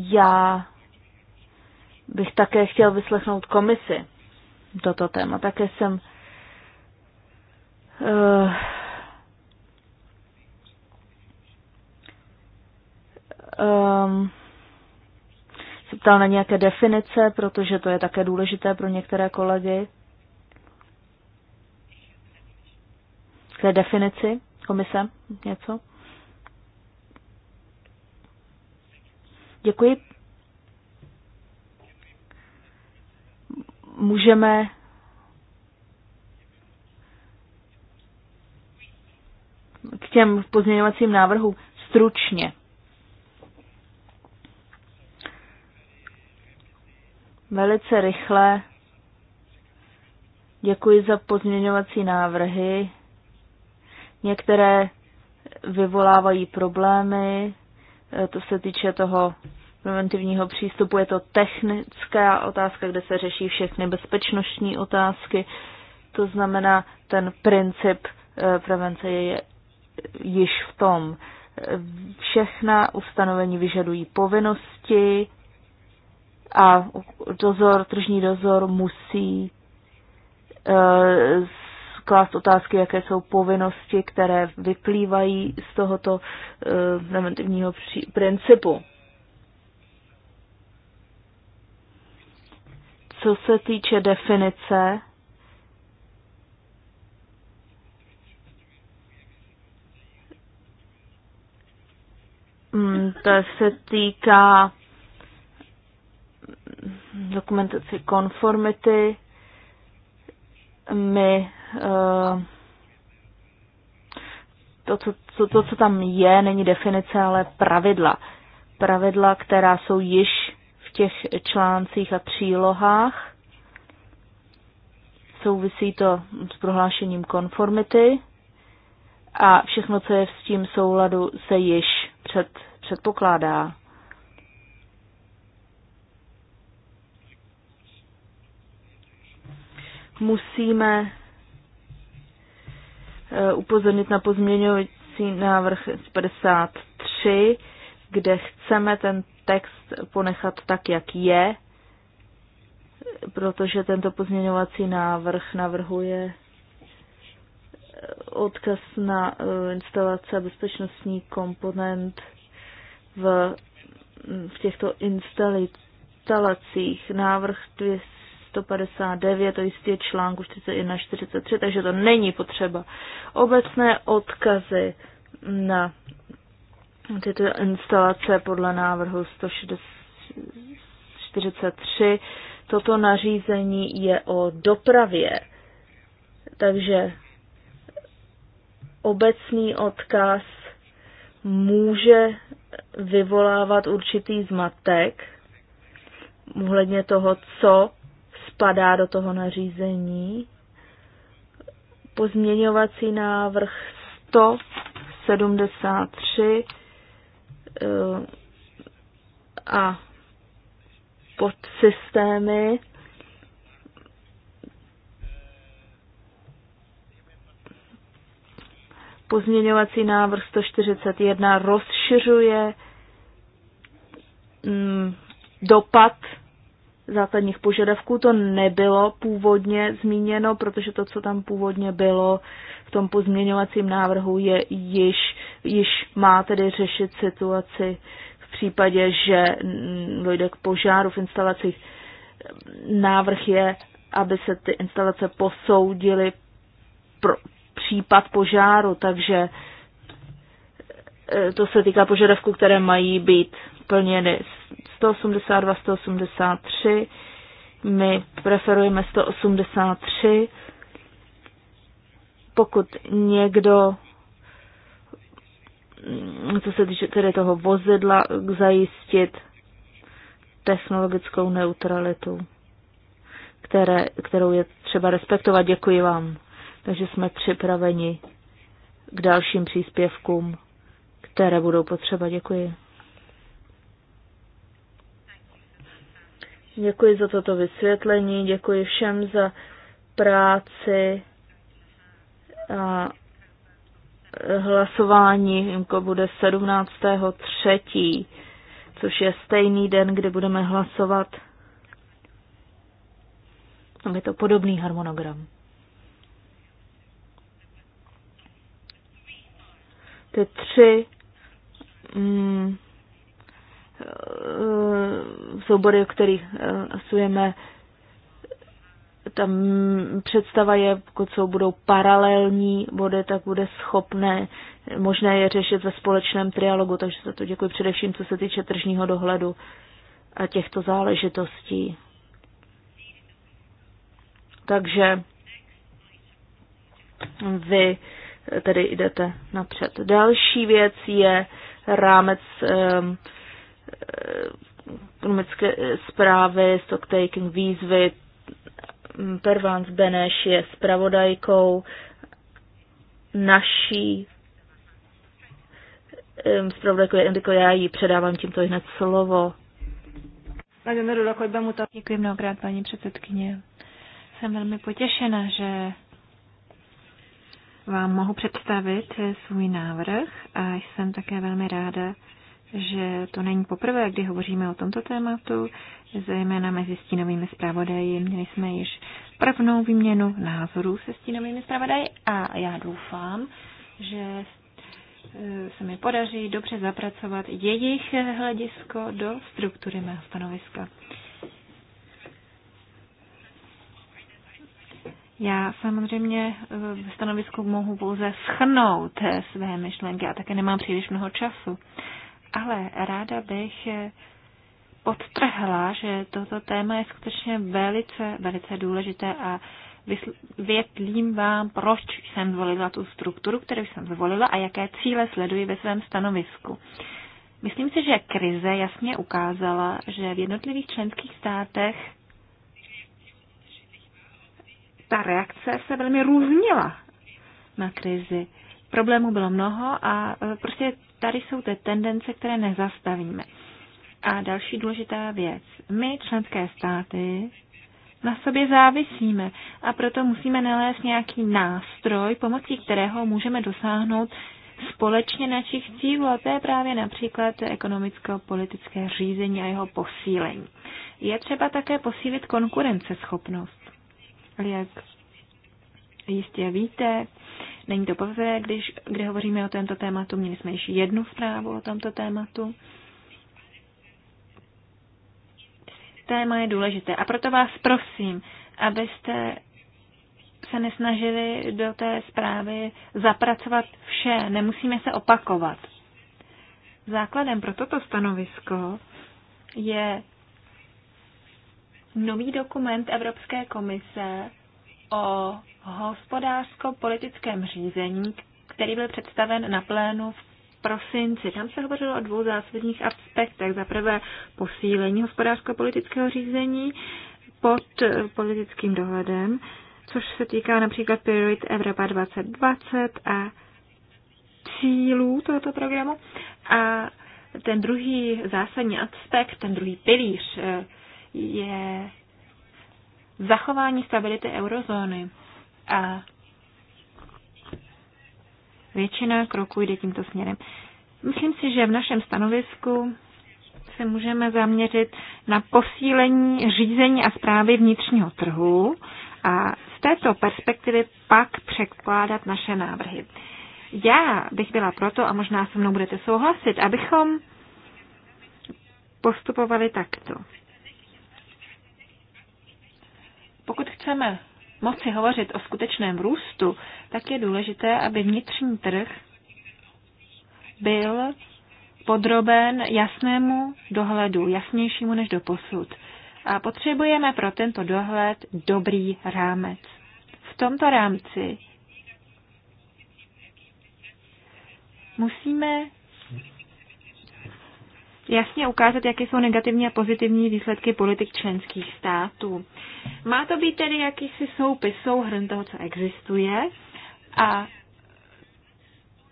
S4: Já bych také chtěl vyslechnout komisi toto téma. Také jsem uh, um, se ptal na nějaké definice, protože to je také důležité pro některé kolegy. K té definici komise něco? Děkuji. Můžeme k těm pozměňovacím návrhům stručně. Velice rychle. Děkuji za pozměňovací návrhy. Některé vyvolávají problémy, Eh, to se týče toho preventivního přístupu, je to technická otázka, kde se řeší všechny bezpečnostní otázky. To znamená, ten princip eh, prevence je již v tom. Eh, všechna ustanovení vyžadují povinnosti a dozor, tržní dozor musí klást otázky, jaké jsou povinnosti, které vyplývají z tohoto eh, preventivního principu. Co se týče definice, mm, to se týká dokumentaci konformity, my eh, to, co, to, to, co tam je, není definice, ale pravidla. Pravidla, která jsou již v těch článcích a přílohách. Souvisí to s prohlášením konformity a všechno, co je s tím souladu, se již před, předpokládá. musíme eh, upozornit na pozměňovací návrh 53, kde chceme ten text ponechat tak, jak je, protože tento pozměňovací návrh navrhuje eh, odkaz na eh, instalace bezpečnostní komponent v, v těchto instalacích. Návrh 200 159, to jistě článku 41 43, takže to není potřeba. Obecné odkazy na tyto instalace podle návrhu 143. Toto nařízení je o dopravě, takže obecný odkaz může vyvolávat určitý zmatek ohledně toho, co spadá do toho nařízení. Pozměňovací návrh 173 eh, a podsystémy Pozměňovací návrh 141 rozšiřuje mm, dopad základních požadavků. To nebylo původně zmíněno, protože to, co tam původně bylo v tom pozměňovacím návrhu, je již, již má tedy řešit situaci v případě, že dojde k požáru v instalacích. Návrh je, aby se ty instalace posoudily pro případ požáru, takže e, to se týká požadavků, které mají být plněny 182, 183. My preferujeme 183. Pokud někdo, mm, co se týče tedy toho vozidla, zajistit technologickou neutralitu, které, kterou je třeba respektovat. Děkuji vám. Takže jsme připraveni k dalším příspěvkům, které budou potřeba. Děkuji. Děkuji za toto vysvětlení, děkuji všem za práci a hlasování Jimko bude 17.3., což je stejný den, kdy budeme hlasovat. Tam je to podobný harmonogram. Ty tři mm, Eh, soubory, o kterých eh, asujeme, tam představa je, pokud jsou budou paralelní body, tak bude schopné, možné je řešit ve společném trialogu, takže za to děkuji především, co se týče tržního dohledu a těchto záležitostí. Takže vy tedy jdete napřed. Další věc je rámec eh, ekonomické eh, eh, zprávy, stocktaking, výzvy. Mm, Pervance Beneš je spravodajkou naší spravodajku je Indiko, já jí předávám tímto hned slovo. Děkuji
S3: mnohokrát, paní předsedkyně. Jsem velmi potěšena, že vám mohu představit eh, svůj návrh a jsem také velmi ráda, že to není poprvé, kdy hovoříme o tomto tématu, zejména mezi stínovými zpravodaji. Měli jsme již prvnou výměnu názorů se stínovými zpravodaji a já doufám, že e, se mi podaří dobře zapracovat jejich hledisko do struktury mého stanoviska. Já samozřejmě e, v stanovisku mohu pouze schnout e, své myšlenky a také nemám příliš mnoho času ale ráda bych podtrhla, že toto téma je skutečně velice, velice důležité a vysvětlím vám, proč jsem zvolila tu strukturu, kterou jsem zvolila a jaké cíle sleduji ve svém stanovisku. Myslím si, že krize jasně ukázala, že v jednotlivých členských státech ta reakce se velmi různila na krizi. Problémů bylo mnoho a prostě tady jsou ty tendence, které nezastavíme. A další důležitá věc. My, členské státy, na sobě závisíme a proto musíme nalézt nějaký nástroj, pomocí kterého můžeme dosáhnout společně našich cílů a to je právě například ekonomicko-politické řízení a jeho posílení. Je třeba také posílit konkurenceschopnost. Jak jistě víte, Není to poprvé, když, kdy hovoříme o tomto tématu. Měli jsme již jednu zprávu o tomto tématu. Téma je důležité. A proto vás prosím, abyste se nesnažili do té zprávy zapracovat vše. Nemusíme se opakovat. Základem pro toto stanovisko je nový dokument Evropské komise o hospodářsko-politickém řízení, který byl představen na plénu v prosinci. Tam se hovořilo o dvou zásadních aspektech. Za prvé posílení hospodářsko-politického řízení pod eh, politickým dohledem, což se týká například Priorit Evropa 2020 a cílů tohoto programu. A ten druhý zásadní aspekt, ten druhý pilíř eh, je zachování stability eurozóny. A většina kroků jde tímto směrem. Myslím si, že v našem stanovisku se můžeme zaměřit na posílení řízení a zprávy vnitřního trhu a z této perspektivy pak překládat naše návrhy. Já bych byla proto, a možná se mnou budete souhlasit, abychom postupovali takto. Pokud chceme moci hovořit o skutečném růstu, tak je důležité, aby vnitřní trh byl podroben jasnému dohledu, jasnějšímu než do posud. A potřebujeme pro tento dohled dobrý rámec. V tomto rámci musíme jasně ukázat, jaké jsou negativní a pozitivní výsledky politik členských států. Má to být tedy jakýsi soupis, souhrn toho, co existuje a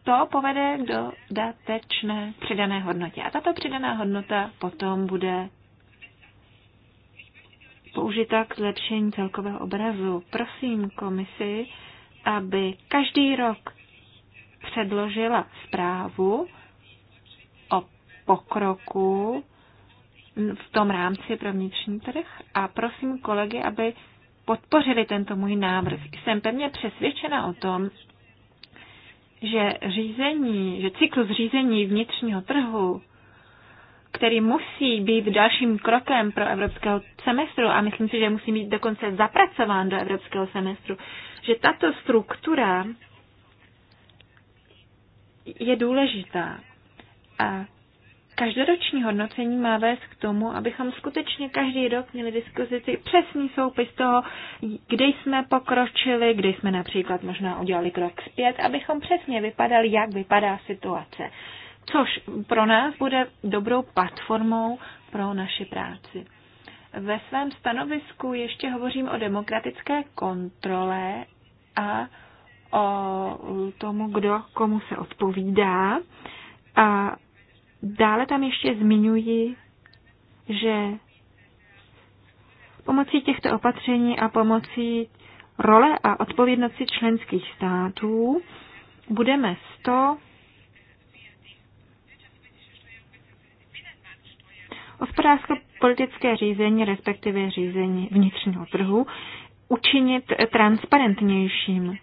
S3: to povede k dodatečné přidané hodnotě. A tato přidaná hodnota potom bude použita k zlepšení celkového obrazu. Prosím komisi, aby každý rok předložila zprávu pokroku v tom rámci pro vnitřní trh a prosím kolegy, aby podpořili tento můj návrh. Jsem pevně přesvědčena o tom, že řízení, že cyklus řízení vnitřního trhu, který musí být dalším krokem pro evropského semestru a myslím si, že musí být dokonce zapracován do evropského semestru, že tato struktura je důležitá. A Každoroční hodnocení má vést k tomu, abychom skutečně každý rok měli diskuzici přesný soupis toho, kde jsme pokročili, kde jsme například možná udělali krok zpět, abychom přesně vypadali, jak vypadá situace. Což pro nás bude dobrou platformou pro naši práci. Ve svém stanovisku ještě hovořím o demokratické kontrole a o tomu, kdo komu se odpovídá. A Dále tam ještě zmiňuji, že pomocí těchto opatření a pomocí role a odpovědnosti členských států budeme 100 hospodářsko-politické řízení, respektive řízení vnitřního trhu, učinit transparentnějším.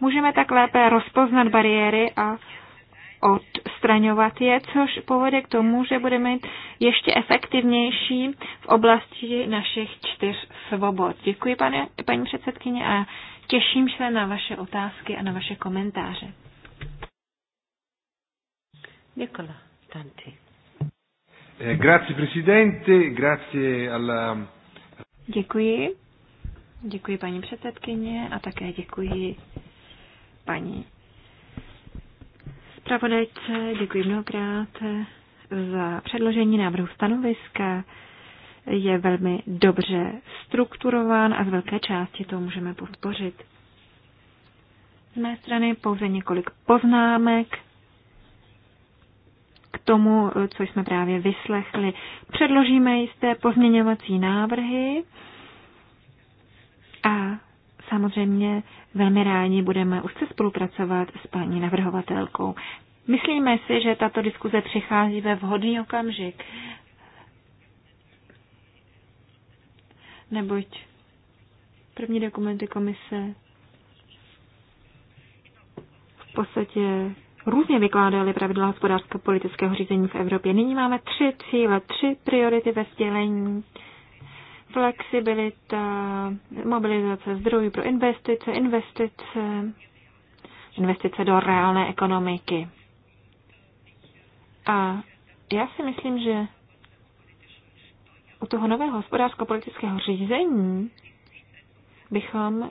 S3: Můžeme tak lépe rozpoznat bariéry a odstraňovat je, což povede k tomu, že budeme mít ještě efektivnější v oblasti našich čtyř svobod. Děkuji, pane, paní předsedkyně, a těším se na vaše otázky a na vaše komentáře. Nikola Tanti.
S2: Eh, grazie presidente, grazie alla...
S3: Děkuji. Děkuji paní předsedkyně a také děkuji paní Pravodajce, děkuji mnohokrát za předložení návrhu stanoviska. Je velmi dobře strukturován a z velké části to můžeme podpořit. Z mé strany pouze několik poznámek k tomu, co jsme právě vyslechli. Předložíme jisté pozměňovací návrhy a Samozřejmě velmi rádi budeme už se spolupracovat s paní navrhovatelkou. Myslíme si, že tato diskuze přichází ve vhodný okamžik, neboť první dokumenty komise v podstatě různě vykládaly pravidla hospodářského politického řízení v Evropě. Nyní máme tři cíle, tři priority ve sdělení flexibilita, mobilizace zdrojů pro investice, investice, investice do reálné ekonomiky. A já si myslím, že u toho nového hospodářsko-politického řízení bychom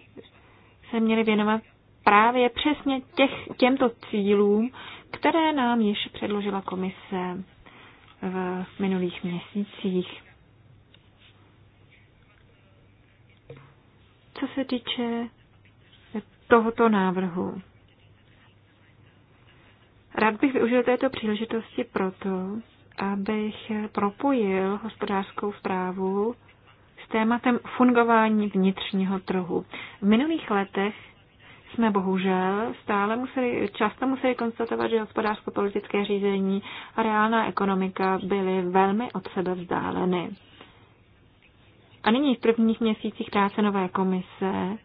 S3: se měli věnovat právě přesně těch, těmto cílům, které nám již předložila komise v minulých měsících. co se týče tohoto návrhu. Rád bych využil této příležitosti proto, abych propojil hospodářskou zprávu s tématem fungování vnitřního trhu. V minulých letech jsme bohužel stále museli, často museli konstatovat, že hospodářsko-politické řízení a reálná ekonomika byly velmi od sebe vzdáleny. A nyní v prvních měsících práce nové komise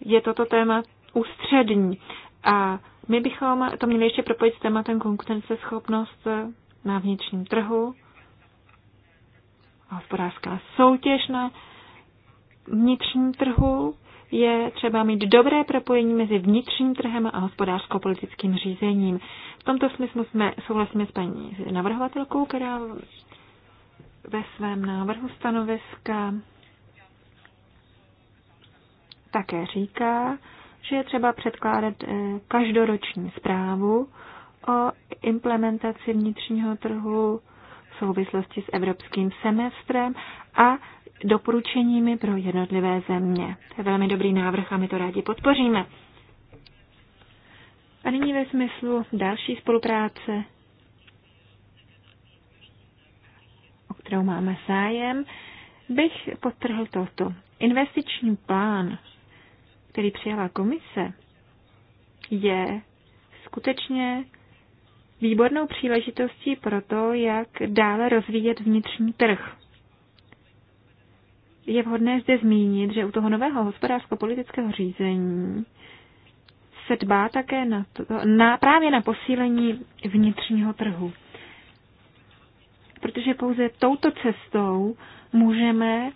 S3: je toto téma ústřední. A my bychom to měli ještě propojit s tématem konkurenceschopnost na vnitřním trhu, a hospodářská soutěž na vnitřním trhu, je třeba mít dobré propojení mezi vnitřním trhem a hospodářsko-politickým řízením. V tomto smyslu jsme souhlasíme s paní navrhovatelkou, která ve svém návrhu stanoviska také říká, že je třeba předkládat eh, každoroční zprávu o implementaci vnitřního trhu v souvislosti s evropským semestrem a doporučeními pro jednotlivé země. To je velmi dobrý návrh a my to rádi podpoříme. A nyní ve smyslu další spolupráce kterou máme zájem, bych potrhl toto. Investiční plán, který přijala komise, je skutečně výbornou příležitostí pro to, jak dále rozvíjet vnitřní trh. Je vhodné zde zmínit, že u toho nového hospodářsko-politického řízení se dbá také na, to, na právě na posílení vnitřního trhu protože pouze touto cestou můžeme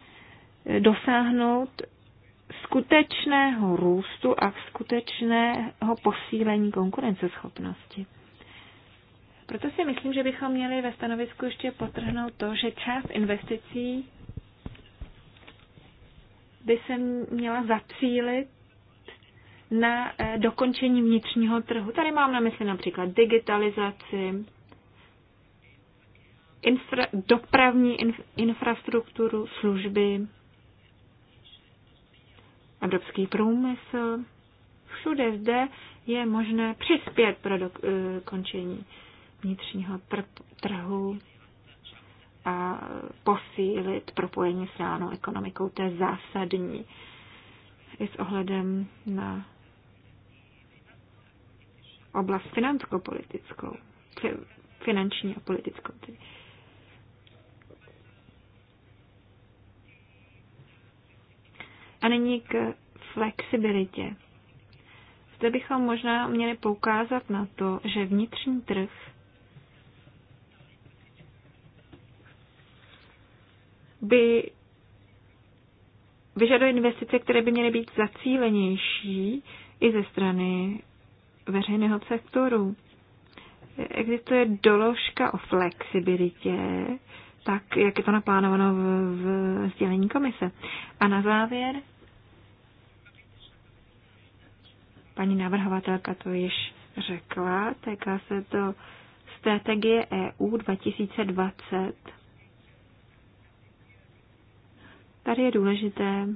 S3: eh, dosáhnout skutečného růstu a skutečného posílení konkurenceschopnosti. Proto si myslím, že bychom měli ve stanovisku ještě potrhnout to, že část investicí by se měla zacílit na eh, dokončení vnitřního trhu. Tady mám na mysli například digitalizaci, infra, dopravní inf, infrastrukturu, služby, evropský průmysl. Všude zde je možné přispět pro do, e, eh, končení vnitřního tr, trhu a posílit propojení s reálnou ekonomikou. To je zásadní i s ohledem na oblast finančko politickou finanční a politickou. Tedy. nyní k flexibilitě. Zde bychom možná měli poukázat na to, že vnitřní trh by vyžadoval investice, které by měly být zacílenější i ze strany veřejného sektoru. Existuje doložka o flexibilitě, tak jak je to naplánováno v, v sdělení komise. A na závěr Paní navrhovatelka to již řekla, týká se to strategie EU 2020. Tady je důležité,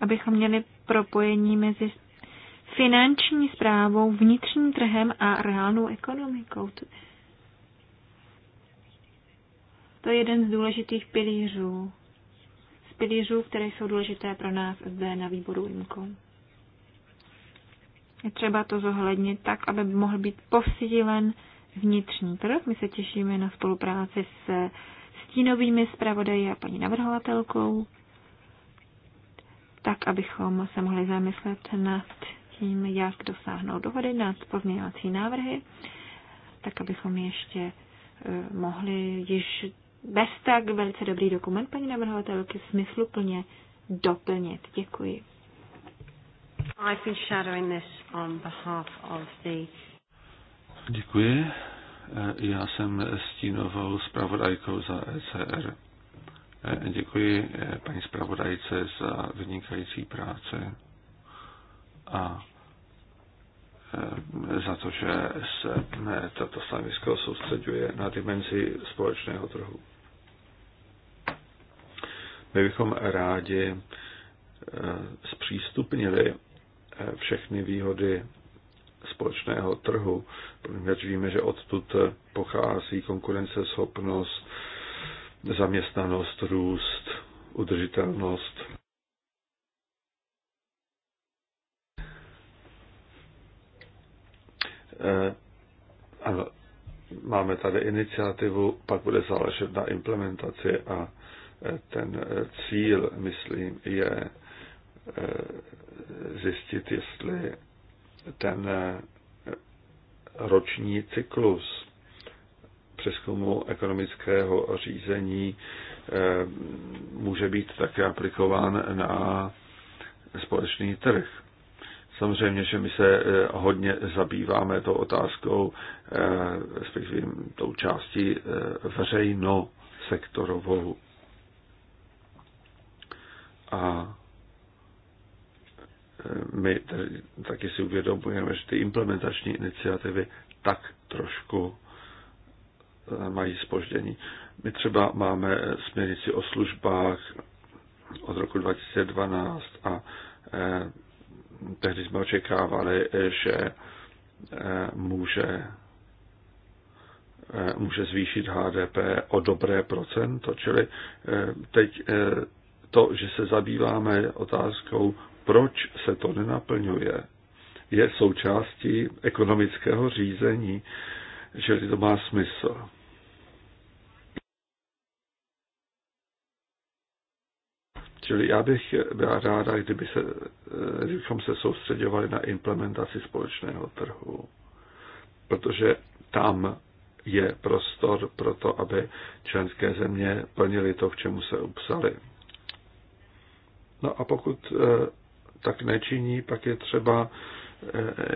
S3: abychom měli propojení mezi finanční zprávou, vnitřním trhem a reálnou ekonomikou. To je jeden z důležitých pilířů pilířů, které jsou důležité pro nás zde na výboru IMCO. Je třeba to zohlednit tak, aby mohl být posílen vnitřní trh. My se těšíme na spolupráci se stínovými zpravodaji a paní navrhovatelkou, tak, abychom se mohli zamyslet nad tím, jak dosáhnout dohody nad pozměňovací návrhy, tak abychom ještě eh, mohli již bez tak velice dobrý dokument paní navrhovatelky smysluplně
S1: doplnit. Děkuji.
S2: Děkuji. E, já jsem stínoval zpravodajkou za ECR. E, děkuji e, paní zpravodajce za vynikající práce a za to, že se toto stanovisko soustředuje na dimenzi společného trhu. My bychom rádi eh, zpřístupnili eh, všechny výhody společného trhu, protože víme, že odtud pochází konkurenceschopnost, zaměstnanost, růst, udržitelnost. Eh, ano, máme tady iniciativu, pak bude záležet na implementaci a ten eh, cíl, myslím, je eh, zjistit, jestli ten eh, roční cyklus přeskumu ekonomického řízení může být také aplikován na společný trh. Samozřejmě, že my se hodně zabýváme tou otázkou, spíš tou částí veřejno sektorovou. A e, my tady taky si uvědomujeme, že ty implementační iniciativy tak trošku e, mají spoždění. My třeba máme směrnici o službách od roku 2012 a e, tehdy jsme očekávali, že může, může zvýšit HDP o dobré procento, čili teď to, že se zabýváme otázkou, proč se to nenaplňuje, je součástí ekonomického řízení, čili to má smysl. Čili já bych byla ráda, kdyby se, kdybychom se soustředovali na implementaci společného trhu, protože tam je prostor pro to, aby členské země plnily to, k čemu se upsali. No a pokud eh, tak nečiní, pak je třeba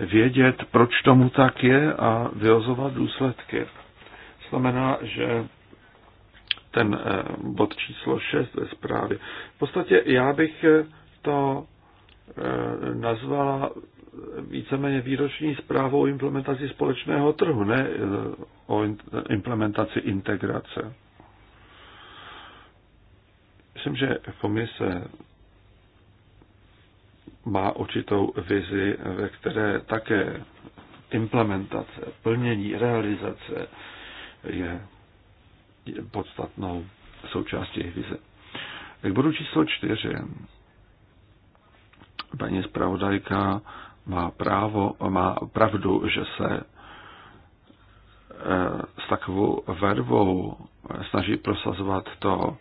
S2: eh, vědět, proč tomu tak je a vyhozovat důsledky. Znamená, že ten eh, bod číslo 6 ve zprávě. V podstatě já bych to nazvala víceméně výroční zprávou o implementaci společného trhu, ne o implementaci integrace. Myslím, že komise má určitou vizi, ve které také implementace, plnění, realizace je, podstatnou součástí jejich vize. K bodu číslo čtyři. Paní zpravodajka má právo, má pravdu, že se eh, s takovou vervou snaží prosazovat to,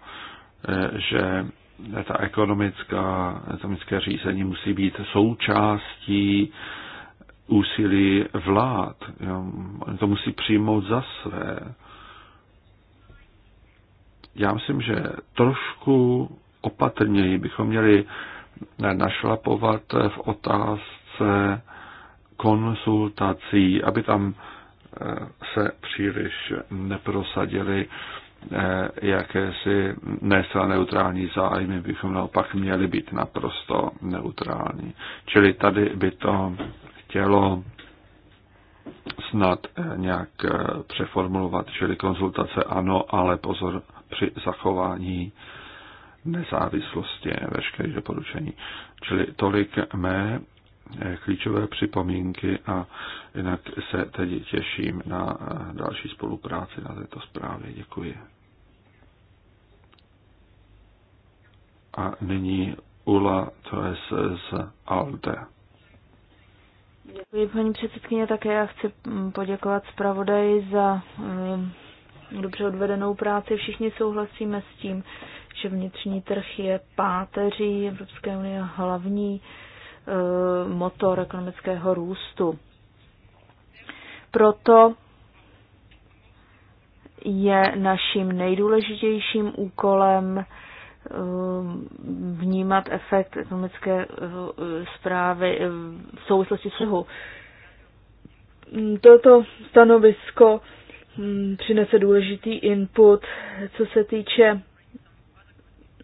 S2: eh, že ta ekonomická, ekonomické řízení musí být součástí úsilí vlád. Oni to musí přijmout za své. Já myslím, že trošku opatrněji bychom měli našlapovat v otázce konsultací, aby tam eh, se příliš neprosadili Eh, jakési nesla neutrální zájmy, bychom naopak měli být naprosto neutrální. Čili tady by to chtělo snad eh, nějak eh, přeformulovat, čili konzultace ano, ale pozor při zachování nezávislosti veškerých doporučení. Čili tolik mé klíčové připomínky a jinak se tedy těším na další spolupráci na této zprávě. Děkuji. A nyní Ula, to je z ALDE.
S4: Děkuji, paní předsedkyně. Také já chci mm, poděkovat zpravodaji za um, dobře odvedenou práci. Všichni souhlasíme s tím, že vnitřní trh je páteří Evropské unie hlavní uh, Eh, motor ekonomického růstu. Proto je naším nejdůležitějším úkolem eh, vnímat efekt ekonomické eh, zprávy v souvislosti s trhu. Mm, toto stanovisko mm, přinese důležitý input, co se týče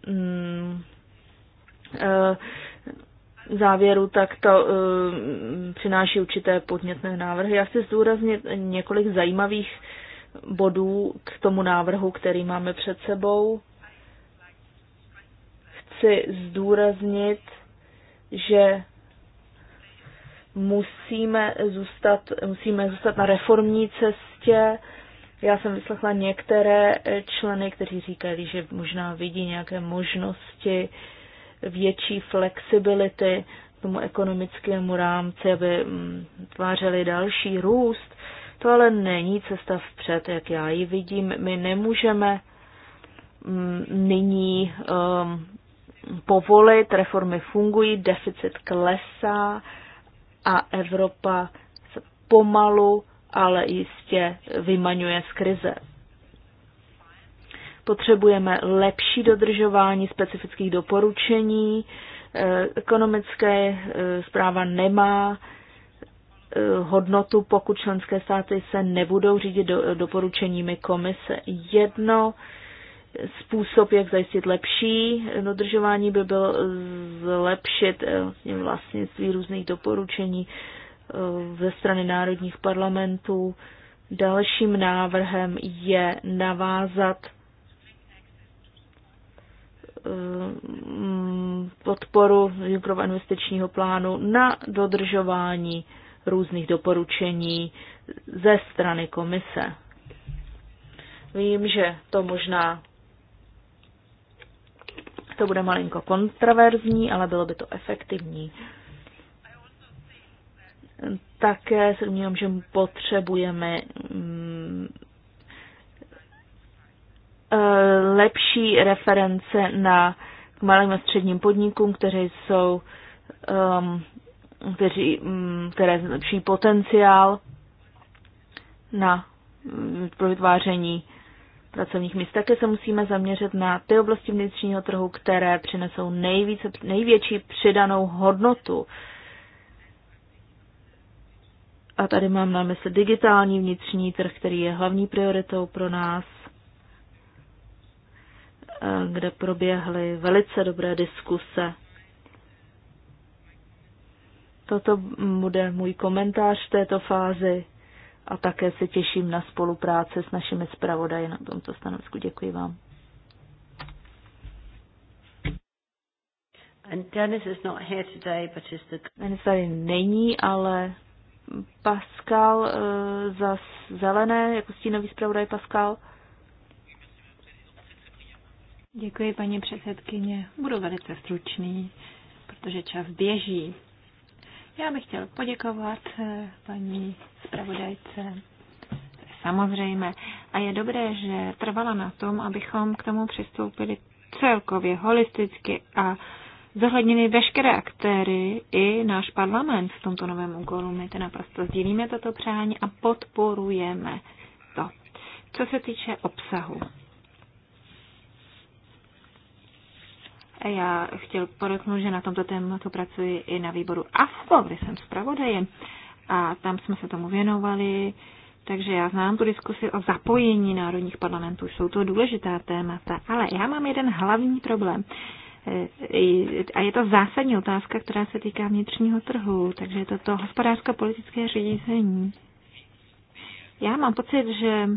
S4: mm, závěru, tak to uh, přináší určité podnětné návrhy. Já chci zdůraznit několik zajímavých bodů k tomu návrhu, který máme před sebou. Chci zdůraznit, že musíme zůstat, musíme zůstat na reformní cestě. Já jsem vyslechla některé členy, kteří říkali, že možná vidí nějaké možnosti větší flexibility tomu ekonomickému rámci, aby mm, tvářeli další růst. To ale není cesta vpřed, jak já ji vidím. My nemůžeme mm, nyní um, povolit, reformy fungují, deficit klesá a Evropa pomalu, ale jistě vymaňuje z krize. Potřebujeme lepší dodržování specifických doporučení. E, ekonomické e, zpráva nemá e, hodnotu, pokud členské státy se nebudou řídit doporučeními komise. Jedno způsob, jak zajistit lepší dodržování, by byl zlepšit vlastně vlastnictví různých doporučení ze strany národních parlamentů. Dalším návrhem je navázat Eh, podporu Junckerova investičního plánu na dodržování různých doporučení ze strany komise. Vím, že to možná to bude malinko kontroverzní, ale bylo by to efektivní. Také se domnívám, že potřebujeme mm, Eh, lepší reference na k malým a středním podnikům, které jsou, um, kteří, um, které zlepší potenciál na mm, pro vytváření pracovních míst. Také se musíme zaměřit na ty oblasti vnitřního trhu, které přinesou nejvíce, největší přidanou hodnotu. A tady mám na mysli digitální vnitřní trh, který je hlavní prioritou pro nás Eh, kde proběhly velice dobré diskuse. Toto bude můj komentář v této fázi a také se těším na spolupráce s našimi zpravodaji na tomto stanovisku. Děkuji vám. Dennis Dennis tady není, ale Pascal uh, za zelené, jako stínový zpravodaj Pascal, uh, Děkuji, paní předsedkyně. Budu velice stručný,
S3: protože čas běží. Já bych chtěl poděkovat eh, paní zpravodajce. Samozřejmě. A je dobré, že trvala na tom, abychom k tomu přistoupili celkově, holisticky a zohlednili veškeré aktéry i náš parlament v tomto novém úkolu. My to naprosto sdílíme toto přání a podporujeme to. Co se týče obsahu, Já chtěl podotknout, že na tomto tématu pracuji i na výboru AFO, kde jsem zpravodajem a tam jsme se tomu věnovali, takže já znám tu diskusi o zapojení národních parlamentů, jsou to důležitá témata, ale já mám jeden hlavní problém. E, a je to zásadní otázka, která se týká vnitřního trhu, takže je to to hospodářsko-politické řízení. Já mám pocit, že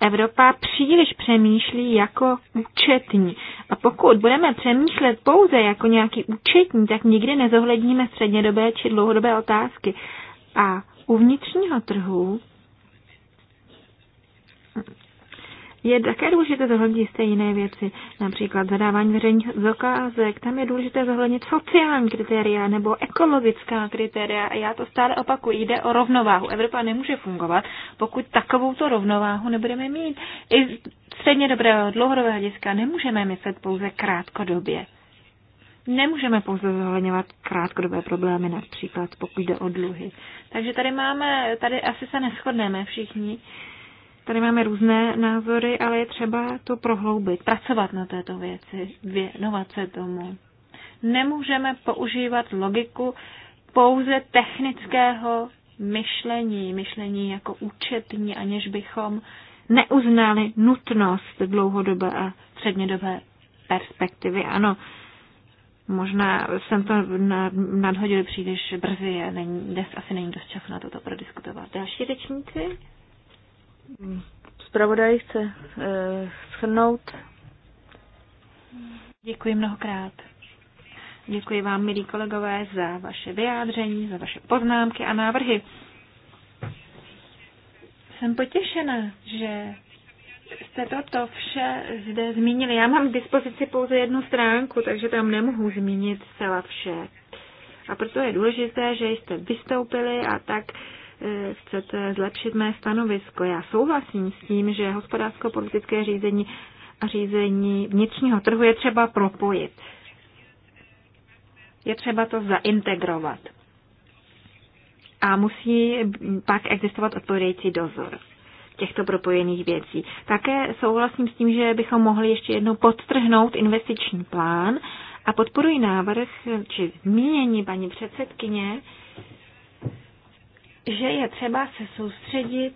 S3: Evropa příliš přemýšlí jako účetní. A pokud budeme přemýšlet pouze jako nějaký účetní, tak nikdy nezohledníme střednědobé či dlouhodobé otázky. A u vnitřního trhu je také důležité zohlednit jiné věci, například zadávání veřejných zakázek. Tam je důležité zohlednit sociální kritéria nebo ekologická kritéria. A já to stále opakuju, jde o rovnováhu. Evropa nemůže fungovat, pokud takovou to rovnováhu nebudeme mít. I středně dobrého dlouhodobého hlediska nemůžeme myslet pouze krátkodobě. Nemůžeme pouze zohledňovat krátkodobé problémy, například pokud jde o dluhy. Takže tady máme, tady asi se neschodneme všichni. Tady máme různé názory, ale je třeba to prohloubit, pracovat na této věci, věnovat se tomu. Nemůžeme používat logiku pouze technického myšlení, myšlení jako účetní, aniž bychom neuznali nutnost dlouhodobé a střednědobé perspektivy. Ano, možná jsem to nadhodil příliš brzy
S4: a není, dnes asi není dost času na toto prodiskutovat. Další řečníci? Zpravodaj chce uh, eh, shrnout.
S3: Děkuji mnohokrát. Děkuji vám, milí kolegové, za vaše vyjádření, za vaše poznámky a návrhy. Jsem potěšena, že jste toto vše zde zmínili. Já mám k dispozici pouze jednu stránku, takže tam nemohu zmínit zcela vše. A proto je důležité, že jste vystoupili a tak uh, chcete zlepšit mé stanovisko. Já souhlasím s tím, že hospodářsko-politické řízení a řízení vnitřního trhu je třeba propojit. Je třeba to zaintegrovat. A musí pak existovat odpovědějící dozor těchto propojených věcí. Také souhlasím s tím, že bychom mohli ještě jednou podtrhnout investiční plán a podporuji návrh či zmínění paní předsedkyně, že je třeba se soustředit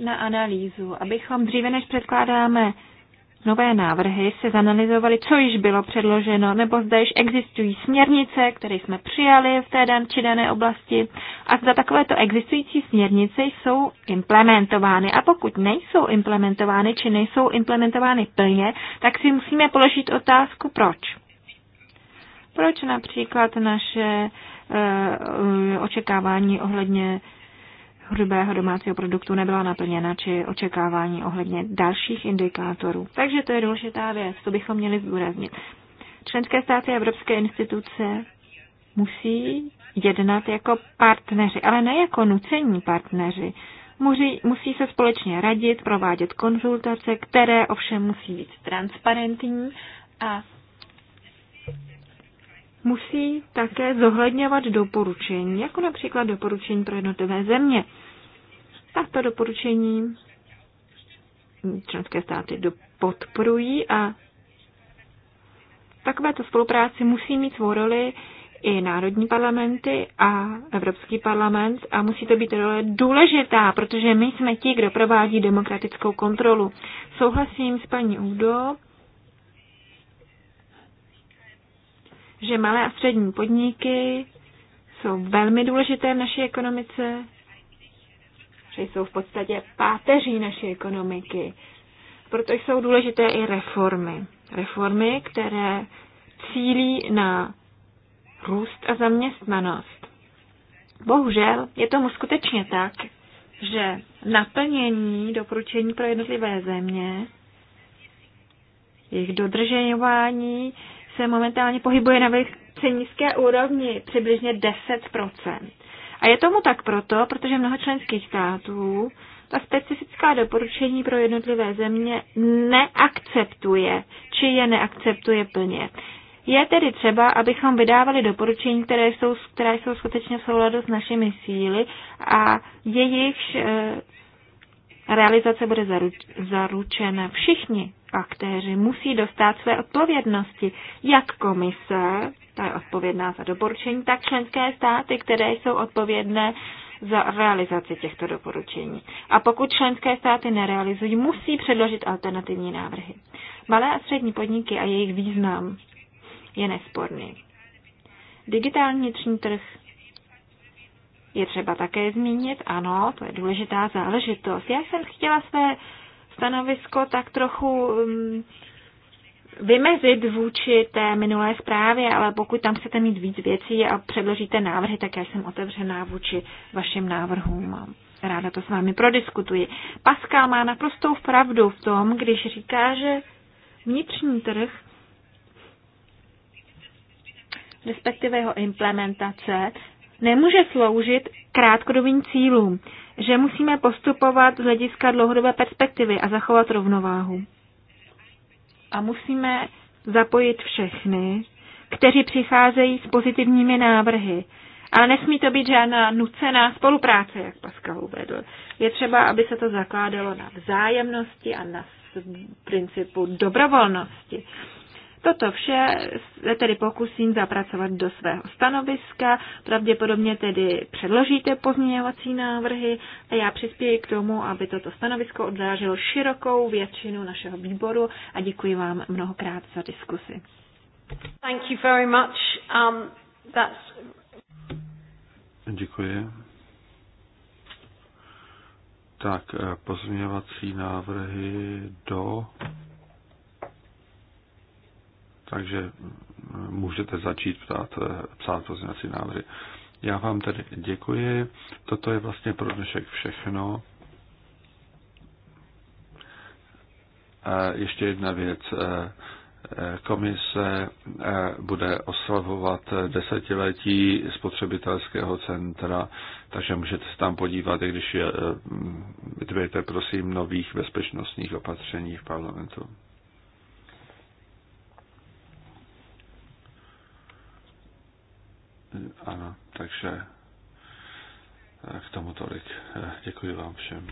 S3: na analýzu, abychom dříve, než předkládáme nové návrhy, se zanalizovali, co již bylo předloženo, nebo zda již existují směrnice, které jsme přijali v té dan či dané oblasti, a zda takovéto existující směrnice jsou implementovány. A pokud nejsou implementovány, či nejsou implementovány plně, tak si musíme položit otázku, proč. Proč například naše Eh, očekávání ohledně hrubého domácího produktu nebyla naplněna, či očekávání ohledně dalších indikátorů. Takže to je důležitá věc, to bychom měli zdůraznit. Členské státy a evropské instituce musí jednat jako partneři, ale ne jako nucení partneři. Musí, musí se společně radit, provádět konzultace, které ovšem musí být transparentní a musí také zohledňovat doporučení, jako například doporučení pro jednotlivé země. Tato doporučení členské státy podporují a takovéto spolupráci musí mít svou roli i národní parlamenty a Evropský parlament a musí to být role důležitá, protože my jsme ti, kdo provádí demokratickou kontrolu. Souhlasím s paní Udo, že malé a střední podniky jsou velmi důležité v naší ekonomice, že jsou v podstatě páteří naší ekonomiky. Proto jsou důležité i reformy. Reformy, které cílí na růst a zaměstnanost. Bohužel je tomu skutečně tak, že naplnění doporučení pro jednotlivé země, jejich dodržování se momentálně pohybuje na velice nízké úrovni, přibližně 10%. A je tomu tak proto, protože mnoho členských států ta specifická doporučení pro jednotlivé země neakceptuje, či je neakceptuje plně. Je tedy třeba, abychom vydávali doporučení, které jsou, které jsou skutečně v souladu s našimi síly a jejich e, eh, realizace bude zaru, zaručena. Všichni aktéři musí dostat své odpovědnosti, jak komise, ta je odpovědná za doporučení, tak členské státy, které jsou odpovědné za realizaci těchto doporučení. A pokud členské státy nerealizují, musí předložit alternativní návrhy. Malé a střední podniky a jejich význam je nesporný. Digitální vnitřní trh je třeba také zmínit, ano, to je důležitá záležitost. Já jsem chtěla své stanovisko tak trochu um, vymezit vůči té minulé zprávě, ale pokud tam chcete mít víc věcí a předložíte návrhy, tak já jsem otevřená vůči vašim návrhům. Ráda to s vámi prodiskutuji. Pascal má naprostou pravdu v tom, když říká, že vnitřní trh, respektive jeho implementace, nemůže sloužit krátkodobým cílům že musíme postupovat z hlediska dlouhodobé perspektivy a zachovat rovnováhu. A musíme zapojit všechny, kteří přicházejí s pozitivními návrhy. Ale nesmí to být žádná nucená spolupráce, jak Pascal uvedl. Je třeba, aby se to zakládalo na vzájemnosti a na principu dobrovolnosti. Toto vše se tedy pokusím zapracovat do svého stanoviska, pravděpodobně tedy předložíte pozměňovací návrhy a já přispěji k tomu, aby toto stanovisko odráželo širokou většinu našeho výboru a děkuji vám mnohokrát
S1: za diskusi. Thank you very much. Um, that's...
S2: Děkuji. Tak, eh, pozměňovací návrhy do takže eh, můžete začít ptát, eh, psát pozměňovací návrhy. Já vám tedy děkuji. Toto je vlastně pro dnešek všechno. Ještě jedna věc. Eh, komise bude oslavovat desetiletí spotřebitelského centra, takže můžete se tam podívat, i když je, prosím nových bezpečnostních opatření v parlamentu. Ano, takže eh, k tomu tolik. Eh, děkuji vám všem.